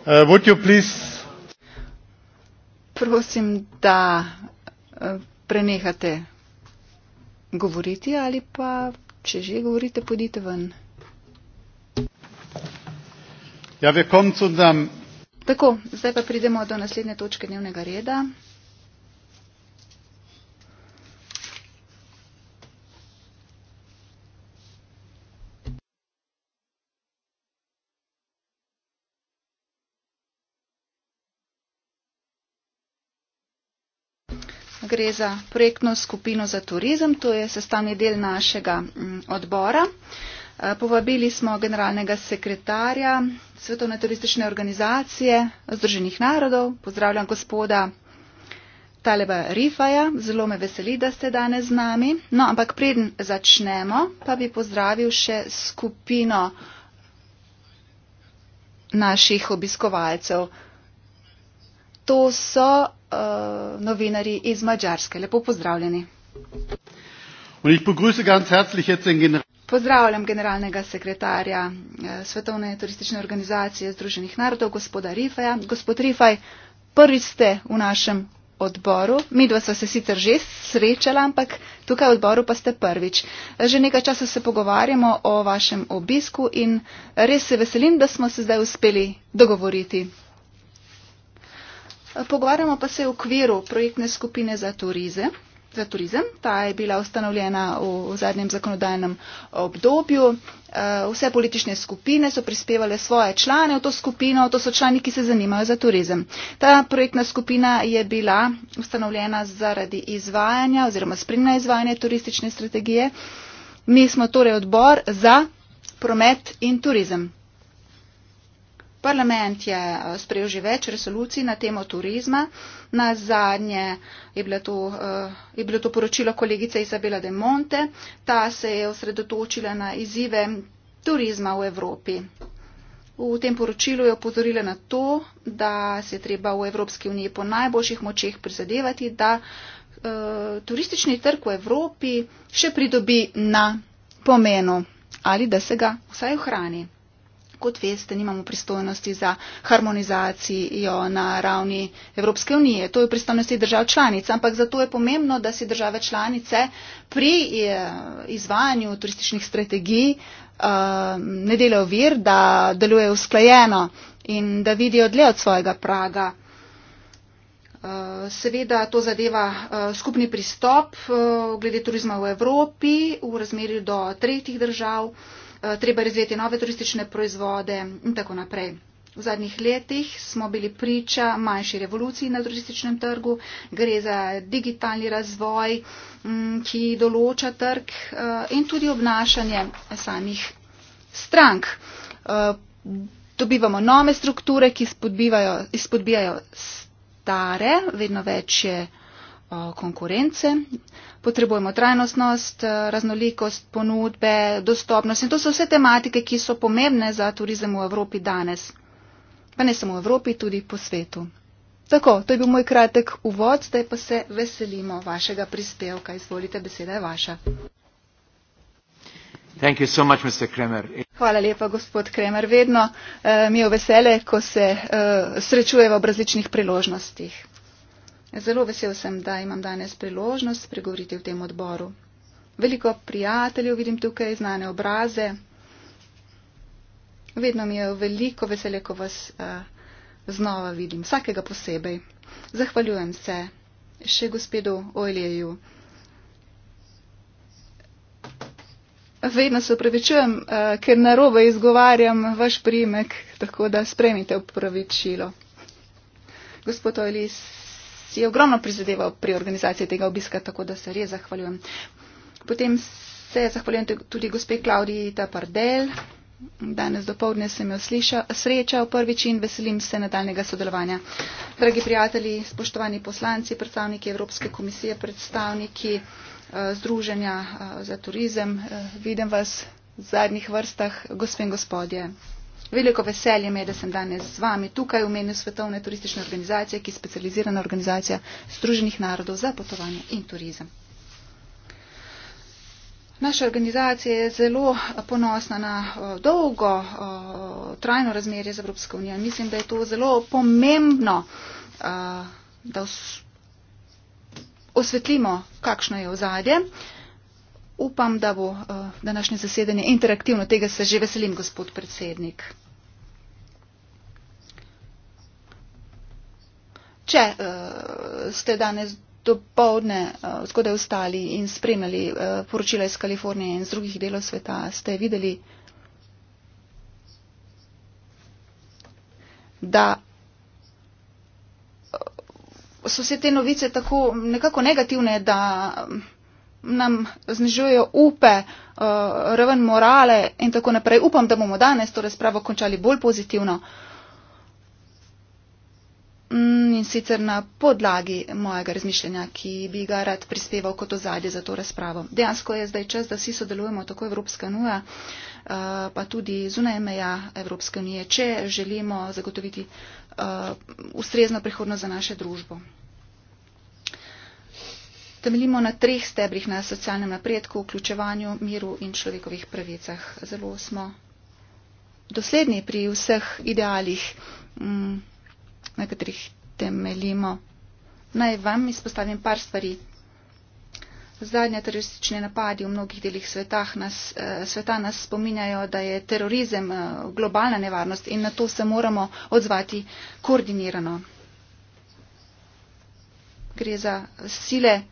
Uh, would you please prosim da uh, prenehate govoriti ali pa če že govorite pojdite ven ja, tako zdaj pa pridemo do naslednje točke dnevnega reda gre za projektno skupino za turizem, to je sestavni del našega mm, odbora. Eh, povabili smo generalnega sekretarja Svetovne turistične organizacije Združenih narodov. Pozdravljam gospoda Taleba Rifaja, zelo me veseli, da ste danes z nami. No, ampak preden začnemo, pa bi pozdravil še skupino naših obiskovalcev. To so Eh, novinarji iz Mačarske. Lepo pozdravljeni. Pozdravljam generalnega sekretarja eh, Svetovne turistične organizacije Združenih narodov, gospoda Rifaja. Gospod Rifaj, prvi ste v našem odboru. Mi dva sva se sicer že srečala, ampak tukaj v odboru pa ste prvič. Že nekaj časa se pogovarjamo o vašem obisku in res se veselim, da smo se zdaj uspeli dogovoriti Pogovarjamo pa se v okviru projektne skupine za turizem. Za turizem. Ta je bila ustanovljena v, v zadnjem zakonodajnem obdobju. Eh, vse politične skupine so prispevale svoje člane v to skupino, to so člani, ki se zanimajo za turizem. Ta projektna skupina je bila ustanovljena zaradi izvajanja oziroma spremlja izvajanje turistične strategije. Mi smo torej odbor za promet in turizem. Parlament je eh, sprejel že več resolucij na temo turizma. Na zadnje je bilo to, eh, je bilo to poročilo kolegice Izabela de Monte. Ta se je osredotočila na izzive turizma v Evropi. V tem poročilu je opozorila na to, da se je treba v Evropski uniji po najboljših močeh prizadevati, da e, turistični trg v Evropi še pridobi na pomenu ali da se ga vsaj ohrani kot veste, nimamo pristojnosti za harmonizacijo na ravni Evropske unije. To je v pristojnosti držav članic, ampak zato je pomembno, da si države članice pri eh, izvajanju turističnih strategij eh, ne delajo vir, da delujejo usklajeno in da vidijo dlje od svojega praga. Eh, seveda to zadeva skupni pristop glede turizma v Evropi v razmerju do tretjih držav. Eh, treba razvijati nove turistične proizvode in tako naprej. V zadnjih letih smo bili priča manjši revoluciji na turističnem trgu. Gre za digitalni razvoj, mm, ki določa trg eh, in tudi obnašanje samih strank. Eh, dobivamo nove strukture, ki spodbijajo stare, vedno več je konkurence potrebujemo trajnostnost, eh, raznolikost, ponudbe, dostopnost in to so vse tematike, ki so pomembne za turizem v Evropi danes. Pa ne samo v Evropi, tudi po svetu. Tako, to je bil moj kratek uvod, zdaj pa se veselimo vašega prispevka. Izvolite, beseda je vaša. So much, Hvala lepa, gospod Kremer. Vedno uh, mi je vesele, ko se uh, eh, srečujemo ob različnih priložnostih. Zelo vesel sem, da imam danes priložnost pregovoriti v tem odboru. Veliko prijateljev vidim tukaj, znane obraze. Vedno mi je veliko veselje, ko vas uh, znova vidim, vsakega posebej. Zahvaljujem se še gospodu Oljeju. Vedno se upravičujem, uh, eh, ker narobe izgovarjam vaš primek, tako da spremite upravičilo. Gospod Oljis si je ogromno prizadeval pri organizaciji tega obiska, tako da se res zahvaljujem. Potem se zahvaljujem tudi gospe Klaudiji Tapardel. Danes dopovdne sem jo slišal, srečal prvič in veselim se nadaljnega sodelovanja. Dragi prijatelji, spoštovani poslanci, predstavniki Evropske komisije, predstavniki uh, Združenja uh, za turizem, uh, vidim vas v zadnjih vrstah, gospe in gospodje. Veliko veselje me je, da sem danes z vami tukaj v menju Svetovne turistične organizacije, ki je specializirana organizacija Združenih narodov za potovanje in turizem. Naša organizacija je zelo ponosna na eh, dolgo eh, trajno razmerje z Evropsko unijo. Mislim, da je to zelo pomembno, eh, da osvetlimo, kakšno je ozadje. Upam, da bo uh, današnje zasedanje interaktivno. Tega se že veselim, gospod predsednik. Če uh, ste danes dopovdne uh, eh, skodaj ustali in spremljali uh, poročila iz Kalifornije in z drugih delov sveta, ste videli, da so se te novice tako nekako negativne, da. Um, nam znižujejo upe, eh, raven morale in tako naprej. Upam, da bomo danes to razpravo končali bolj pozitivno. Mm, in sicer na podlagi mojega razmišljanja, ki bi ga rad prispeval kot ozadje za to razpravo. Dejansko je zdaj čas, da vsi sodelujemo, tako Evropska unija, eh, pa tudi zunaj meja Evropske unije, če želimo zagotoviti eh, ustrezno prihodnost za naše družbo temeljimo na treh stebrih na socialnem napredku, vključevanju, miru in človekovih pravicah. Zelo smo dosledni pri vseh idealih, mm, na katerih temeljimo. Naj vam izpostavim par stvari. Zadnje teroristične napadi v mnogih delih nas, eh, sveta nas spominjajo, da je terorizem eh, globalna nevarnost in na to se moramo odzvati koordinirano. Gre za sile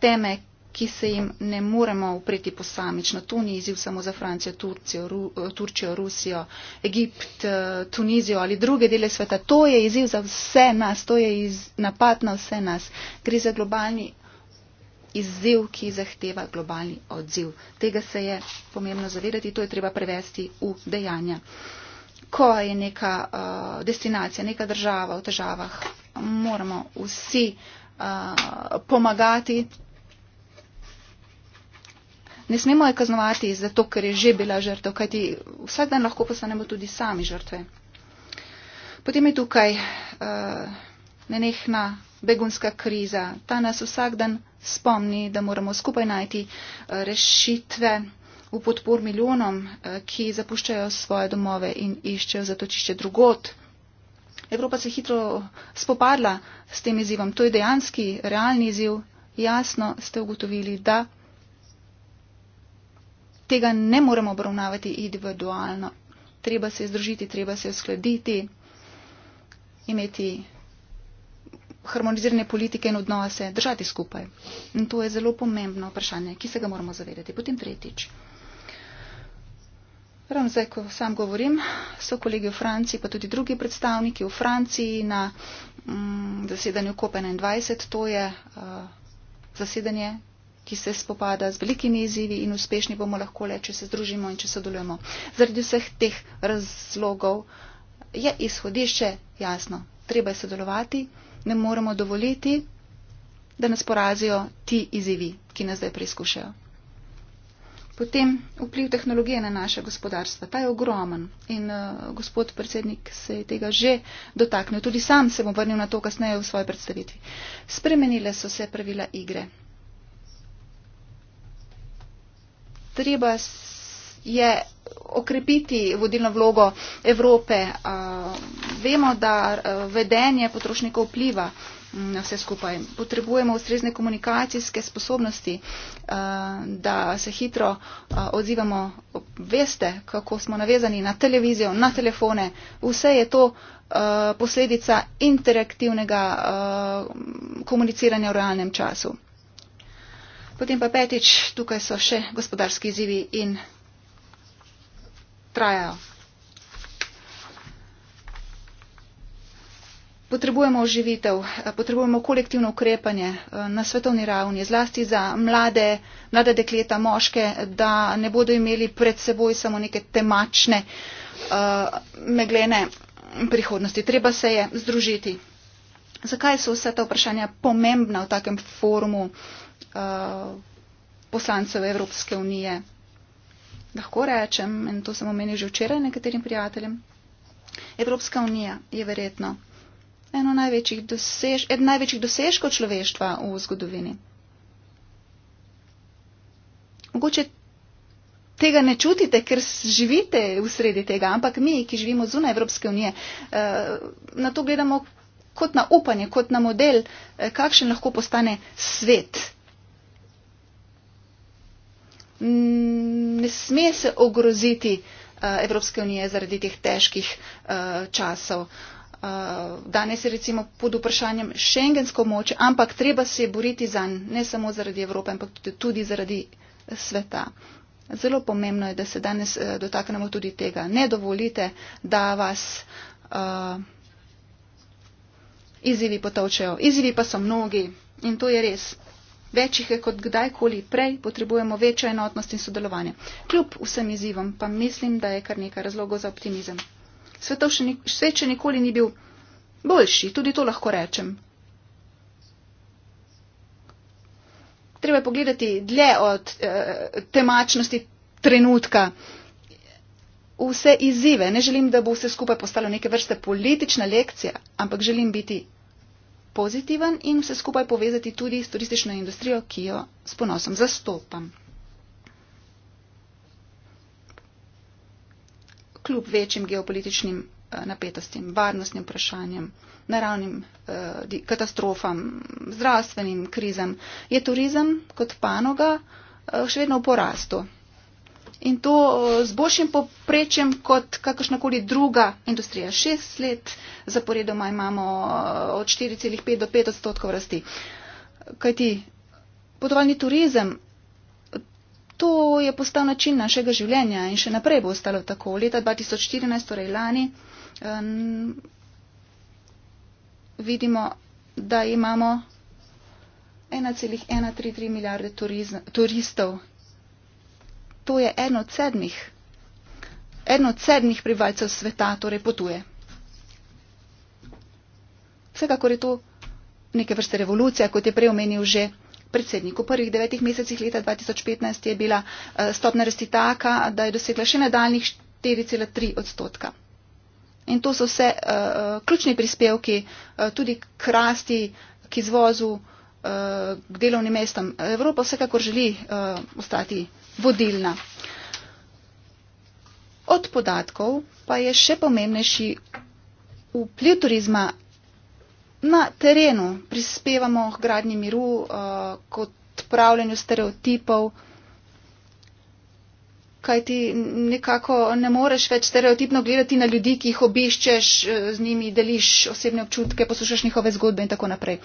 teme, ki se jim ne moremo upreti posamično. To ni izziv samo za Francijo, Turcijo, Ru, Turčijo, Rusijo, Egipt, eh, Tunizijo ali druge dele sveta. To je izziv za vse nas, to je iz, napad na vse nas. Gre za globalni izziv, ki zahteva globalni odziv. Tega se je pomembno zavedati, to je treba prevesti v dejanja. Ko je neka uh, destinacija, neka država v težavah, moramo vsi uh, pomagati, ne smemo je kaznovati zato, ker je že bila žrtev, kajti vsak dan lahko postanemo tudi sami žrtve. Potem je tukaj uh, nenehna begunska kriza. Ta nas vsak dan spomni, da moramo skupaj najti uh, rešitve v podpor milijonom, uh, ki zapuščajo svoje domove in iščejo zatočišče drugot. Evropa se je hitro spopadla s tem izzivom. To je dejanski, realni izziv. Jasno ste ugotovili, da tega ne moremo obravnavati individualno. Treba se združiti, treba se uskladiti, imeti harmonizirane politike in odnose, držati skupaj. In to je zelo pomembno vprašanje, ki se ga moramo zavedati. Potem tretjič. Ravno zdaj, ko sam govorim, so kolegi v Franciji, pa tudi drugi predstavniki v Franciji na mm, zasedanju COP21, to je uh, zasedanje, ki se spopada z velikimi izzivi in uspešni bomo lahko le, če se združimo in če sodelujemo. Zaradi vseh teh razlogov je izhodišče jasno. Treba je sodelovati, ne moremo dovoliti, da nas porazijo ti izzivi, ki nas zdaj preizkušajo. Potem vpliv tehnologije na naše gospodarstva. Ta je ogromen in uh, gospod predsednik se je tega že dotaknil. Tudi sam se bom vrnil na to kasneje v svoji predstavitvi. Spremenile so se pravila igre. treba je okrepiti vodilno vlogo Evrope. Vemo, da vedenje potrošnikov vpliva na vse skupaj. Potrebujemo ustrezne komunikacijske sposobnosti, da se hitro odzivamo. Veste, kako smo navezani na televizijo, na telefone. Vse je to posledica interaktivnega komuniciranja v realnem času. Potem pa petič, tukaj so še gospodarski izzivi in trajajo. Potrebujemo oživitev, potrebujemo kolektivno ukrepanje eh, na svetovni ravni, zlasti za mlade, mlade dekleta, moške, da ne bodo imeli pred seboj samo neke temačne, eh, meglene prihodnosti. Treba se je združiti. Zakaj so vse ta vprašanja pomembna v takem forumu? Eh, poslancev Evropske unije. Lahko rečem, in to sem omenil že včeraj nekaterim prijateljem, Evropska unija je verjetno eno največjih, dosež, največjih dosežkov človeštva v zgodovini. Mogoče tega ne čutite, ker živite v sredi tega, ampak mi, ki živimo zunaj Evropske unije, eh, na to gledamo kot na upanje, kot na model, eh, kakšen lahko postane svet. Mm, ne sme se ogroziti eh, Evropske unije zaradi teh težkih eh, časov. Eh, danes je recimo pod vprašanjem šengensko moč, ampak treba se boriti za ne samo zaradi Evrope, ampak tudi zaradi sveta. Zelo pomembno je, da se danes dotaknemo tudi tega. Ne dovolite, da vas uh, izzivi potovčejo. Izzivi pa so mnogi in to je res večjih je kot kdajkoli prej, potrebujemo večjo enotnost in sodelovanje. Kljub vsem izzivom pa mislim, da je kar nekaj razlogov za optimizem. Svetov še, nik svet še nikoli ni bil boljši, tudi to lahko rečem. Treba je pogledati dlje od eh, temačnosti trenutka. Vse izzive, ne želim, da bo vse skupaj postalo neke vrste politična lekcija, ampak želim biti pozitiven in vse skupaj povezati tudi s turistično industrijo, ki jo s ponosom zastopam. Kljub večjim geopolitičnim eh, napetostim, varnostnim vprašanjem, naravnim eh, katastrofam, zdravstvenim krizam, je turizem kot panoga eh, še vedno v porastu in to eh, z boljšim poprečjem kot kakršnakoli druga industrija. Šest let zaporedoma imamo eh, od 4,5 do 5 odstotkov rasti. Kajti potovalni turizem, to je postal način našega življenja in še naprej bo ostalo tako. Leta 2014, torej lani, vidimo, da imamo 1,133 milijarde turizem, turistov to je en od sedmih, en od sedmih prebivalcev sveta, torej potuje. Vsekakor je to neke vrste revolucija, kot je prej omenil že predsednik. V prvih devetih mesecih leta 2015 je bila eh, stopna rasti taka, da je dosegla še nadaljnih 4,3 odstotka. In to so vse uh, ključni prispevki uh, tudi k rasti, k izvozu uh, Eh, k delovnim mestom. Evropa vsekakor želi uh, ostati vodilna. Od podatkov pa je še pomembnejši vpliv turizma na terenu. Prispevamo k gradnji miru, uh, k odpravljanju stereotipov, kajti nekako ne moreš več stereotipno gledati na ljudi, ki jih obiščeš, z njimi deliš osebne občutke, poslušaš njihove zgodbe in tako naprej. Uh,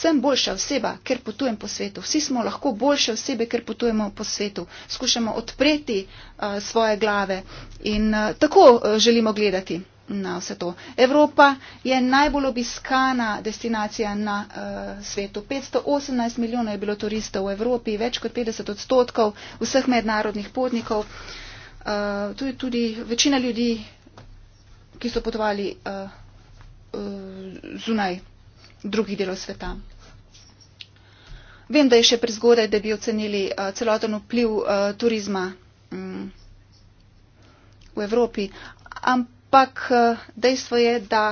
sem boljša oseba, ker potujem po svetu. Vsi smo lahko boljše osebe, ker potujemo po svetu. Skušamo odpreti uh, svoje glave in uh, tako uh, želimo gledati na vse to. Evropa je najbolj obiskana destinacija na uh, svetu. 518 milijonov je bilo turistov v Evropi, več kot 50 odstotkov vseh mednarodnih potnikov. Uh, to je tudi večina ljudi, ki so potovali uh, uh, zunaj drugih delov sveta. Vem, da je še prezgodaj, da bi ocenili eh, celoten vpliv eh, turizma mm, v Evropi, ampak eh, dejstvo je, da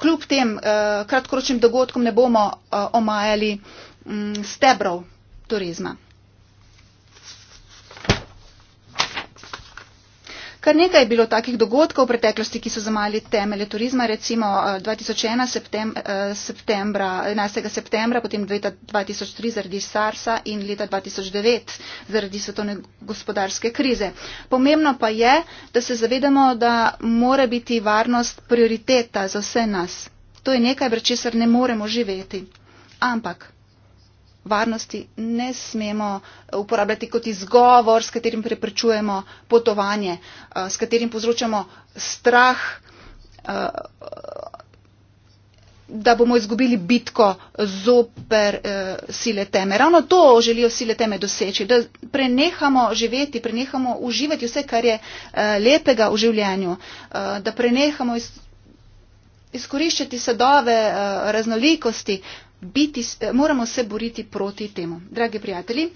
kljub tem kratkoročnim dogodkom ne bomo omajali mm, stebrov turizma. Kar nekaj je bilo takih dogodkov v preteklosti, ki so zamali temelje turizma, recimo 2001. Eh, septem, eh, septembra, 11. septembra, potem 2003 zaradi SARS-a in leta 2009 zaradi svetovne gospodarske krize. Pomembno pa je, da se zavedamo, da mora biti varnost prioriteta za vse nas. To je nekaj, brečesar ne moremo živeti. Ampak varnosti ne smemo uporabljati kot izgovor, s katerim preprečujemo potovanje, eh, s katerim povzročamo strah, eh, da bomo izgubili bitko zoper eh, sile teme. Ravno to želijo sile teme doseči, da prenehamo živeti, prenehamo uživati vse, kar je lepega v življenju, da prenehamo iz, izkoriščati sadove raznolikosti, biti, eh, moramo se boriti proti temu. Dragi prijatelji,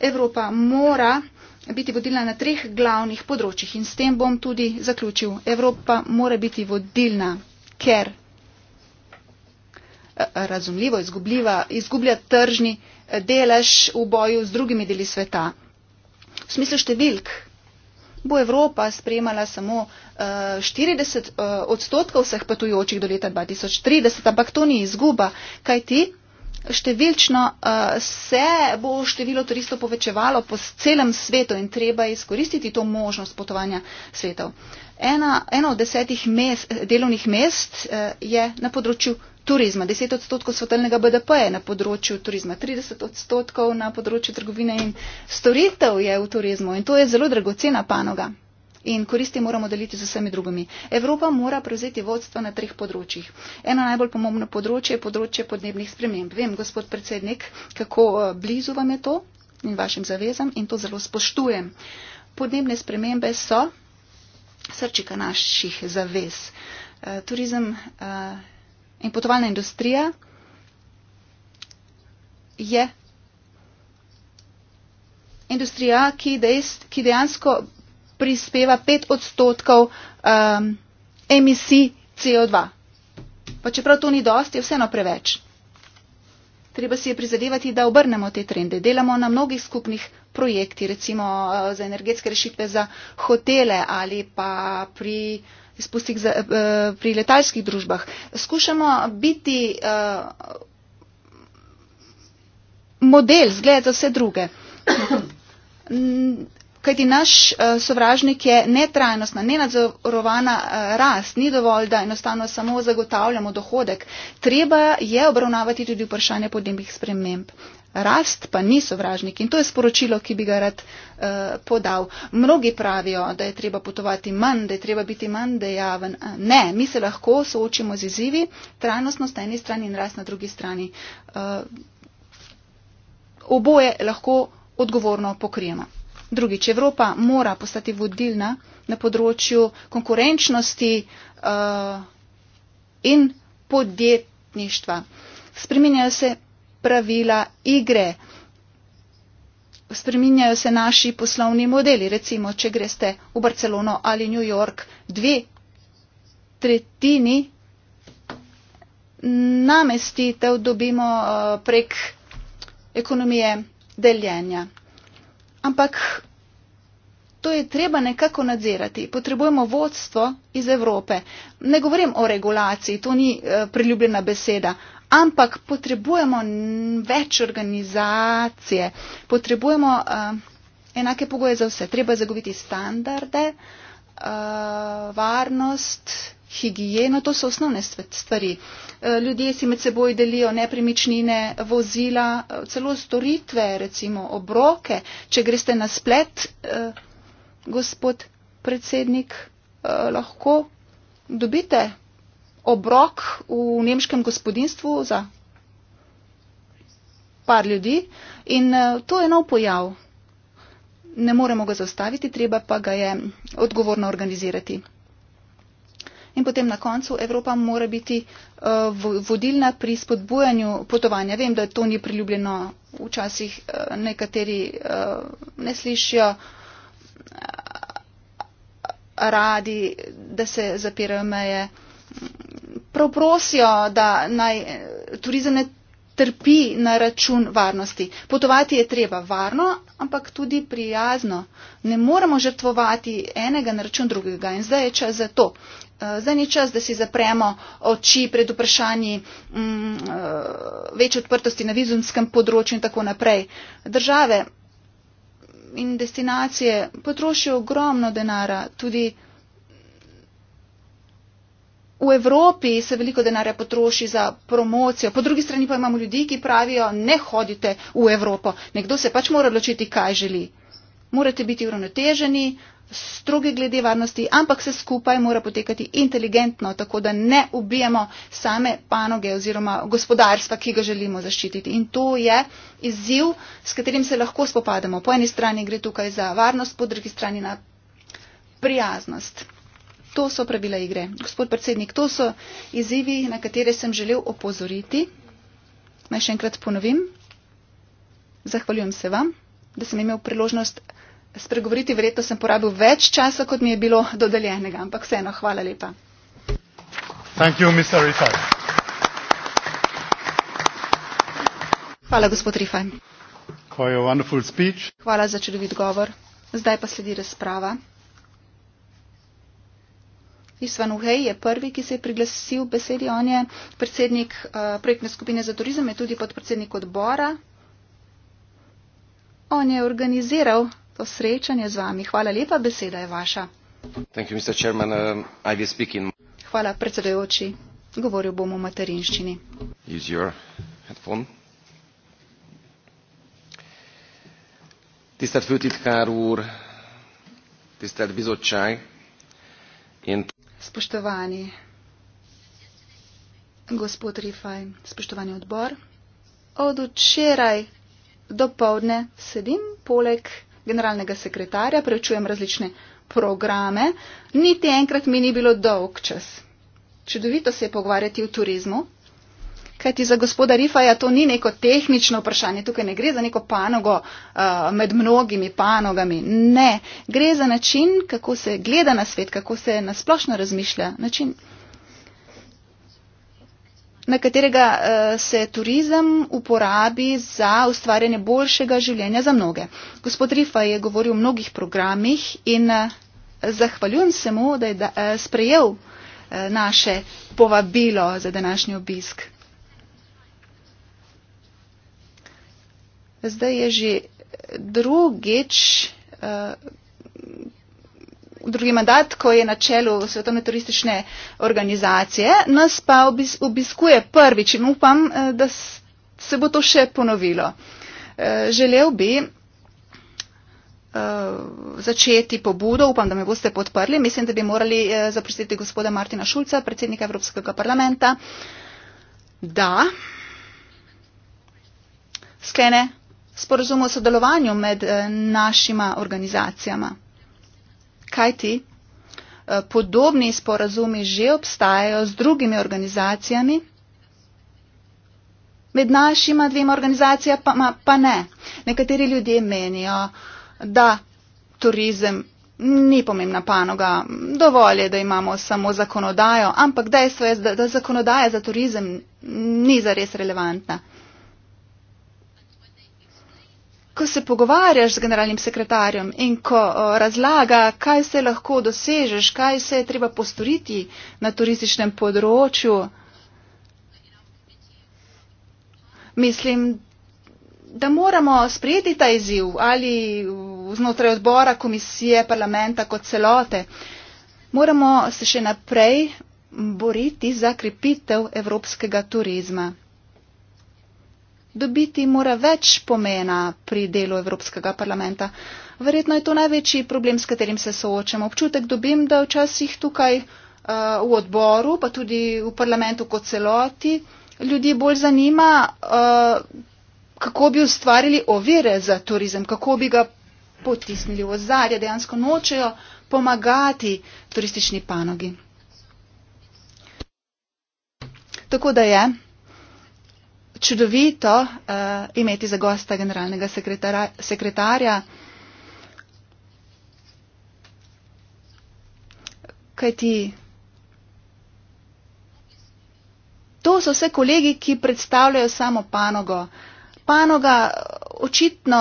Evropa mora biti vodilna na treh glavnih področjih in s tem bom tudi zaključil. Evropa mora biti vodilna, ker eh, razumljivo izgubljiva, izgublja tržni eh, delež v boju z drugimi deli sveta. V smislu številk bo Evropa sprejemala samo uh, 40 uh, odstotkov vseh potujočih do leta 2030, ampak to ni izguba, kaj ti? Številčno eh, se bo število turistov povečevalo po celem svetu in treba izkoristiti to možnost potovanja svetov. Ena, eno od desetih mes, delovnih mest eh, je na področju turizma. 10 odstotkov svetelnega BDP je na področju turizma, 30 odstotkov na področju trgovine in storitev je v turizmu in to je zelo dragocena panoga. In koristi moramo deliti z vsemi drugimi. Evropa mora prevzeti vodstvo na treh področjih. Eno najbolj pomembno področje je področje podnebnih sprememb. Vem, gospod predsednik, kako eh, blizu vam je to in vašim zavezam in to zelo spoštujem. Podnebne spremembe so srčika naših zavez. Eh, turizem eh, In potovalna industrija je industrija, ki, dejst, ki dejansko prispeva 5 odstotkov um, emisij CO2. Pa čeprav to ni dost, je vseeno preveč. Treba si je prizadevati, da obrnemo te trende. Delamo na mnogih skupnih projekti, recimo uh, za energetske rešitve za hotele ali pa pri uh, izpustih za, eh, pri letalskih družbah. Skušamo biti eh, model, zgled za vse druge. Kajti naš eh, sovražnik je netrajnostna, nenadzorovana rast, ni dovolj, da enostavno samo zagotavljamo dohodek. Treba je obravnavati tudi vprašanje podnebnih sprememb. Rast pa ni sovražnik in to je sporočilo, ki bi ga rad uh, podal. Mnogi pravijo, da je treba potovati manj, da je treba biti manj dejaven. Ne, mi se lahko soočimo z izzivi, trajnostnost na eni strani in rast na drugi strani. Uh, oboje lahko odgovorno pokrijemo. Drugič, Evropa mora postati vodilna na področju konkurenčnosti uh, in podjetništva. Spreminjajo se pravila igre. Spreminjajo se naši poslovni modeli. Recimo, če greste v Barcelono ali New York, dve tretjini namestitev dobimo eh, prek ekonomije deljenja. Ampak to je treba nekako nadzirati. Potrebujemo vodstvo iz Evrope. Ne govorim o regulaciji, to ni eh, priljubljena beseda, ampak potrebujemo več organizacije, potrebujemo uh, enake pogoje za vse. Treba zagoviti standarde, uh, varnost, higijeno, to so osnovne stvari. Uh, ljudje si med seboj delijo nepremičnine, vozila, uh, celo storitve, recimo obroke. Če greste na splet, uh, gospod predsednik, uh, lahko dobite obrok v nemškem gospodinstvu za par ljudi in eh, to je nov pojav. Ne moremo ga zastaviti, treba pa ga je odgovorno organizirati. In potem na koncu Evropa mora biti eh, vodilna pri spodbujanju potovanja. Vem, da to ni priljubljeno, včasih eh, nekateri ne slišijo radi, da se zapirajo meje prav prosijo, da naj eh, turizem ne trpi na račun varnosti. Potovati je treba varno, ampak tudi prijazno. Ne moremo žrtvovati enega na račun drugega in zdaj je čas za to. Eh, zdaj ni čas, da si zapremo oči pred vprašanji m, mm, eh, več odprtosti na vizumskem področju in tako naprej. Države in destinacije potrošijo ogromno denara, tudi V Evropi se veliko denarja potroši za promocijo, po drugi strani pa imamo ljudi, ki pravijo, ne hodite v Evropo. Nekdo se pač mora odločiti, kaj želi. Morate biti uravnoteženi, strogi glede varnosti, ampak se skupaj mora potekati inteligentno, tako da ne ubijemo same panoge oziroma gospodarstva, ki ga želimo zaščititi. In to je izziv, s katerim se lahko spopadamo. Po eni strani gre tukaj za varnost, po drugi strani na prijaznost. To so pravila igre. Gospod predsednik, to so izzivi, na katere sem želel opozoriti. Naj še enkrat ponovim. Zahvaljujem se vam, da sem imel priložnost spregovoriti. Verjetno sem porabil več časa, kot mi je bilo dodeljenega, ampak vseeno, hvala lepa. Thank you, Mr. Rifaj. Hvala, gospod Rifaj. Hvala za čudovit govor. Zdaj pa sledi razprava. Istvan Uhej je prvi, ki se je priglasil v besedi. On je predsednik uh, projektne skupine za turizem, je tudi podpredsednik odbora. On je organiziral to srečanje z vami. Hvala lepa, beseda je vaša. You, Chairman, um, Hvala, predsedujoči. Govoril bom o materinščini. Tistat futitkar ur, tistat bizočaj in Spoštovani gospod Rifaj, spoštovani odbor, od včeraj do povdne sedim poleg generalnega sekretarja, preučujem različne programe, niti enkrat mi ni bilo dolg čas. Čudovito se je pogovarjati o turizmu, Kajti za gospoda Rifaja to ni neko tehnično vprašanje, tukaj ne gre za neko panogo uh, med mnogimi panogami. Ne, gre za način, kako se gleda na svet, kako se nasplošno razmišlja, način, na katerega uh, se turizem uporabi za ustvarjanje boljšega življenja za mnoge. Gospod Rifaj je govoril o mnogih programih in uh, zahvaljujem se mu, da je da, uh, sprejel uh, naše povabilo za današnji obisk. zdaj je že drugič, uh, drugi mandat, ko je na čelu svetovne turistične organizacije, nas pa obis, obiskuje prvič in upam, uh, da se bo to še ponovilo. Uh, želel bi začeti pobudo. Upam, da me boste podprli. Mislim, da bi morali zaprositi gospoda Martina Šulca, predsednika Evropskega parlamenta, da sklene sporozum o sodelovanju med eh, našima organizacijama. Kaj ti? Eh, podobni sporazumi že obstajajo z drugimi organizacijami, med našima dvema organizacijama pa ne. Nekateri ljudje menijo, da turizem ni pomembna panoga, dovolj je, da imamo samo zakonodajo, ampak dejstvo je, da, da zakonodaja za turizem ni zares relevantna ko se pogovarjaš z generalnim sekretarjem in ko razlaga, kaj se lahko dosežeš, kaj se je treba postoriti na turističnem področju, mislim, da moramo sprejeti ta izziv ali znotraj odbora, komisije, parlamenta kot celote. Moramo se še naprej boriti za krepitev evropskega turizma dobiti mora več pomena pri delu Evropskega parlamenta. Verjetno je to največji problem, s katerim se soočamo. Občutek dobim, da včasih tukaj uh, v odboru, pa tudi v parlamentu kot celoti, ljudi bolj zanima, uh, kako bi ustvarili ovire za turizem, kako bi ga potisnili v ozadje, dejansko nočejo pomagati turistični panogi. Tako da je čudovito uh, imeti za gosta generalnega sekretarja. Kaj ti? To so vse kolegi, ki predstavljajo samo panogo. Panoga eh, očitno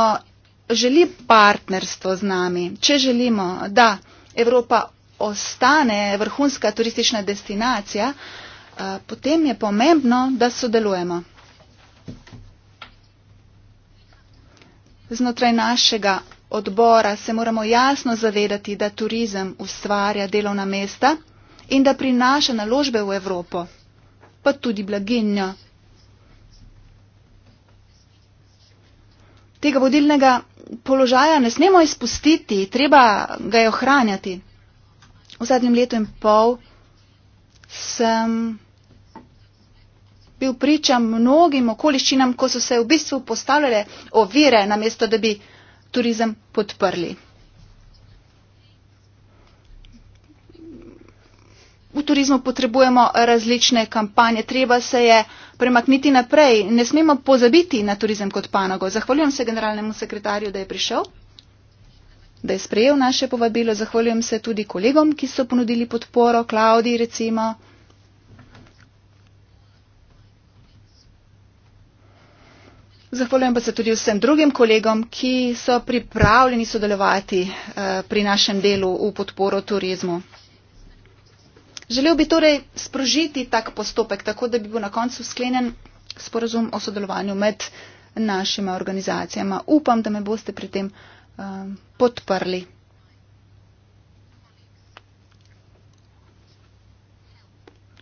želi partnerstvo z nami, če želimo, da Evropa ostane vrhunska turistična destinacija, eh, potem je pomembno, da sodelujemo. Znotraj našega odbora se moramo jasno zavedati, da turizem ustvarja delovna mesta in da prinaša naložbe v Evropo, pa tudi blaginjo. Tega vodilnega položaja ne smemo izpustiti, treba ga je ohranjati. V zadnjem letu in pol sem bil priča mnogim okoliščinam, ko so se v bistvu postavljale ovire, namesto da bi turizem podprli. V turizmu potrebujemo različne kampanje, treba se je premakniti naprej. Ne smemo pozabiti na turizem kot panogo. Zahvaljujem se generalnemu sekretarju, da je prišel, da je sprejel naše povabilo. Zahvaljujem se tudi kolegom, ki so ponudili podporo, Klaudi recimo. Zahvaljujem pa se tudi vsem drugim kolegom, ki so pripravljeni sodelovati eh, pri našem delu v podporo turizmu. Želel bi torej sprožiti tak postopek, tako da bi bil na koncu sklenjen sporozum o sodelovanju med našima organizacijama. Upam, da me boste pri tem eh, podprli.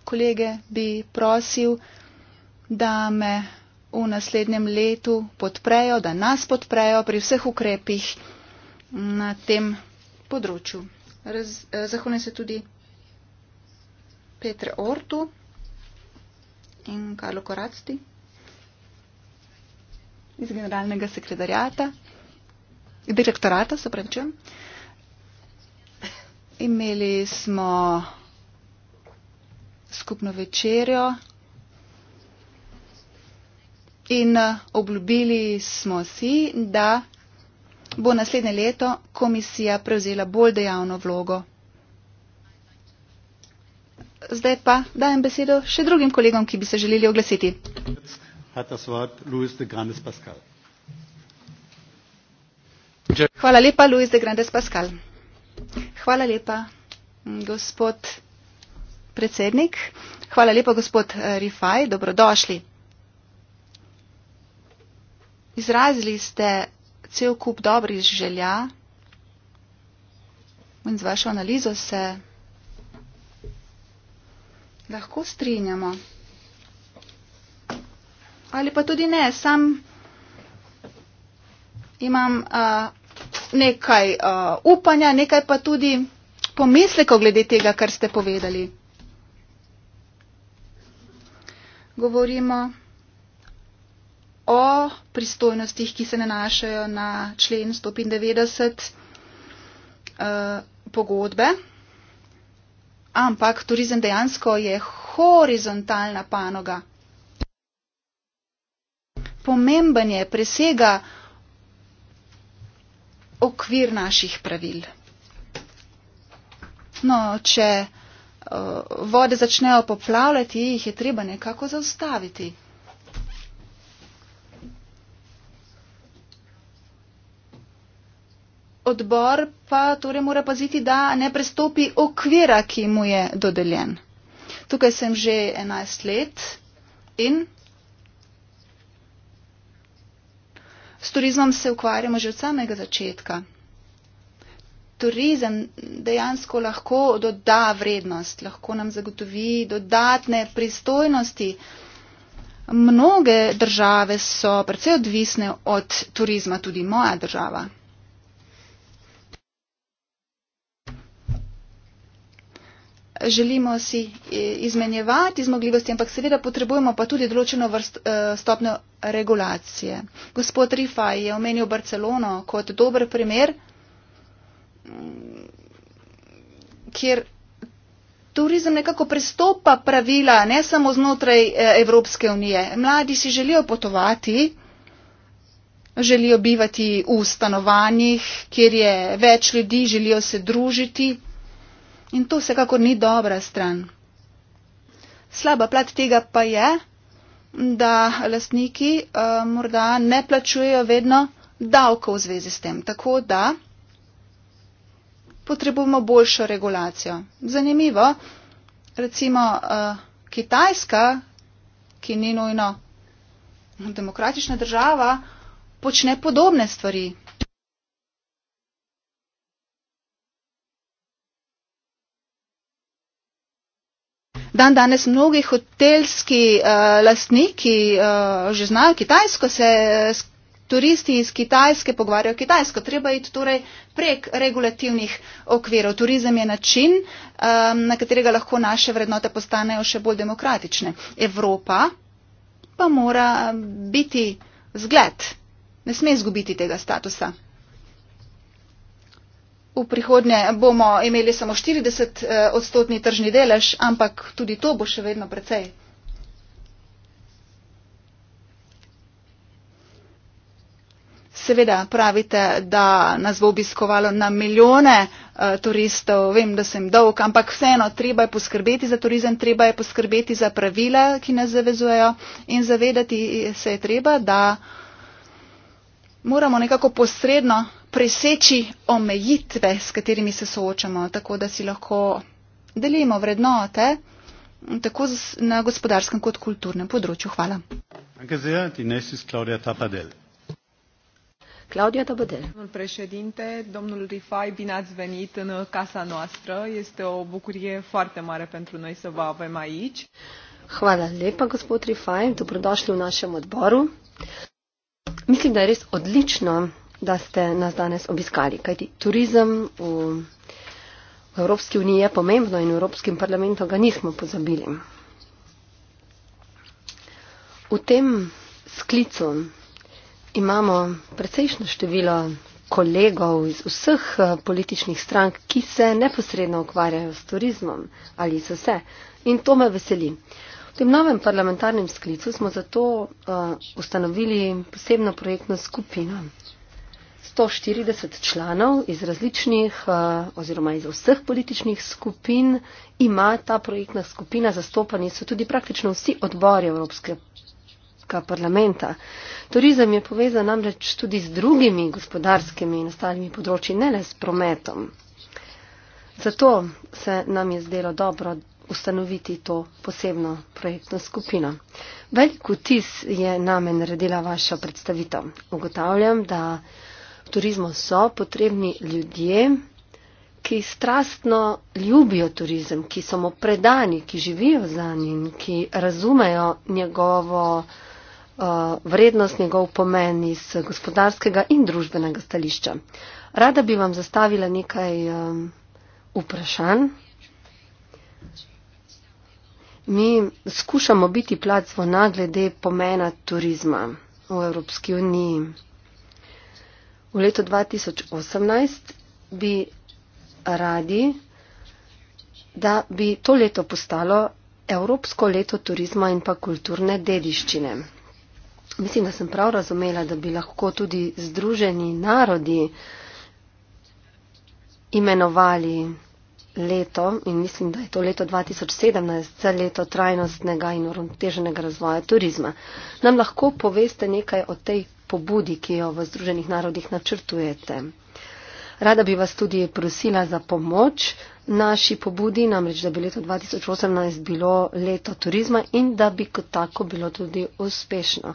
Kolege bi prosil, da me v naslednjem letu podprejo, da nas podprejo pri vseh ukrepih na tem področju. Raz, eh, zahone se tudi Petre Ortu in Karlo Koracti iz generalnega sekretarjata, direktorata, se pravi, čem. Imeli smo skupno večerjo. In eh, obljubili smo si, da bo naslednje leto komisija prevzela bolj dejavno vlogo. Zdaj pa dajem besedo še drugim kolegom, ki bi se želeli oglasiti. Hvala lepa, Luis de Grandes Pascal. Hvala lepa, gospod predsednik. Hvala lepa, gospod eh, Rifaj. Dobrodošli. Izrazili ste cel kup dobrih želja in z vašo analizo se lahko strinjamo. Ali pa tudi ne, sam imam uh, nekaj uh, upanja, nekaj pa tudi pomisleko glede tega, kar ste povedali. Govorimo o pristojnostih, ki se nanašajo na člen 195 eh, pogodbe, ampak turizem dejansko je horizontalna panoga. Pomemben je, presega okvir naših pravil. No, če uh, vode začnejo poplavljati, jih je treba nekako zaustaviti. odbor pa torej mora paziti, da ne prestopi okvira, ki mu je dodeljen. Tukaj sem že 11 let in s turizmom se ukvarjamo že od samega začetka. Turizem dejansko lahko doda vrednost, lahko nam zagotovi dodatne pristojnosti. Mnoge države so precej odvisne od turizma, tudi moja država. želimo si e, izmenjevati zmogljivosti, ampak seveda potrebujemo pa tudi določeno vrst, e, stopnjo regulacije. Gospod Rifaj je omenil Barcelono kot dober primer, mm, kjer turizem nekako prestopa pravila ne samo znotraj e, Evropske unije. Mladi si želijo potovati, želijo bivati v stanovanjih, kjer je več ljudi, želijo se družiti. In to vsekakor ni dobra stran. Slaba plat tega pa je, da lastniki uh, morda ne plačujejo vedno davkov v zvezi s tem. Tako da potrebujemo boljšo regulacijo. Zanimivo, recimo uh, Kitajska, ki ni nujno demokratična država, počne podobne stvari. dan danes mnogi hotelski uh, lastniki uh, že znajo kitajsko, se uh, turisti iz Kitajske pogovarjajo kitajsko. Treba iti torej prek regulativnih okvirov. Turizem je način, um, na katerega lahko naše vrednote postanejo še bolj demokratične. Evropa pa mora biti zgled, ne sme izgubiti tega statusa. V prihodnje bomo imeli samo 40 eh, odstotni tržni delež, ampak tudi to bo še vedno precej. Seveda pravite, da nas bo obiskovalo na milijone eh, turistov, vem, da sem dolg, ampak vseeno treba je poskrbeti za turizem, treba je poskrbeti za pravila, ki nas zavezujejo in zavedati se je treba, da moramo nekako posredno preseči omejitve, s katerimi se soočamo, tako da si lahko delimo vrednote tako na gospodarskem kot kulturnem področju. Hvala. Claudia Tabadel. Domnul președinte, domnul Rifai, bine ați venit în casa noastră. Este o bucurie foarte mare pentru noi să vă avem aici. Hvala lepa, gospod Rifai, dobrodošli v našem odboru. Mislim, da je res odlično, da ste nas danes obiskali, kajti turizem v Evropski uniji je pomembno in v Evropskem parlamentu ga nismo pozabili. V tem sklicu imamo precejšno število kolegov iz vseh eh, političnih strank, ki se neposredno ukvarjajo s turizmom ali so se. In to me veseli. V tem novem parlamentarnem sklicu smo zato uh, ustanovili posebno projektno skupino, 140 članov iz različnih eh, oziroma iz vseh političnih skupin ima ta projektna skupina, zastopani so tudi praktično vsi odbori Evropskega parlamenta. Turizem je povezan namreč tudi z drugimi gospodarskimi in ostalimi področji, ne le s prometom. Zato se nam je zdelo dobro ustanoviti to posebno projektno skupino. Velik vtis je name naredila vaša predstavitev. Ugotavljam, da turizmu so potrebni ljudje, ki strastno ljubijo turizem, ki so mu predani, ki živijo za njim, ki razumejo njegovo uh, vrednost, njegov pomen iz gospodarskega in družbenega stališča. Rada bi vam zastavila nekaj um, vprašanj. Mi skušamo biti plac zvona glede pomena turizma v Evropski uniji. V letu 2018 bi radi, da bi to leto postalo Evropsko leto turizma in pa kulturne dediščine. Mislim, da sem prav razumela, da bi lahko tudi Združeni narodi imenovali leto in mislim, da je to leto 2017 za leto trajnostnega in uravnoteženega razvoja turizma. Nam lahko poveste nekaj o tej pobudi, ki jo v Združenih narodih načrtujete. Rada bi vas tudi prosila za pomoč naši pobudi, namreč da bi leto 2018 bilo leto turizma in da bi kot tako bilo tudi uspešno.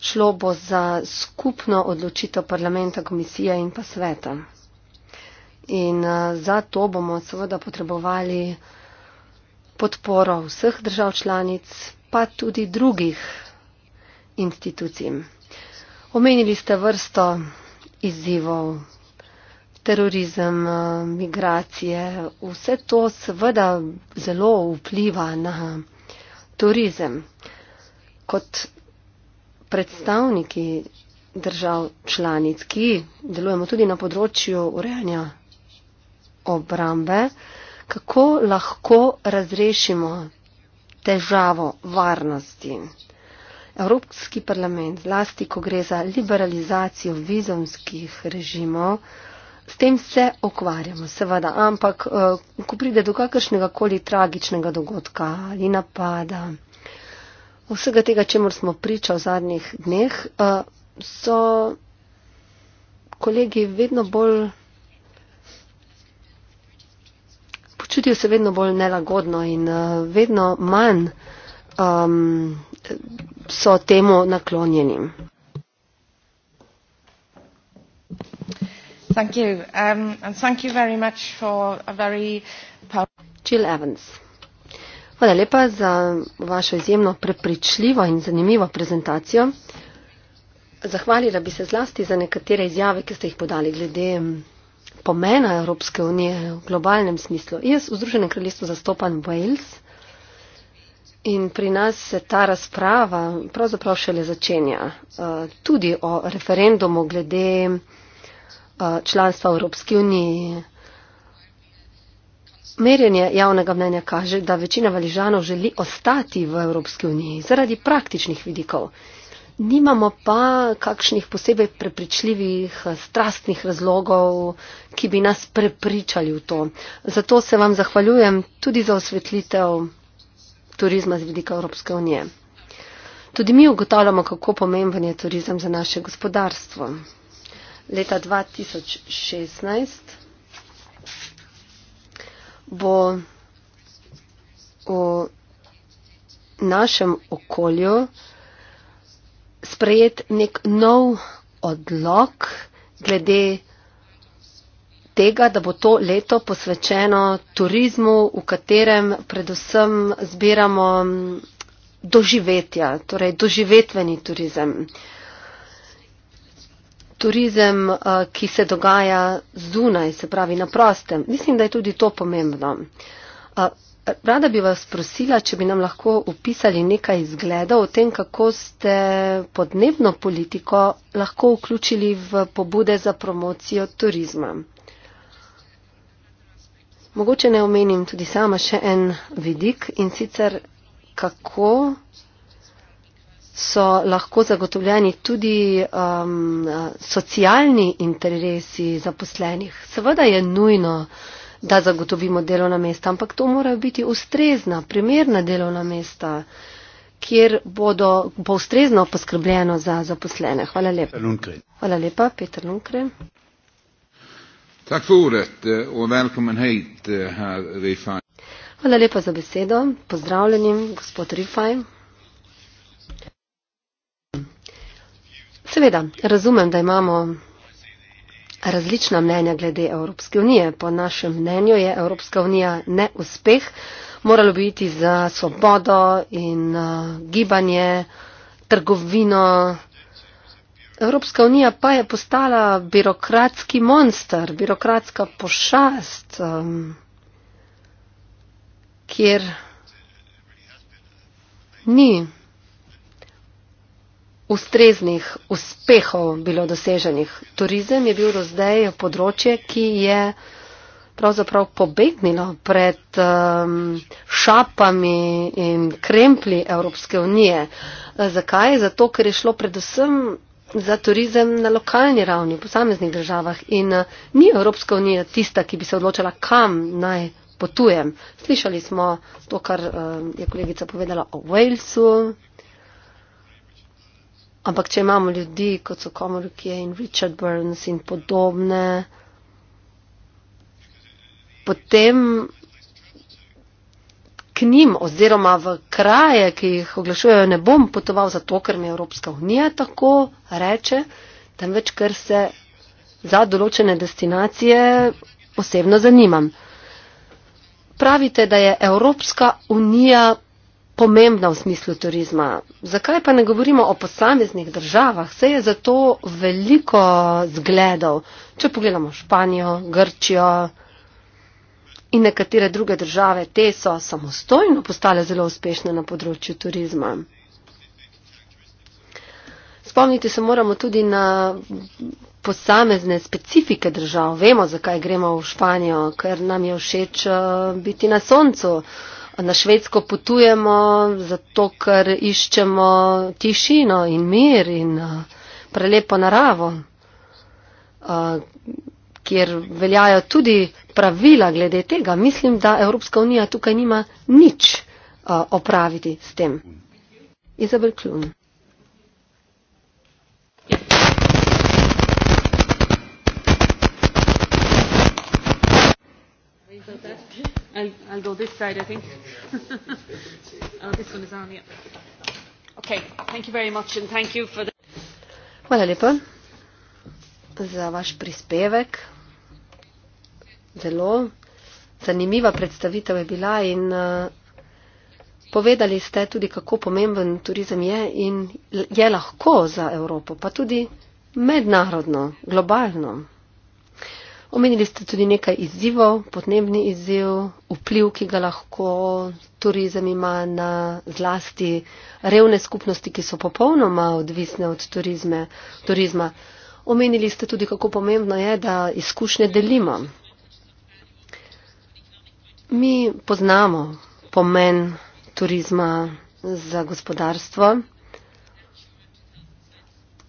Šlo bo za skupno odločitev parlamenta, komisije in pa sveta. In eh, za to bomo seveda potrebovali podporo vseh držav članic, pa tudi drugih institucij. Omenili ste vrsto izzivov, terorizem, eh, migracije. Vse to seveda zelo vpliva na turizem. Kot predstavniki držav članic, ki delujemo tudi na področju urejanja obrambe, kako lahko razrešimo težavo varnosti. Evropski parlament, zlasti ko gre za liberalizacijo vizumskih režimov, s tem se okvarjamo, seveda, ampak eh, ko pride do kakršnega koli tragičnega dogodka ali napada, vsega tega, čemu smo priča v zadnjih dneh, eh, so kolegi vedno bolj. Počutijo se vedno bolj nelagodno in eh, vedno manj um, so temu naklonjeni. Thank you. Um, and thank you very much for a very Jill Evans. Hvala lepa za vašo izjemno prepričljivo in zanimivo prezentacijo. Zahvalila bi se zlasti za nekatere izjave, ki ste jih podali glede pomena Evropske unije v globalnem smislu. Jaz v Združenem kraljestvu zastopan Wales. In pri nas se ta razprava pravzaprav šele začenja eh, tudi o referendumu glede eh, članstva v Evropski uniji. Merjenje javnega mnenja kaže, da večina valižanov želi ostati v Evropski uniji zaradi praktičnih vidikov. Nimamo pa kakšnih posebej prepričljivih, eh, strastnih razlogov, ki bi nas prepričali v to. Zato se vam zahvaljujem tudi za osvetlitev turizma z vidika Evropske unije. Tudi mi ugotavljamo, kako pomemben je turizem za naše gospodarstvo. Leta 2016 bo v našem okolju sprejet nek nov odlok glede tega, da bo to leto posvečeno turizmu, v katerem predvsem zbiramo mm, doživetja, torej doživetveni turizem. Turizem, eh, ki se dogaja zunaj, se pravi na prostem. Mislim, da je tudi to pomembno. Eh, rada bi vas prosila, če bi nam lahko upisali nekaj izgledov o tem, kako ste podnebno politiko lahko vključili v pobude za promocijo turizma. Mogoče ne omenim tudi sama še en vidik in sicer kako so lahko zagotovljeni tudi um, socialni interesi zaposlenih. Seveda je nujno, da zagotovimo delovna mesta, ampak to morajo biti ustrezna, primerna delovna mesta, kjer bodo, bo ustrezno poskrbljeno za zaposlene. Hvala lepa. Hvala lepa, Peter Lunkren. Tak för ordet eh, och välkommen hit eh, här Rifai. Hvala lepa za besedo. Pozdravljeni, gospod Rifaj. Seveda, razumem, da imamo različna mnenja glede Evropske unije. Po našem mnenju je Evropska unija neuspeh. Moralo bi iti za svobodo in eh, gibanje, trgovino, Evropska unija pa je postala birokratski monster, birokratska pošast, um, kjer ni ustreznih uspehov bilo doseženih. Turizem je bil do zdaj področje, ki je pravzaprav pobegnilo pred um, šapami in krempli Evropske unije. Zakaj? Zato, ker je šlo predvsem za turizem na lokalni ravni v posameznih državah in eh, ni Evropska unija tista, ki bi se odločila, kam naj potujem. Slišali smo to, kar eh, je kolegica povedala o Walesu, ampak če imamo ljudi, kot so Komorke in Richard Burns in podobne, potem njim oziroma v kraje, ki jih oglašujejo, ne bom potoval zato, ker mi Evropska unija tako reče, temveč ker se za določene destinacije osebno zanimam. Pravite, da je Evropska unija pomembna v smislu turizma. Zakaj pa ne govorimo o posameznih državah? Se je zato veliko zgledov. Če pogledamo Španijo, Grčijo, in nekatere druge države, te so samostojno postale zelo uspešne na področju turizma. Spomniti se moramo tudi na posamezne specifike držav. Vemo, zakaj gremo v Španijo, ker nam je všeč eh, biti na soncu. Na Švedsko potujemo zato, ker iščemo tišino in mir in eh, prelepo naravo, eh, kjer veljajo tudi pravila glede tega. Mislim, da Evropska unija tukaj nima nič uh, opraviti s tem. Izabel Klun. Oh, Hvala lepa za vaš prispevek. Zelo zanimiva predstavitev je bila in eh, povedali ste tudi, kako pomemben turizem je in je lahko za Evropo, pa tudi mednarodno, globalno. Omenili ste tudi nekaj izzivov, podnebni izziv, vpliv, ki ga lahko turizem ima na zlasti revne skupnosti, ki so popolnoma odvisne od turizme, turizma. Omenili ste tudi, kako pomembno je, da izkušnje delimo. Mi poznamo pomen turizma za gospodarstvo.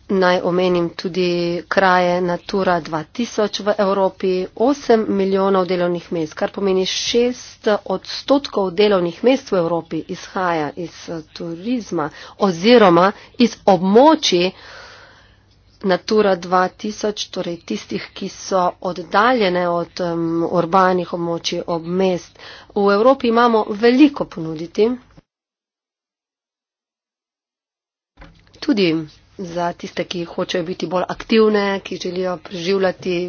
Naj omenim tudi kraje Natura 2000 v Evropi, 8 milijonov delovnih mest, kar pomeni 6 odstotkov delovnih mest v Evropi izhaja iz turizma oziroma iz območij, Natura 2000, torej tistih, ki so oddaljene od um, urbanih območij, ob mest. V Evropi imamo veliko ponuditi. Tudi za tiste, ki hočejo biti bolj aktivne, ki želijo preživljati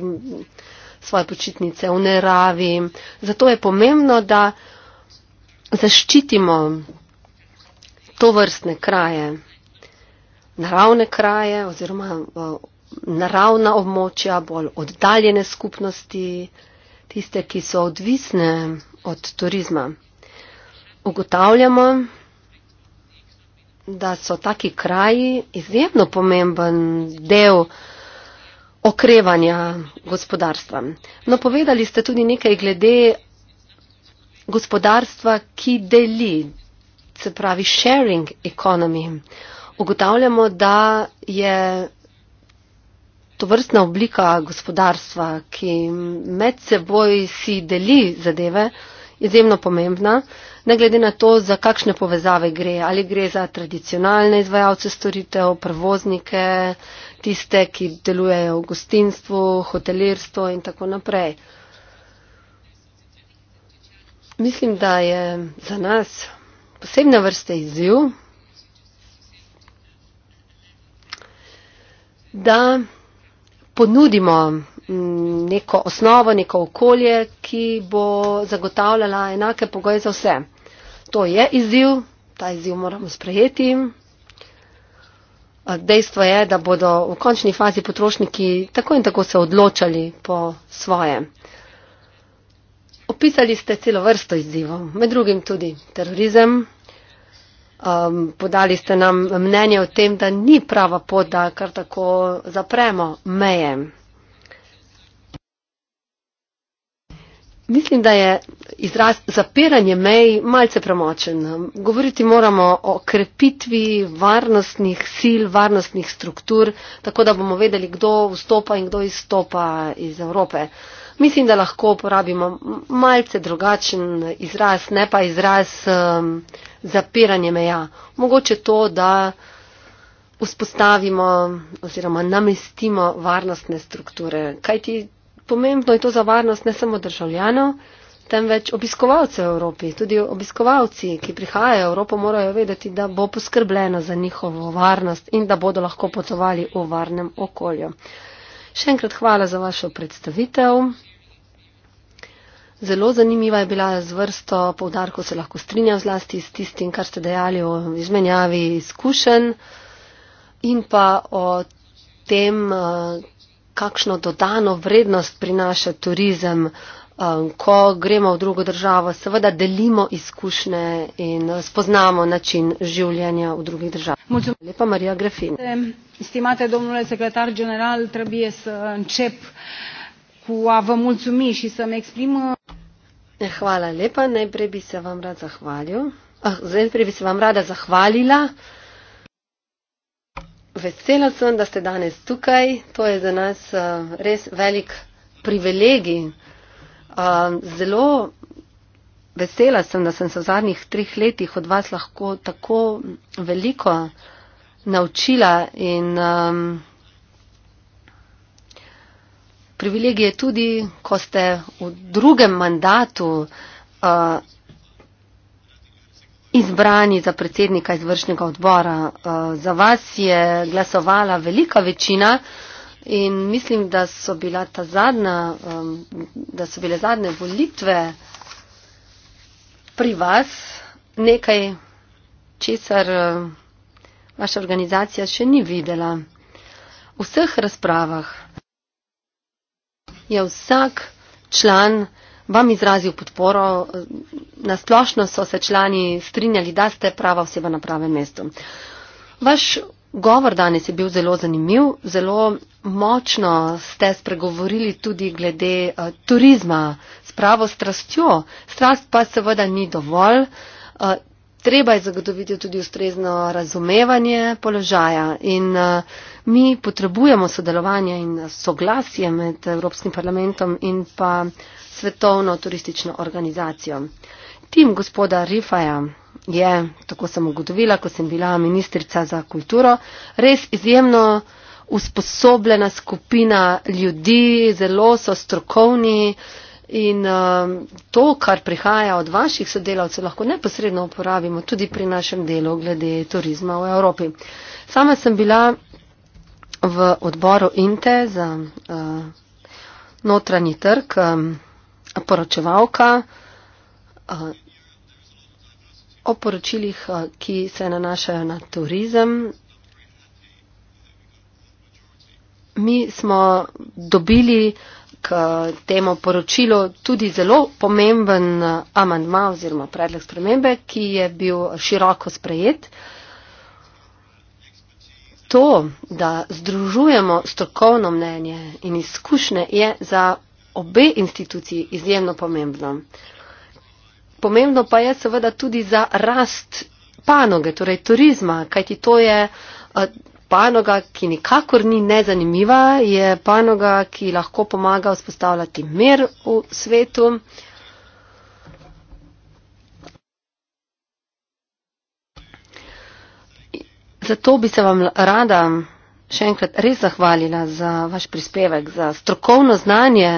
svoje počitnice v neravi. Zato je pomembno, da zaščitimo to vrstne kraje naravne kraje oziroma naravna območja, bolj oddaljene skupnosti, tiste, ki so odvisne od turizma. Ugotavljamo, da so taki kraji izjemno pomemben del okrevanja gospodarstva. No, povedali ste tudi nekaj glede gospodarstva, ki deli, se pravi sharing economy ugotavljamo, da je to vrstna oblika gospodarstva, ki med seboj si deli zadeve, izjemno pomembna, ne glede na to, za kakšne povezave gre. Ali gre za tradicionalne izvajalce storitev, prevoznike, tiste, ki delujejo v gostinstvu, hotelirstvu in tako naprej. Mislim, da je za nas posebna vrste izziv da ponudimo mm, neko osnovo, neko okolje, ki bo zagotavljala enake pogoje za vse. To je izziv, ta izziv moramo sprejeti. Dejstvo je, da bodo v končni fazi potrošniki tako in tako se odločali po svoje. Opisali ste celo vrsto izzivov, med drugim tudi terorizem. Um, podali ste nam mnenje o tem, da ni prava pot, da kar tako zapremo meje. Mislim, da je izraz zapiranje mej malce premočen. Govoriti moramo o krepitvi varnostnih sil, varnostnih struktur, tako da bomo vedeli, kdo vstopa in kdo izstopa iz Evrope. Uh, mislim, da lahko uporabimo malce drugačen izraz, ne pa izraz um, zapiranje meja. Mogoče to, da vzpostavimo oziroma namestimo varnostne strukture. Kajti pomembno je to za varnost ne samo državljanov, temveč obiskovalcev v Evropi. Tudi obiskovalci, ki prihajajo v Evropo, morajo vedeti, da bo poskrbljeno za njihovo varnost in da bodo lahko potovali v varnem okolju. Še enkrat hvala za vašo predstavitev. Zelo zanimiva je bila z vrsto povdarkov, se lahko strinjam zlasti s tistim, kar ste dejali o izmenjavi izkušenj in pa o tem, eh, kakšno dodano vrednost prinaša turizem. Eh, ko gremo v drugo državo, seveda delimo izkušnje in spoznamo način življenja v drugih državah. Lepa Marija Grafin. Stimate, domnule sekretar general, trebuie să încep uh, cu a vă mulțumi și să-mi exprim... Uh, Hvala lepa, najprej bi se vam rad zahvalil. Ah, najprej bi se vam rada zahvalila. Vesela sem, da ste danes tukaj. To je za nas uh, res velik privilegij. Uh, zelo vesela sem, da sem se v zadnjih treh letih od vas lahko tako veliko naučila in um, privilegije tudi, ko ste v drugem mandatu uh, izbrani za predsednika izvršnega odbora. Uh, za vas je glasovala velika večina in mislim, da so, bila ta zadnja, um, da so bile zadnje volitve pri vas nekaj, česar uh, vaša organizacija še ni videla. V vseh razpravah je vsak član vam izrazil podporo, nasplošno so se člani strinjali, da ste prava oseba na pravem mestu. Vaš govor danes je bil zelo zanimiv, zelo močno ste spregovorili tudi glede uh, turizma s pravo strastjo. Strast pa seveda ni dovolj. Uh, treba je zagotoviti tudi ustrezno razumevanje položaja in uh, Mi potrebujemo sodelovanje in soglasje med Evropskim parlamentom in pa svetovno turistično organizacijo. Tim gospoda Rifaja je, tako sem ugotovila, ko sem bila ministrica za kulturo, res izjemno usposobljena skupina ljudi, zelo so strokovni in um, to, kar prihaja od vaših sodelavcev, lahko neposredno uporabimo tudi pri našem delu glede turizma v Evropi. Sama sem bila v odboru INTE za uh, notranji trg um, poročevalka uh, o poročilih, uh, ki se nanašajo na turizem. Mi smo dobili k temu poročilu tudi zelo pomemben amandma oziroma predlog spremembe, ki je bil široko sprejet. Uh, To, da združujemo strokovno mnenje in izkušnje, je za obe instituciji izjemno pomembno. Pomembno pa je seveda tudi za rast panoge, torej turizma, kajti to je eh, panoga, ki nikakor ni nezanimiva, je panoga, ki lahko pomaga vzpostavljati mer v svetu. Zato bi se vam rada še enkrat res zahvalila za vaš prispevek, za strokovno znanje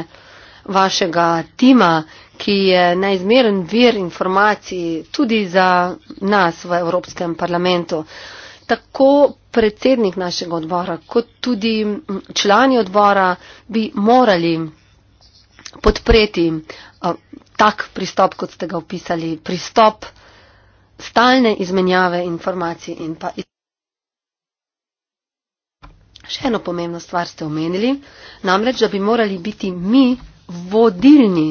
vašega tima, ki je najzmeren vir informacij tudi za nas v Evropskem parlamentu. Tako predsednik našega odbora, kot tudi člani odbora bi morali podpreti tak pristop, kot ste ga opisali, pristop stalne izmenjave informacij in pa. Še eno pomembno stvar ste omenili, namreč, da bi morali biti mi vodilni,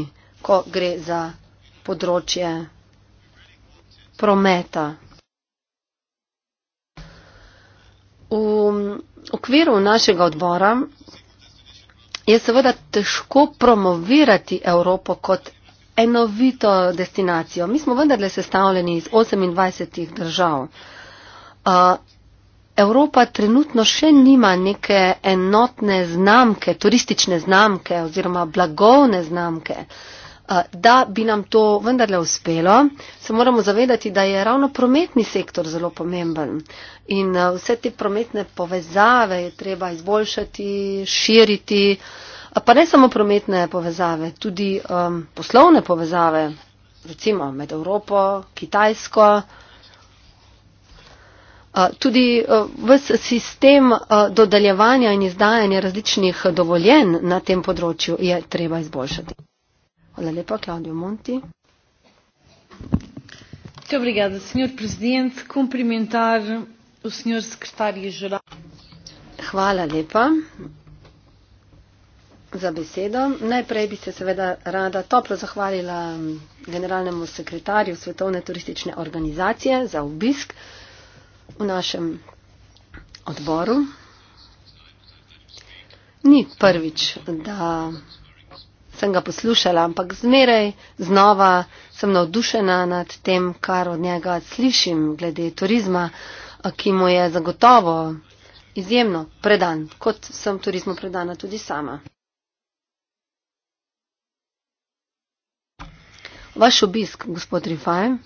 ko gre za področje prometa. V okviru našega odbora je seveda težko promovirati Evropo kot enovito destinacijo. Mi smo vendarle sestavljeni iz 28 držav. Evropa trenutno še nima neke enotne znamke, turistične znamke oziroma blagovne znamke. Eh, da bi nam to vendarle uspelo, se moramo zavedati, da je ravno prometni sektor zelo pomemben in eh, vse te prometne povezave je treba izboljšati, širiti, eh, pa ne samo prometne povezave, tudi um, poslovne povezave, recimo med Evropo, Kitajsko, uh, Tudi vse sistem dodeljevanja in izdajanja različnih dovoljen na tem področju je treba izboljšati. Hvala lepa, Klaudijo Monti. Muito obrigada, Sr. Presidente. Cumprimentar o Sr. Secretário-Geral. Hvala lepa za besedo. Najprej bi se seveda rada toplo zahvalila generalnemu sekretarju Svetovne turistične organizacije za obisk v našem odboru. Ni prvič, da sem ga poslušala, ampak zmeraj znova sem navdušena nad tem, kar od njega slišim glede turizma, ki mu je zagotovo izjemno predan, kot sem turizmu predana tudi sama. Vaš obisk, gospod Rifajem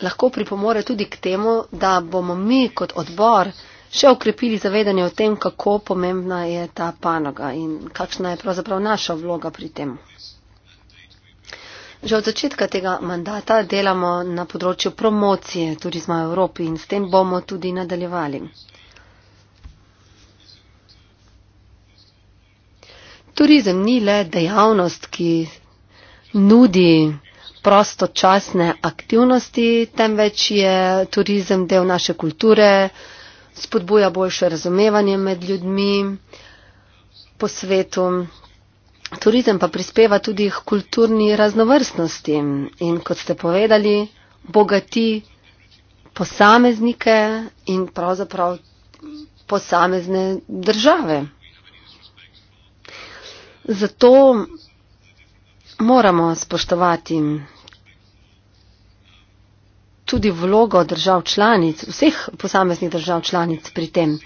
lahko pripomore tudi k temu, da bomo mi kot odbor še ukrepili zavedanje o tem, kako pomembna je ta panoga in kakšna je pravzaprav naša vloga pri tem. Že od začetka tega mandata delamo na področju promocije turizma v Evropi in s tem bomo tudi nadaljevali. Turizem ni le dejavnost, ki nudi prostočasne aktivnosti, temveč je turizem del naše kulture, spodbuja boljše razumevanje med ljudmi po svetu. Turizem pa prispeva tudi k kulturni raznovrstnosti in, kot ste povedali, bogati posameznike in pravzaprav posamezne države. Zato moramo spoštovati tudi vlogo držav članic, vseh posameznih držav članic pri tem.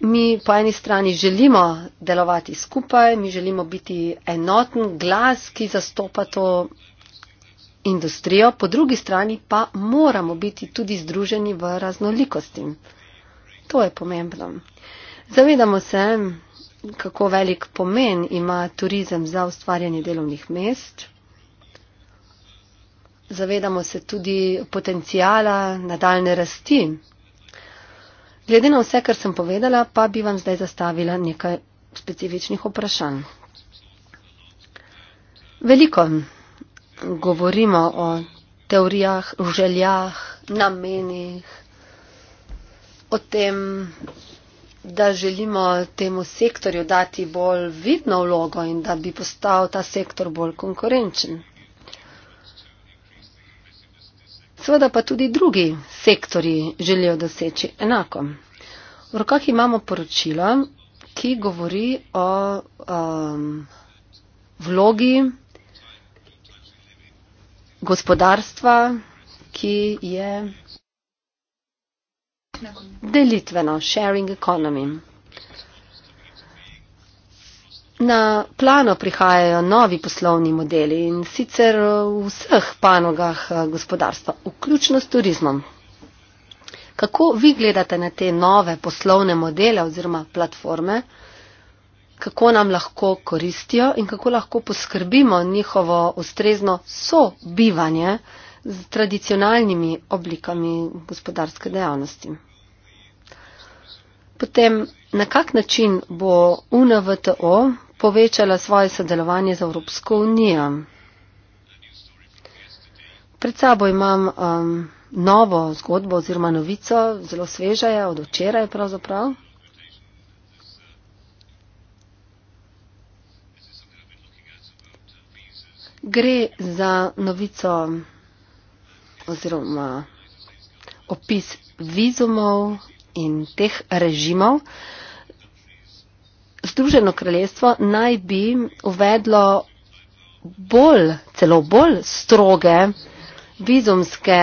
Mi po eni strani želimo delovati skupaj, mi želimo biti enoten glas, ki zastopa to industrijo, po drugi strani pa moramo biti tudi združeni v raznolikosti. To je pomembno. Zavedamo se, kako velik pomen ima turizem za ustvarjanje delovnih mest zavedamo se tudi potencijala nadaljne rasti. Glede na vse, kar sem povedala, pa bi vam zdaj zastavila nekaj specifičnih vprašanj. Veliko govorimo o teorijah, željah, namenih, o tem, da želimo temu sektorju dati bolj vidno vlogo in da bi postal ta sektor bolj konkurenčen. Seveda pa tudi drugi sektori želijo doseči enako. V rokah imamo poročilo, ki govori o um, vlogi gospodarstva, ki je delitveno, sharing economy. Na plano prihajajo novi poslovni modeli in sicer v vseh panogah eh, gospodarstva, vključno s turizmom. Kako vi gledate na te nove poslovne modele oziroma platforme, kako nam lahko koristijo in kako lahko poskrbimo njihovo ustrezno sobivanje z tradicionalnimi oblikami gospodarske dejavnosti? Potem na kak način bo UNVTO povečala svoje sodelovanje z Evropsko unijo? Pred sabo imam um, novo zgodbo oziroma novico, zelo sveža je, od včeraj pravzaprav. Gre za novico oziroma opis vizumov in teh režimov. Združeno kraljestvo naj bi uvedlo bolj, celo bolj stroge vizumske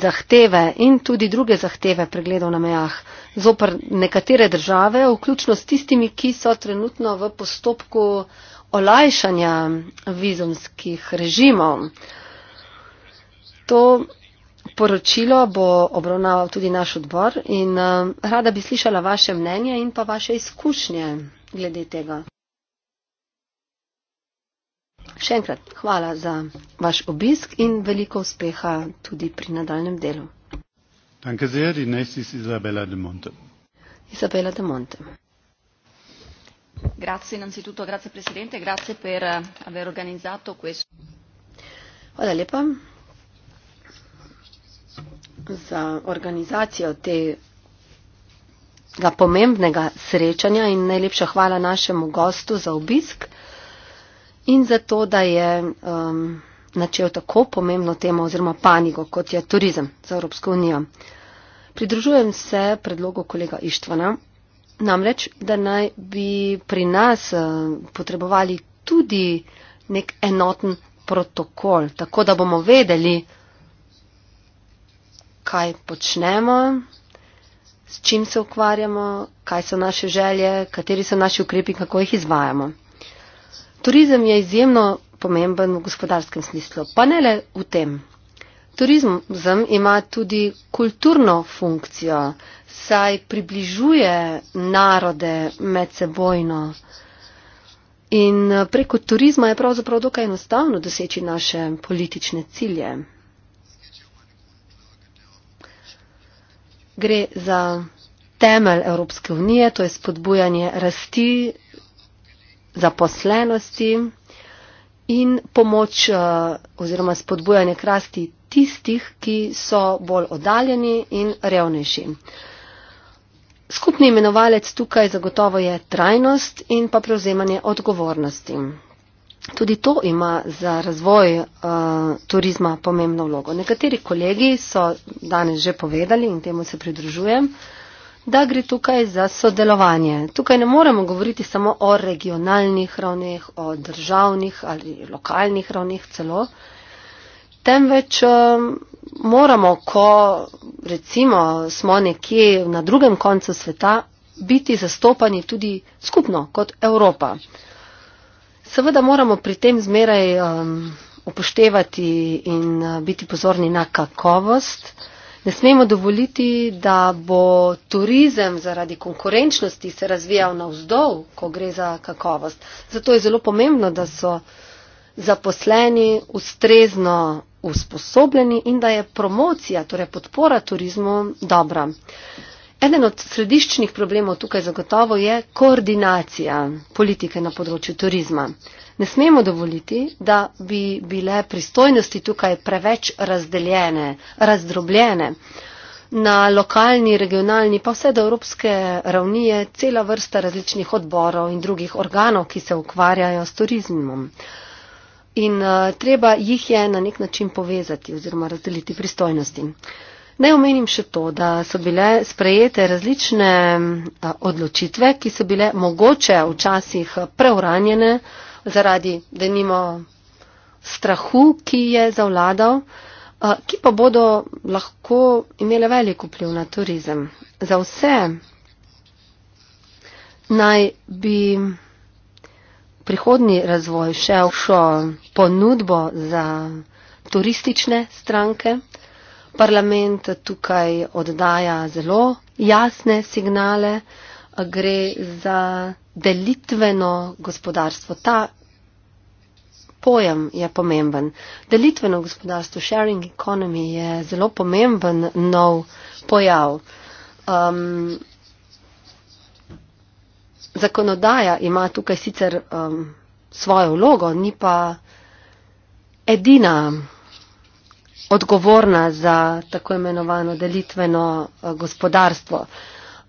zahteve in tudi druge zahteve pregledov na mejah zopr nekatere države, vključno s tistimi, ki so trenutno v postopku olajšanja vizumskih režimov. To Poročilo bo obravnaval tudi naš odbor in uh, rada bi slišala vaše mnenje in pa vaše izkušnje glede tega. Še enkrat hvala za vaš obisk in veliko uspeha tudi pri nadaljem delu. Sehr, Isabella de Monte. Isabella de Monte. Grazie innanzitutto, grazie Presidente, grazie per eh, aver organizzato questo. Hvala lepa za organizacijo tega pomembnega srečanja in najlepša hvala našemu gostu za obisk in za to, da je um, načel tako pomembno temo oziroma panigo, kot je turizem za Evropsko unijo. Pridružujem se predlogu kolega Ištvana, namreč, da naj bi pri nas uh, potrebovali tudi nek enoten protokol, tako da bomo vedeli, kaj počnemo, s čim se ukvarjamo, kaj so naše želje, kateri so naši ukrepi in kako jih izvajamo. Turizem je izjemno pomemben v gospodarskem smislu, pa ne le v tem. Turizem ima tudi kulturno funkcijo, saj približuje narode med sebojno. In preko turizma je pravzaprav dokaj enostavno doseči naše politične cilje. gre za temelj Evropske unije, to je spodbujanje rasti, zaposlenosti in pomoč eh, oziroma spodbujanje krasti tistih, ki so bolj oddaljeni in revnejši. Skupni imenovalec tukaj zagotovo je trajnost in pa prevzemanje odgovornosti. Tudi to ima za razvoj uh, turizma pomembno vlogo. Nekateri kolegi so danes že povedali in temu se pridružujem, da gre tukaj za sodelovanje. Tukaj ne moremo govoriti samo o regionalnih ravneh, o državnih ali lokalnih ravneh celo, temveč um, moramo, ko recimo smo nekje na drugem koncu sveta, biti zastopani tudi skupno kot Evropa. Seveda moramo pri tem zmeraj um, upoštevati in uh, biti pozorni na kakovost. Ne smemo dovoliti, da bo turizem zaradi konkurenčnosti se razvijal navzdol, ko gre za kakovost. Zato je zelo pomembno, da so zaposleni ustrezno usposobljeni in da je promocija, torej podpora turizmu, dobra. Uh, Eden od središčnih problemov tukaj zagotovo je koordinacija politike na področju turizma. Ne smemo dovoliti, da bi bile pristojnosti tukaj preveč razdeljene, razdrobljene. Na lokalni, regionalni, pa vse do evropske ravni je cela vrsta različnih odborov in drugih organov, ki se ukvarjajo s turizmom. In uh, treba jih je na nek način povezati oziroma razdeliti pristojnosti. Uh, Naj omenim še to, da so bile sprejete različne odločitve, ki so bile mogoče včasih preuranjene zaradi denimo strahu, ki je zavladal, ki pa bodo lahko imele velik vpliv na turizem. Za vse naj bi prihodni razvoj šel šo ponudbo za turistične stranke. Parlament tukaj oddaja zelo jasne signale, gre za delitveno gospodarstvo. Ta pojem je pomemben. Delitveno gospodarstvo, sharing economy, je zelo pomemben nov pojav. Um, zakonodaja ima tukaj sicer um, svojo vlogo, ni pa edina odgovorna za tako imenovano delitveno eh, gospodarstvo.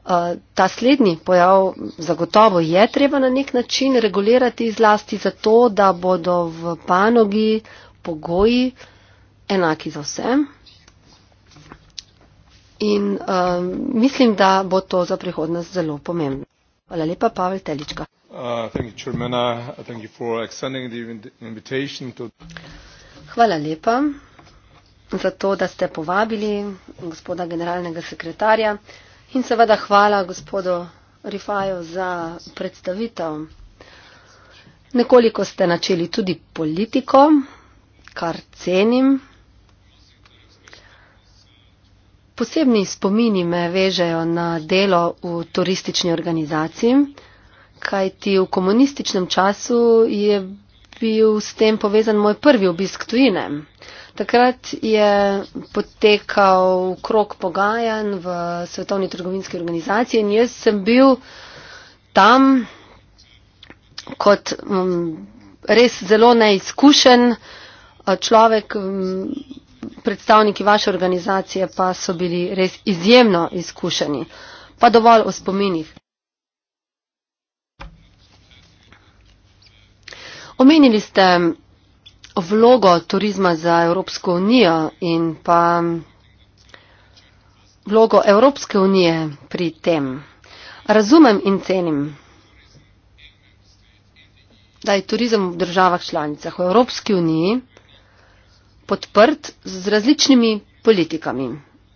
Eh, ta slednji pojav zagotovo je treba na nek način regulirati zlasti zato, da bodo v panogi pogoji enaki za vse. In um, mislim, da bo to za prihodnost zelo pomembno. Hvala lepa, Pavel Telička. Uh, uh, Hvala lepa za to, da ste povabili gospoda generalnega sekretarja in seveda hvala gospodu Rifaju za predstavitev. Nekoliko ste načeli tudi politiko, kar cenim. Posebni spomini me vežejo na delo v turistični organizaciji, kajti v komunističnem času je bil s tem povezan moj prvi obisk tujinem. Takrat je potekal krok pogajanj v Svetovni trgovinski organizaciji in jaz sem bil tam kot um, res zelo neizkušen človek, predstavniki vaše organizacije pa so bili res izjemno izkušeni. Pa dovolj o spominih. Omenili ste vlogo turizma za Evropsko unijo in pa vlogo Evropske unije pri tem. Razumem in cenim, da je turizem v državah članicah v Evropski uniji podprt z različnimi politikami.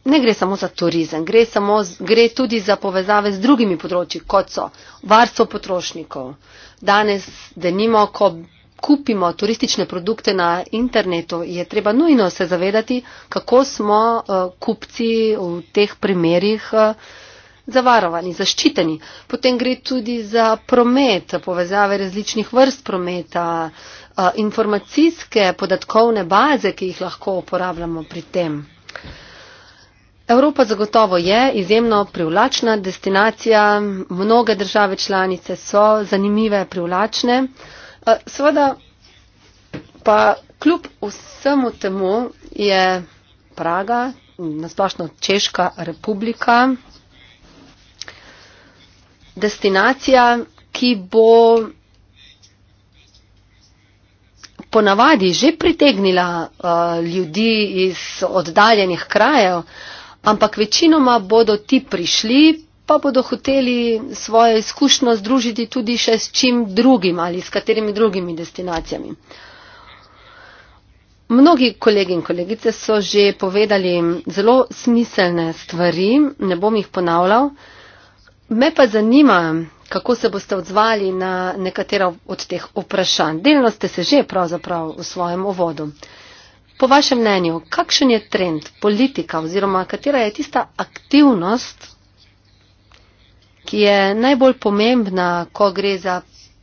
Ne gre samo za turizem, gre, samo, gre tudi za povezave z drugimi področji, kot so varstvo potrošnikov. Danes denimo, ko kupimo turistične produkte na internetu, je treba nujno se zavedati, kako smo eh, kupci v teh primerjih eh, zavarovani, zaščiteni. Potem gre tudi za promet, povezave različnih vrst prometa, eh, informacijske podatkovne baze, ki jih lahko uporabljamo pri tem. Evropa zagotovo je izjemno privlačna destinacija, mnoge države članice so zanimive, privlačne. Eh, seveda pa kljub vsemu temu je Praga, nasplošno Češka republika, destinacija, ki bo ponavadi že pritegnila uh, ljudi iz oddaljenih krajev, ampak večinoma bodo ti prišli, pa bodo hoteli svojo izkušnjo združiti tudi še s čim drugim ali s katerimi drugimi destinacijami. Mnogi kolegi in kolegice so že povedali zelo smiselne stvari, ne bom jih ponavljal. Me pa zanima, kako se boste odzvali na nekatera od teh vprašanj. Delno ste se že pravzaprav v svojem uvodu. Po vašem mnenju, kakšen je trend, politika oziroma katera je tista aktivnost, ki je najbolj pomembna, ko gre za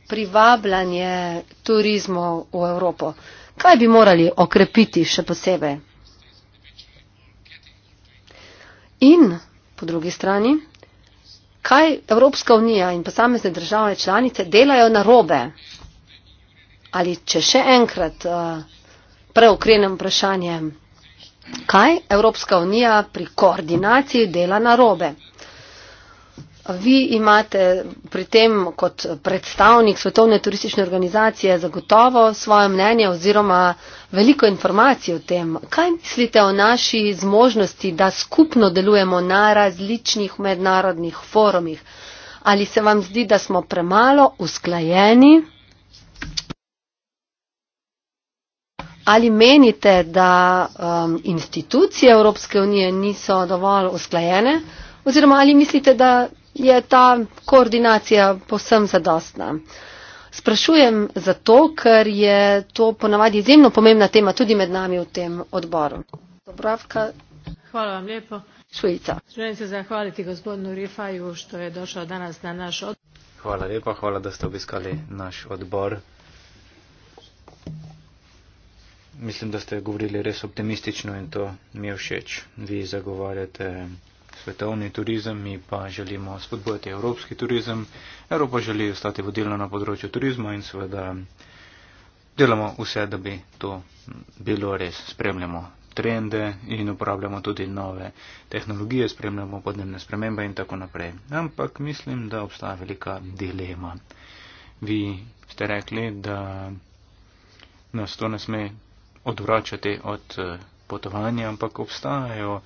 privabljanje turizma v Evropo? Kaj bi morali okrepiti še posebej? In po drugi strani, kaj Evropska unija in posamezne države članice delajo na robe? Ali če še enkrat eh, preokrenem vprašanje, kaj Evropska unija pri koordinaciji dela na robe? Vi imate pri tem kot predstavnik Svetovne turistične organizacije zagotovo svoje mnenje oziroma veliko informacij o tem. Kaj mislite o naši zmožnosti, da skupno delujemo na različnih mednarodnih forumih? Ali se vam zdi, da smo premalo usklajeni? Ali menite, da um, institucije Evropske unije niso dovolj usklajene? Oziroma ali mislite, da je ta koordinacija posem zadostna. Sprašujem zato, ker je to ponavadi izjemno pomembna tema tudi med nami v tem odboru. Dobravka. Hvala vam lepo. Švica. Želim se zahvaliti gospodinu Rifaju, što je došao danas na naš odbor. Hvala lepo, hvala, da ste obiskali naš odbor. Mislim, da ste govorili res optimistično in to mi je všeč. Vi zagovarjate svetovni turizem, mi pa želimo spodbojati evropski turizem. Evropa želi ostati vodilna na področju turizma in seveda delamo vse, da bi to bilo res. Spremljamo trende in uporabljamo tudi nove tehnologije, spremljamo podnebne spremembe in tako naprej. Ampak mislim, da obstaja velika dilema. Vi ste rekli, da nas to ne sme odvračati od eh, potovanja, ampak obstajajo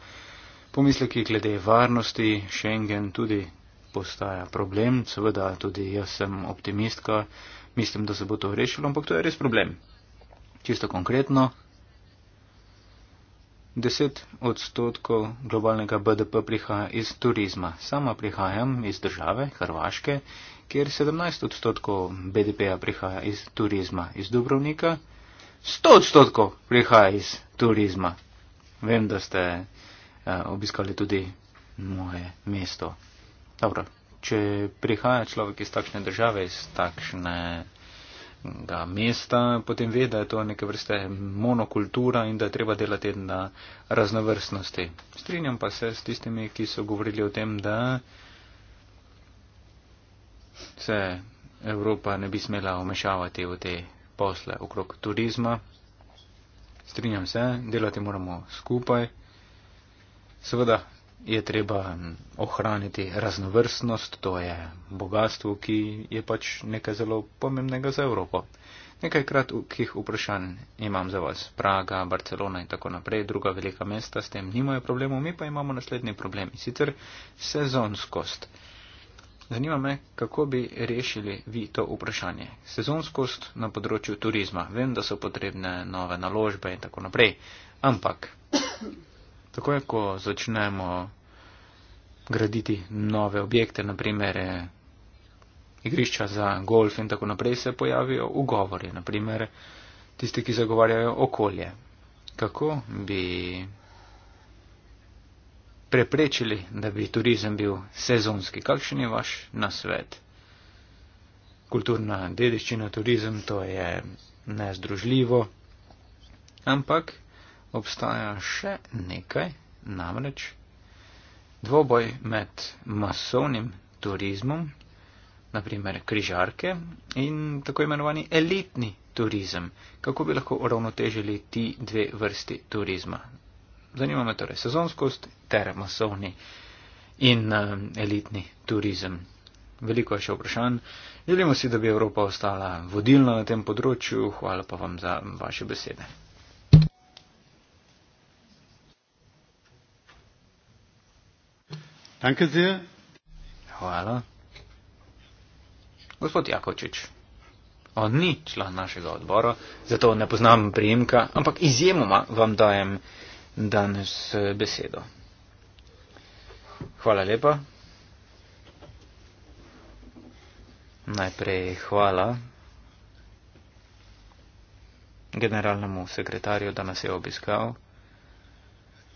pomisleki glede varnosti Schengen tudi postaja problem. Seveda tudi jaz sem optimistka, mislim, da se bo to rešilo, ampak to je res problem. Čisto konkretno, 10 odstotkov globalnega BDP prihaja iz turizma. Sama prihajam iz države Hrvaške, kjer 17 odstotkov BDP-a prihaja iz turizma. Iz Dubrovnika 100 odstotkov prihaja iz turizma. Vem, da ste Eh, obiskali tudi moje mesto. Dobro, če prihaja človek iz takšne države, iz takšnega mesta, potem ve, da je to neke vrste monokultura in da je treba delati na raznovrstnosti. Strinjam pa se s tistimi, ki so govorili o tem, da se Evropa ne bi smela omešavati v te posle okrog turizma. Strinjam se, delati moramo skupaj. Seveda je treba ohraniti raznovrstnost, to je bogatstvo, ki je pač nekaj zelo pomembnega za Evropo. Nekaj kratkih vprašanj imam za vas. Praga, Barcelona in tako naprej, druga velika mesta s tem nimajo problemov, mi pa imamo naslednji problem in sicer sezonskost. Zanima me, kako bi rešili vi to vprašanje. Sezonskost na področju turizma. Vem, da so potrebne nove naložbe in tako naprej. Ampak Takoj, ko začnemo graditi nove objekte, naprimer eh, igrišča za golf in tako naprej, se pojavijo ugovori, naprimer tisti, ki zagovarjajo okolje. Kako bi preprečili, da bi turizem bil sezonski? Kakšen je vaš nasvet? Kulturna dediščina, turizem, to je nezdružljivo, ampak obstaja še nekaj, namreč dvoboj med masovnim turizmom, naprimer križarke in tako imenovani elitni turizem. Kako bi lahko uravnotežili ti dve vrsti turizma? Zanima me torej sezonskost ter masovni in uh, elitni turizem. Veliko je še vprašanj. Želimo si, da bi Evropa ostala vodilna na tem področju. Hvala pa vam za vaše besede. Danke sehr. Hvala. Gospod Jakočič, on ni član našega odbora, zato ne poznam prijemka, ampak izjemoma vam dajem danes eh, besedo. Hvala lepa. Najprej hvala generalnemu sekretarju, da nas je obiskal.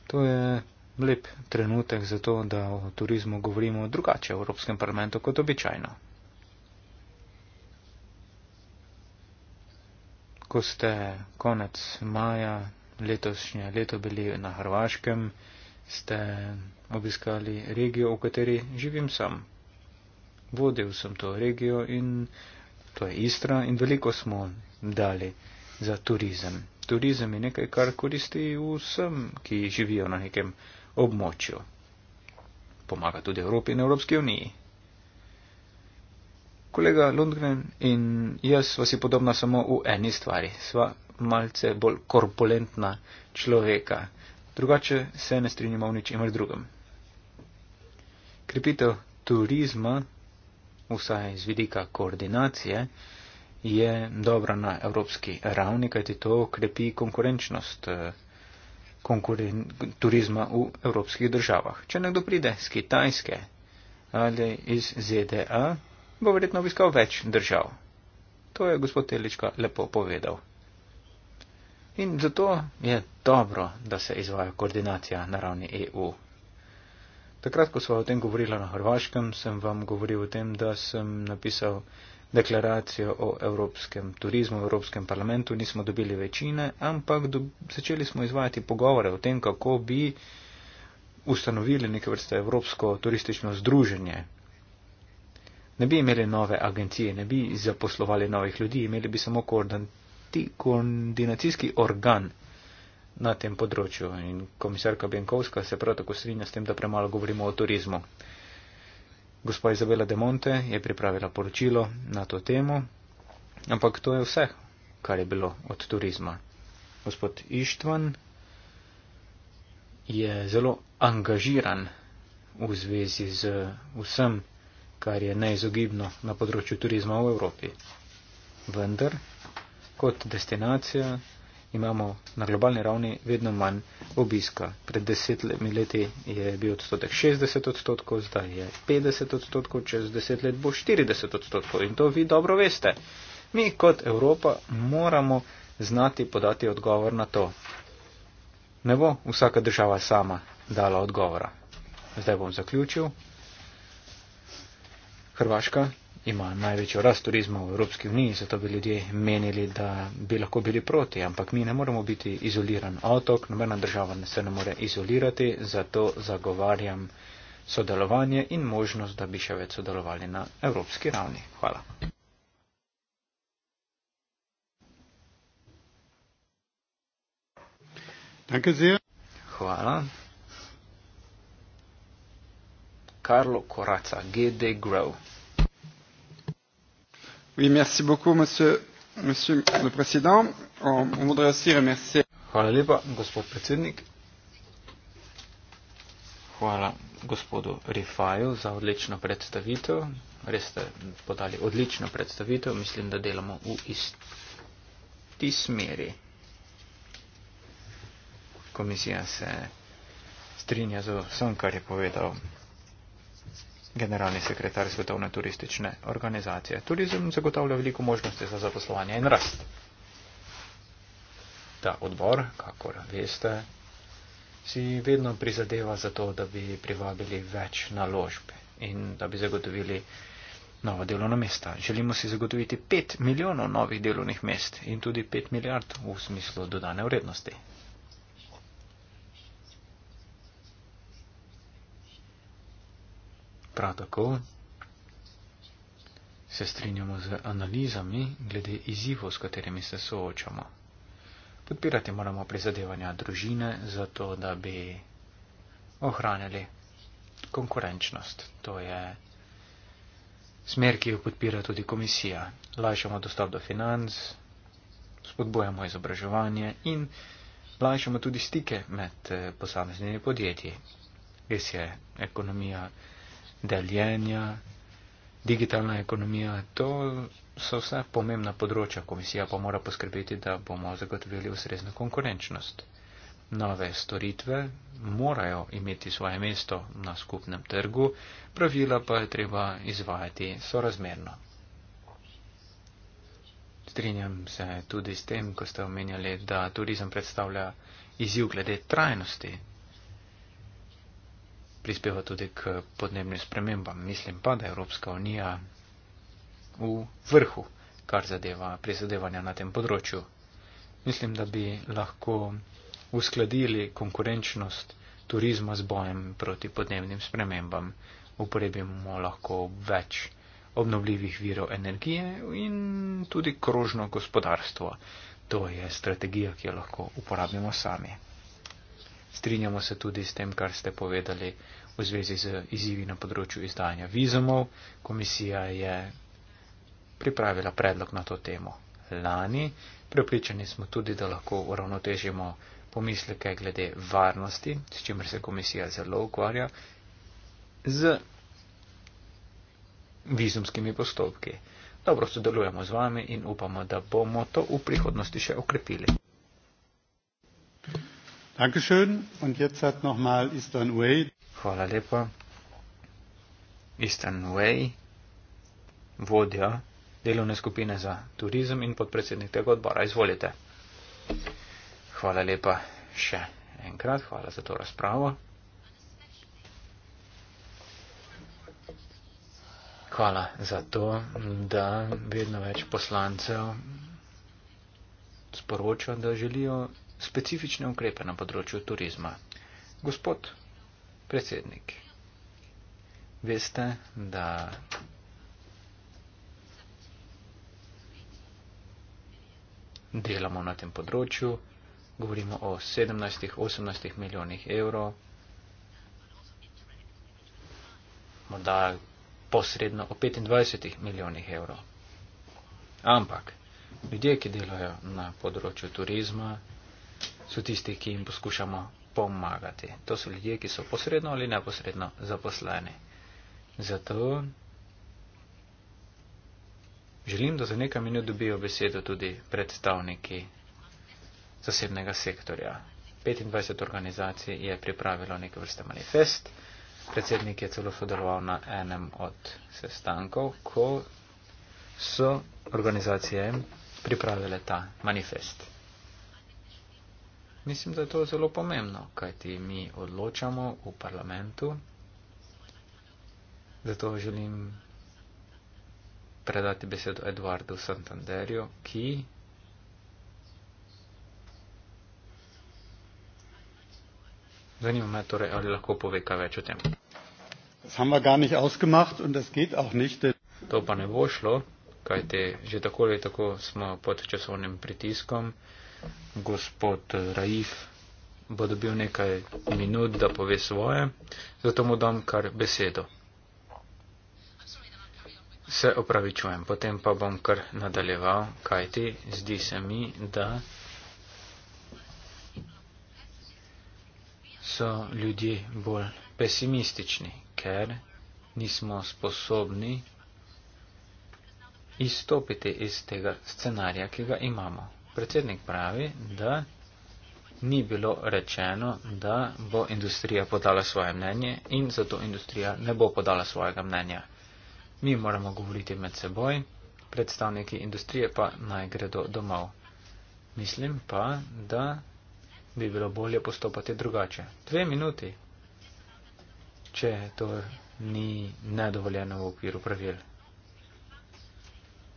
To je lep trenutek za to, da o turizmu govorimo drugače v Evropskem parlamentu kot običajno. Ko ste konec maja letošnje leto bili na Hrvaškem, ste obiskali regijo, v kateri živim sam. Vodil sem to regijo in to je Istra in veliko smo dali za turizem. Turizem je nekaj, kar koristi vsem, ki živijo na nekem območju. Pomaga tudi Evropi in Evropski uniji. Kolega Lundgren in jaz vas je podobna samo v eni stvari. Sva malce bolj korpulentna človeka. Drugače se ne strinjamo v ničemer drugem. Krepitev turizma, vsaj z vidika koordinacije, je dobra na evropski ravni, kajti to krepi konkurenčnost. Eh, konkuren, turizma v evropskih državah. Če nekdo pride z Kitajske ali iz ZDA, bo verjetno obiskal več držav. To je gospod Telička lepo povedal. In zato je dobro, da se izvaja koordinacija na ravni EU. Takrat, ko smo o tem govorili na Hrvaškem, sem vam govoril o tem, da sem napisal deklaracijo o evropskem turizmu v Evropskem parlamentu, nismo dobili večine, ampak do, začeli smo izvajati pogovore o tem, kako bi ustanovili neke vrste Evropsko turistično združenje. Ne bi imeli nove agencije, ne bi zaposlovali novih ljudi, imeli bi samo koordinacijski organ na tem področju. In komisarka Benkovska se prav tako strinja s tem, da premalo govorimo o turizmu. Gospa Izabela de Monte je pripravila poročilo na to temo, ampak to je vse, kar je bilo od turizma. Gospod Ištvan je zelo angažiran v zvezi z vsem, kar je neizogibno na področju turizma v Evropi. Vendar, kot destinacija, imamo na globalni ravni vedno manj obiska. Pred desetimi leti je bil odstotek 60 odstotkov, zdaj je 50 odstotkov, čez deset let bo 40 odstotkov in to vi dobro veste. Mi kot Evropa moramo znati podati odgovor na to. Ne bo vsaka država sama dala odgovora. Zdaj bom zaključil. Hrvaška ima največjo rast turizma v Evropski uniji, zato bi ljudje menili, da bi lahko bili proti, ampak mi ne moramo biti izoliran otok, nobena država ne se ne more izolirati, zato zagovarjam sodelovanje in možnost, da bi še več sodelovali na evropski ravni. Hvala. Hvala. Carlo Corazza, GD Grow. Oui, merci beaucoup, monsieur, monsieur le Président. On, on voudrait aussi remercier. Hvala lepa, gospod predsednik. Hvala gospodu Rifaju za odlično predstavitev. Res ste podali odlično predstavitev. Mislim, da delamo v isti smeri. Komisija se strinja z vsem, kar je povedal generalni sekretar Svetovne turistične organizacije. Turizem zagotavlja veliko možnosti za zaposlovanje in rast. Ta odbor, kakor veste, si vedno prizadeva za to, da bi privabili več naložb in da bi zagotovili nova delovna mesta. Želimo si zagotoviti 5 milijonov novih delovnih mest in tudi 5 milijard v smislu dodane vrednosti. Prav tako se strinjamo z analizami glede izzivov, s katerimi se soočamo. Podpirati moramo prizadevanja družine za to, da bi ohranjali konkurenčnost. To je smer, ki jo podpira tudi komisija. Lajšamo dostop do financ, spodbujamo izobraževanje in lajšamo tudi stike med eh, posameznimi podjetji. Res je, ekonomija deljenja, digitalna ekonomija, to so vse pomembna področja. Komisija pa mora poskrbeti, da bomo zagotovili ustrezno konkurenčnost. Nove storitve morajo imeti svoje mesto na skupnem trgu, pravila pa je treba izvajati sorazmerno. Strinjam se tudi s tem, ko ste omenjali, da turizem predstavlja izjiv glede trajnosti prispeva tudi k podnebnim spremembam. Mislim pa, da je Evropska unija v vrhu, kar zadeva prizadevanja na tem področju. Mislim, da bi lahko uskladili konkurenčnost turizma z bojem proti podnebnim spremembam. Uporabimo lahko več obnovljivih virov energije in tudi krožno gospodarstvo. To je strategija, ki jo lahko uporabimo sami. Strinjamo se tudi s tem, kar ste povedali v zvezi z izzivi na področju izdanja vizumov. Komisija je pripravila predlog na to temo lani. Pripričani smo tudi, da lahko uravnotežimo pomisleke glede varnosti, s čimer se komisija zelo ukvarja, z vizumskimi postopki. Dobro sodelujemo z vami in upamo, da bomo to v prihodnosti še okrepili. Thank you. Dankeschön. Und jetzt hat nochmal Istan Way. Hvala lepa. Istan Way, vodja delovne skupine za turizem in podpredsednik tega odbora. Izvolite. Hvala lepa še enkrat. Hvala za to razpravo. Hvala za to, da vedno več poslancev sporoča, da želijo specifične ukrepe na področju turizma. Gospod predsednik, veste, da. Delamo na tem področju, govorimo o 17-18 milijonih evrov, morda posredno o 25 milijonih evrov. Ampak ljudje, ki delajo na področju turizma, so tisti, ki jim poskušamo pomagati. To so ljudje, ki so posredno ali neposredno zaposleni. Zato želim, da za nekaj minut dobijo besedo tudi predstavniki zasebnega sektorja. 25 organizacij je pripravilo neke vrste manifest. Predsednik je celo sodeloval na enem od sestankov, ko so organizacije pripravile ta manifest. Mislim, da je to zelo pomembno, kajti mi odločamo v parlamentu. Zato želim predati besedo Eduardu Santanderju, ki Zanima me torej, ali lahko pove kaj več o tem. To pa ne bo šlo, kajte že tako ali tako smo pod časovnim pritiskom gospod Raif bo dobil nekaj minut, da pove svoje, zato mu dam kar besedo. Se opravičujem, potem pa bom kar nadaljeval, kajti zdi se mi, da so ljudje bolj pesimistični, ker nismo sposobni izstopiti iz tega scenarija, ki ga imamo. Predsednik pravi, da ni bilo rečeno, da bo industrija podala svoje mnenje in zato industrija ne bo podala svojega mnenja. Mi moramo govoriti med seboj, predstavniki industrije pa naj gredo domov. Mislim pa, da bi bilo bolje postopati drugače. Dve minuti, če to ni nedovoljeno v okviru pravil.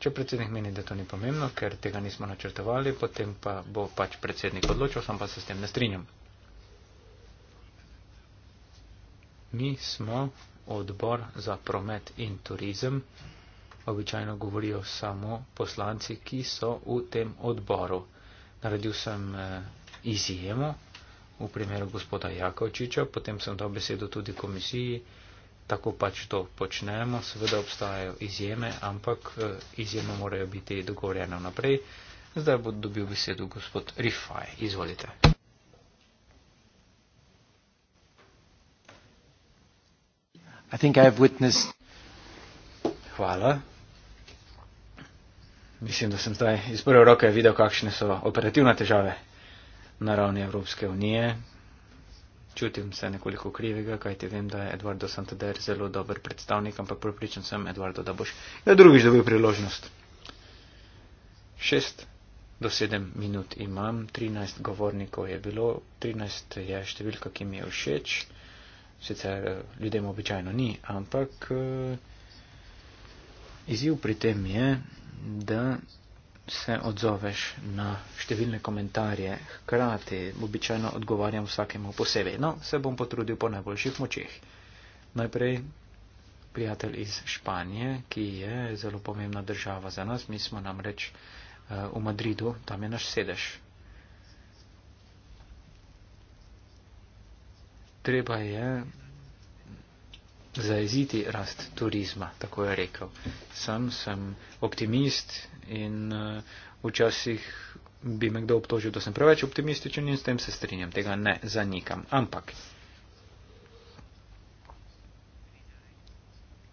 Če predsednik meni, da to ni pomembno, ker tega nismo načrtovali, potem pa bo pač predsednik odločil, sam pa se s tem ne strinjam. Mi smo odbor za promet in turizem. Običajno govorijo samo poslanci, ki so v tem odboru. Naredil sem eh, izjemo v primeru gospoda Jakovčiča, potem sem dal besedo tudi komisiji tako pač to počnemo, seveda obstajajo izjeme, ampak e, izjeme morajo biti dogovorjene naprej. Zdaj bo dobil besedo gospod Rifaj. Izvolite. Hvala. Mislim, da sem zdaj iz prve roke videl, kakšne so operativne težave na ravni Evropske unije, Čutim se nekoliko krivega, kaj ti vem, da je Eduardo Santander zelo dober predstavnik, ampak pripričan sem, Eduardo, da boš ja, drugič dobil priložnost. Šest do sedem minut imam, trinajst govornikov je bilo, trinajst je številka, ki mi je všeč, sicer eh, ljudem običajno ni, ampak eh, izjiv pri tem je, da se odzoveš na številne komentarje, hkrati običajno odgovarjam vsakemu posebej. No, se bom potrudil po najboljših močeh. Najprej prijatelj iz Španije, ki je zelo pomembna država za nas, mi smo namreč eh, v Madridu, tam je naš sedež. Treba je zaeziti rast turizma, tako je rekel. Sam sem optimist in uh, včasih bi me kdo obtožil, da sem preveč optimističen in s tem se strinjam, tega ne zanikam. Ampak,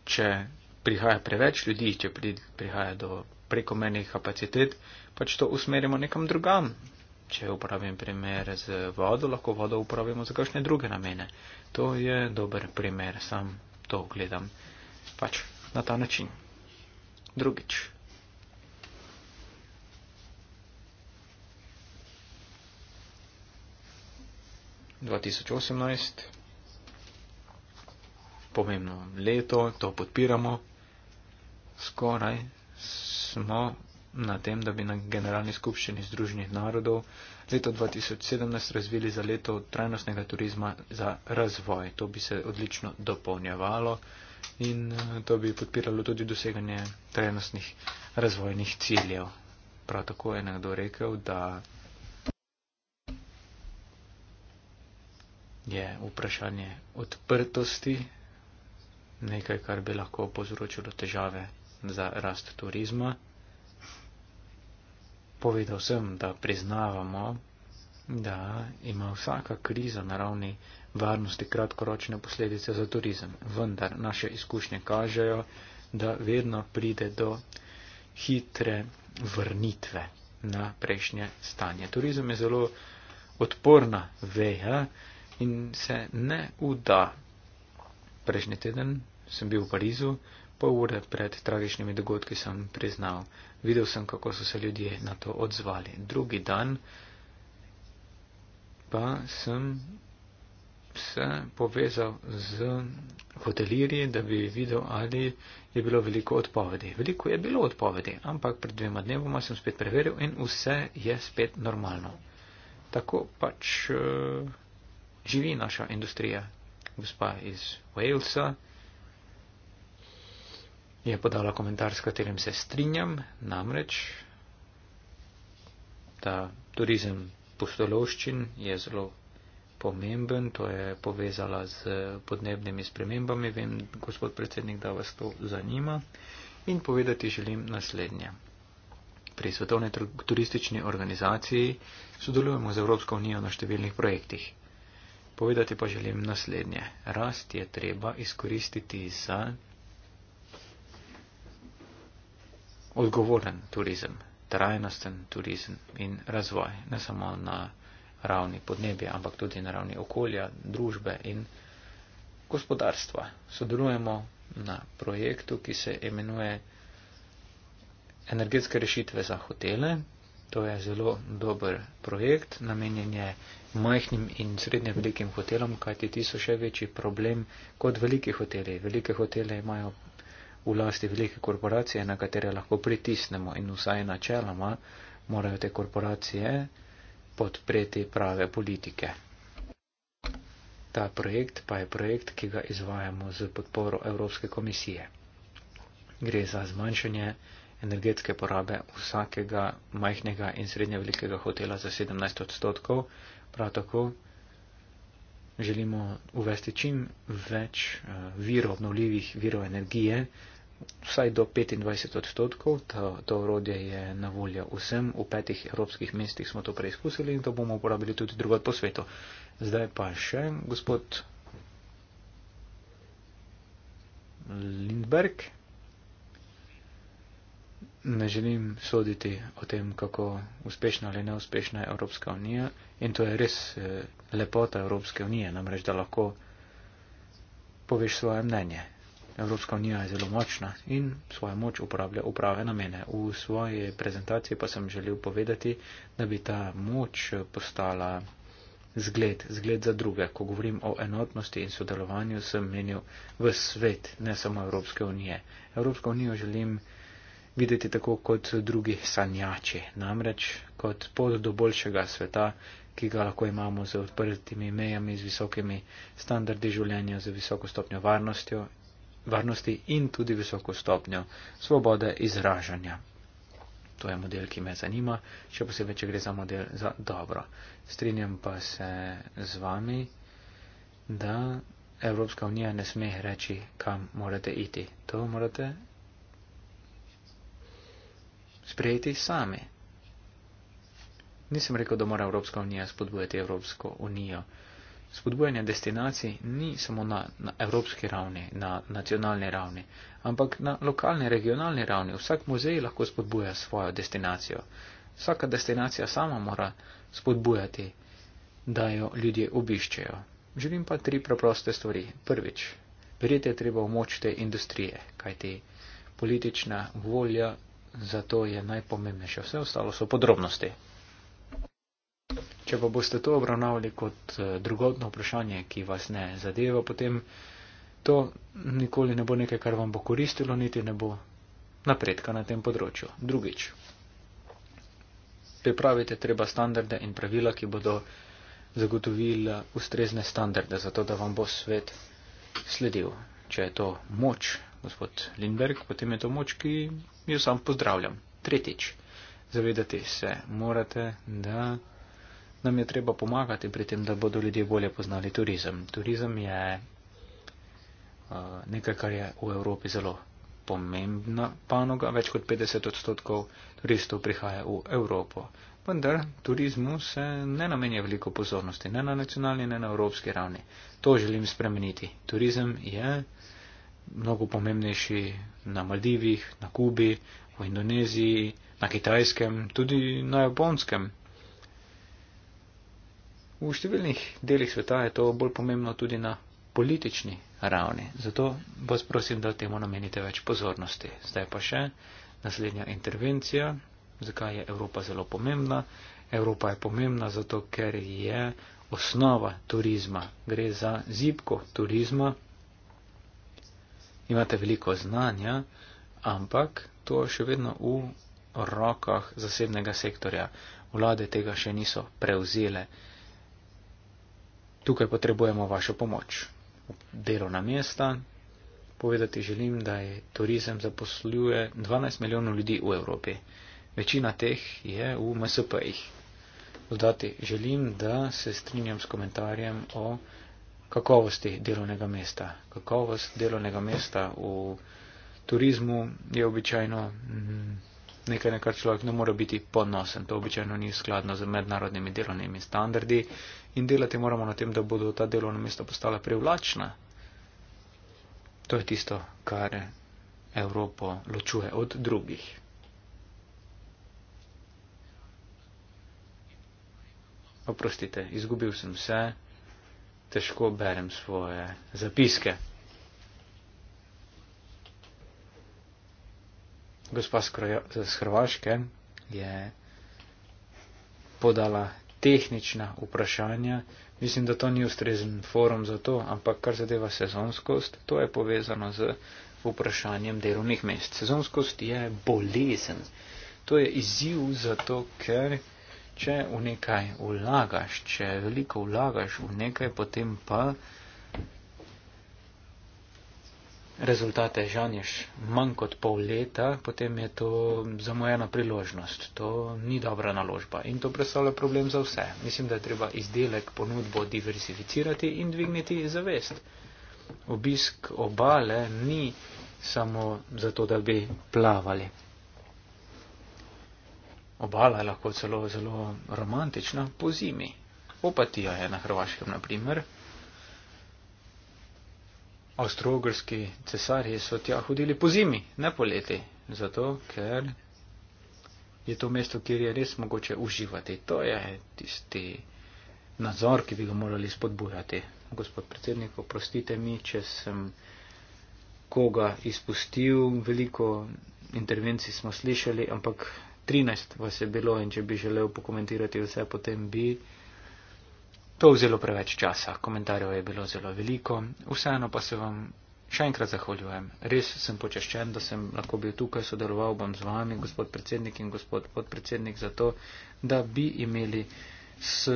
če prihaja preveč ljudi, če pri, prihaja do prekomernih kapacitet, pač to usmerimo nekam drugam. Če upravim primer z vodo, lahko vodo upravimo za kakšne druge namene. To je dober primer, sam to gledam pač na ta način. Drugič. Pomembno leto, to podpiramo. Skoraj smo na tem, da bi na generalni skupščini Združenih narodov eh, leto 2017 razvili za leto trajnostnega turizma za razvoj. To bi se odlično dopolnjevalo in eh, to bi podpiralo tudi doseganje trajnostnih razvojnih ciljev. Prav tako je nekdo rekel, da je vprašanje odprtosti nekaj, kar bi lahko povzročilo težave za rast turizma povedal sem, da priznavamo, da ima vsaka kriza na ravni varnosti kratkoročne posledice za turizem. Vendar naše izkušnje kažejo, da vedno pride do hitre vrnitve na prejšnje stanje. Turizem je zelo odporna veja in se ne uda. Prejšnji teden sem bil v Parizu, pol ure pred tragičnimi dogodki sem priznal. Videl sem, kako so se ljudje na to odzvali. Drugi dan pa sem se povezal z hotelirji, da bi videl, ali je bilo veliko odpovedi. Veliko je bilo odpovedi, ampak pred dvema dnevoma sem spet preveril in vse je spet normalno. Tako pač uh, živi naša industrija. Gospa iz Walesa je podala komentar, s katerim se strinjam, namreč ta turizem pustolovščin je zelo pomemben, to je povezala z podnebnimi spremembami, vem, gospod predsednik, da vas to zanima in povedati želim naslednje. Pri svetovni turistični organizaciji sodelujemo z Evropsko unijo na številnih projektih. Povedati pa želim naslednje. Rast je treba izkoristiti za odgovoren turizem, trajnosten turizem in razvoj, ne samo na ravni podnebja, ampak tudi na ravni okolja, družbe in gospodarstva. Sodelujemo na projektu, ki se imenuje Energetske rešitve za hotele. To je zelo dober projekt, namenjen je majhnim in srednje velikim hotelom, kajti ti so še večji problem kot veliki hoteli. Velike hotele imajo v lasti velike korporacije, na katere lahko pritisnemo in vsaj načeloma morajo te korporacije podpreti prave politike. Ta projekt pa je projekt, ki ga izvajamo z podporo Evropske komisije. Gre za zmanjšanje energetske porabe vsakega majhnega in srednje velikega hotela za 17 odstotkov. Prav tako želimo uvesti čim več eh, virov, obnovljivih virov energije, vsaj do 25 odstotkov. To, to orodje je na voljo vsem. V petih evropskih mestih smo to preizkusili in to bomo uporabili tudi drugot po svetu. Zdaj pa še gospod Lindberg. Ne želim soditi o tem, kako uspešna ali neuspešna je Evropska unija in to je res eh, lepota Evropske unije, namreč da lahko poveš svoje mnenje. Evropska unija je zelo močna in svojo moč uporablja v prave namene. V svoji prezentaciji pa sem želel povedati, da bi ta moč postala zgled, zgled za druge. Ko govorim o enotnosti in sodelovanju, sem menil v svet, ne samo Evropske unije. Evropsko unijo želim videti tako kot drugi sanjači, namreč kot pot do boljšega sveta ki ga lahko imamo z odprtimi mejami, z visokimi standardi življenja, z visoko stopnjo varnostjo varnosti in tudi visoko stopnjo svobode izražanja. To je model, ki me zanima, še posebej, če gre za model za dobro. Strinjam pa se z vami, da Evropska unija ne sme reči, kam morate iti. To morate sprejeti sami. Nisem rekel, da mora Evropska unija spodbujati Evropsko unijo spodbujanje destinacij ni samo na, na evropski ravni, na nacionalni ravni, ampak na lokalni, regionalni ravni. Vsak muzej lahko spodbuja svojo destinacijo. Vsaka destinacija sama mora spodbujati, da jo ljudje obiščejo. Želim pa tri preproste stvari. Prvič, verjeti je treba v moč te industrije, kajti politična volja za to je najpomembnejša. Vse ostalo so podrobnosti. Če pa boste to obravnavali kot eh, drugotno vprašanje, ki vas ne zadeva, potem to nikoli ne bo nekaj, kar vam bo koristilo, niti ne bo napredka na tem področju. Drugič, pripravite treba standarde in pravila, ki bodo zagotovila ustrezne standarde, zato da vam bo svet sledil. Če je to moč, gospod Lindberg, potem je to moč, ki jo sam pozdravljam. Tretjič, zavedati se morate, da nam je treba pomagati pri tem, da bodo ljudje bolje poznali turizem. Turizem je eh, nekaj, kar je v Evropi zelo pomembna panoga. Več kot 50 odstotkov turistov prihaja v Evropo. Vendar turizmu se ne namenja veliko pozornosti, ne na nacionalni, ne na evropski ravni. To želim spremeniti. Turizem je mnogo pomembnejši na Maldivih, na Kubi, v Indoneziji, na Kitajskem, tudi na Japonskem. V številnih delih sveta je to bolj pomembno tudi na politični ravni, zato vas prosim, da temu namenite več pozornosti. Zdaj pa še naslednja intervencija, zakaj je Evropa zelo pomembna. Evropa je pomembna zato, ker je osnova turizma. Gre za zipko turizma. Imate veliko znanja, ampak to je še vedno v rokah zasebnega sektorja. Vlade tega še niso prevzele tukaj potrebujemo vašo pomoč. Delovna mesta. Povedati želim, da je turizem zaposluje 12 milijonov ljudi v Evropi. Večina teh je v MSP-jih. Dodati želim, da se strinjam s komentarjem o kakovosti delovnega mesta. Kakovost delovnega mesta v turizmu je običajno. Mm, nekaj, na kar človek ne more biti ponosen. To običajno ni skladno z mednarodnimi delovnimi standardi in delati moramo na tem, da bodo ta delovna mesta postala privlačna. To je tisto, kar Evropo ločuje od drugih. Oprostite, izgubil sem vse, težko berem svoje zapiske. gospa z Hrvaške je podala tehnična vprašanja. Mislim, da to ni ustrezen forum za to, ampak kar zadeva sezonskost, to je povezano z vprašanjem delovnih mest. Sezonskost je bolezen. To je izziv zato, ker če v nekaj vlagaš, če veliko vlagaš v nekaj, potem pa rezultate žanješ manj kot pol leta, potem je to zamujena priložnost. To ni dobra naložba in to predstavlja problem za vse. Mislim, da je treba izdelek, ponudbo diversificirati in dvigniti zavest. Obisk obale ni samo zato, da bi plavali. Obala je lahko celo zelo romantična po zimi. Opatija je na Hrvaškem, na primer, Avstro-Ogrski cesarji so tja hodili po zimi, ne poleti, zato ker je to mesto, kjer je res mogoče uživati. To je tisti nadzor, ki bi ga morali spodbujati. Gospod predsednik, oprostite mi, če sem koga izpustil, veliko intervencij smo slišali, ampak 13 vas je bilo in če bi želel pokomentirati vse, potem bi. To vzelo preveč časa, komentarjev je bilo zelo veliko, vseeno pa se vam še enkrat zahvaljujem. Res sem počaščen, da sem lahko bil tukaj, sodeloval bom z vami, gospod predsednik in gospod podpredsednik, zato, da bi imeli s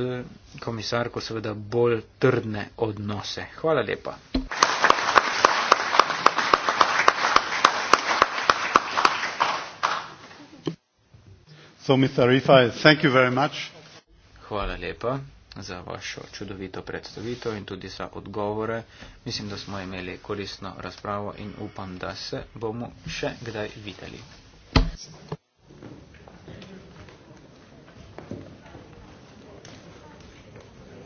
komisarko seveda bolj trdne odnose. Hvala lepa. So, Mr. Rifa, thank you very much. Hvala lepa za vašo čudovito predstavitev in tudi za odgovore. Mislim, da smo imeli koristno razpravo in upam, da se bomo še kdaj videli.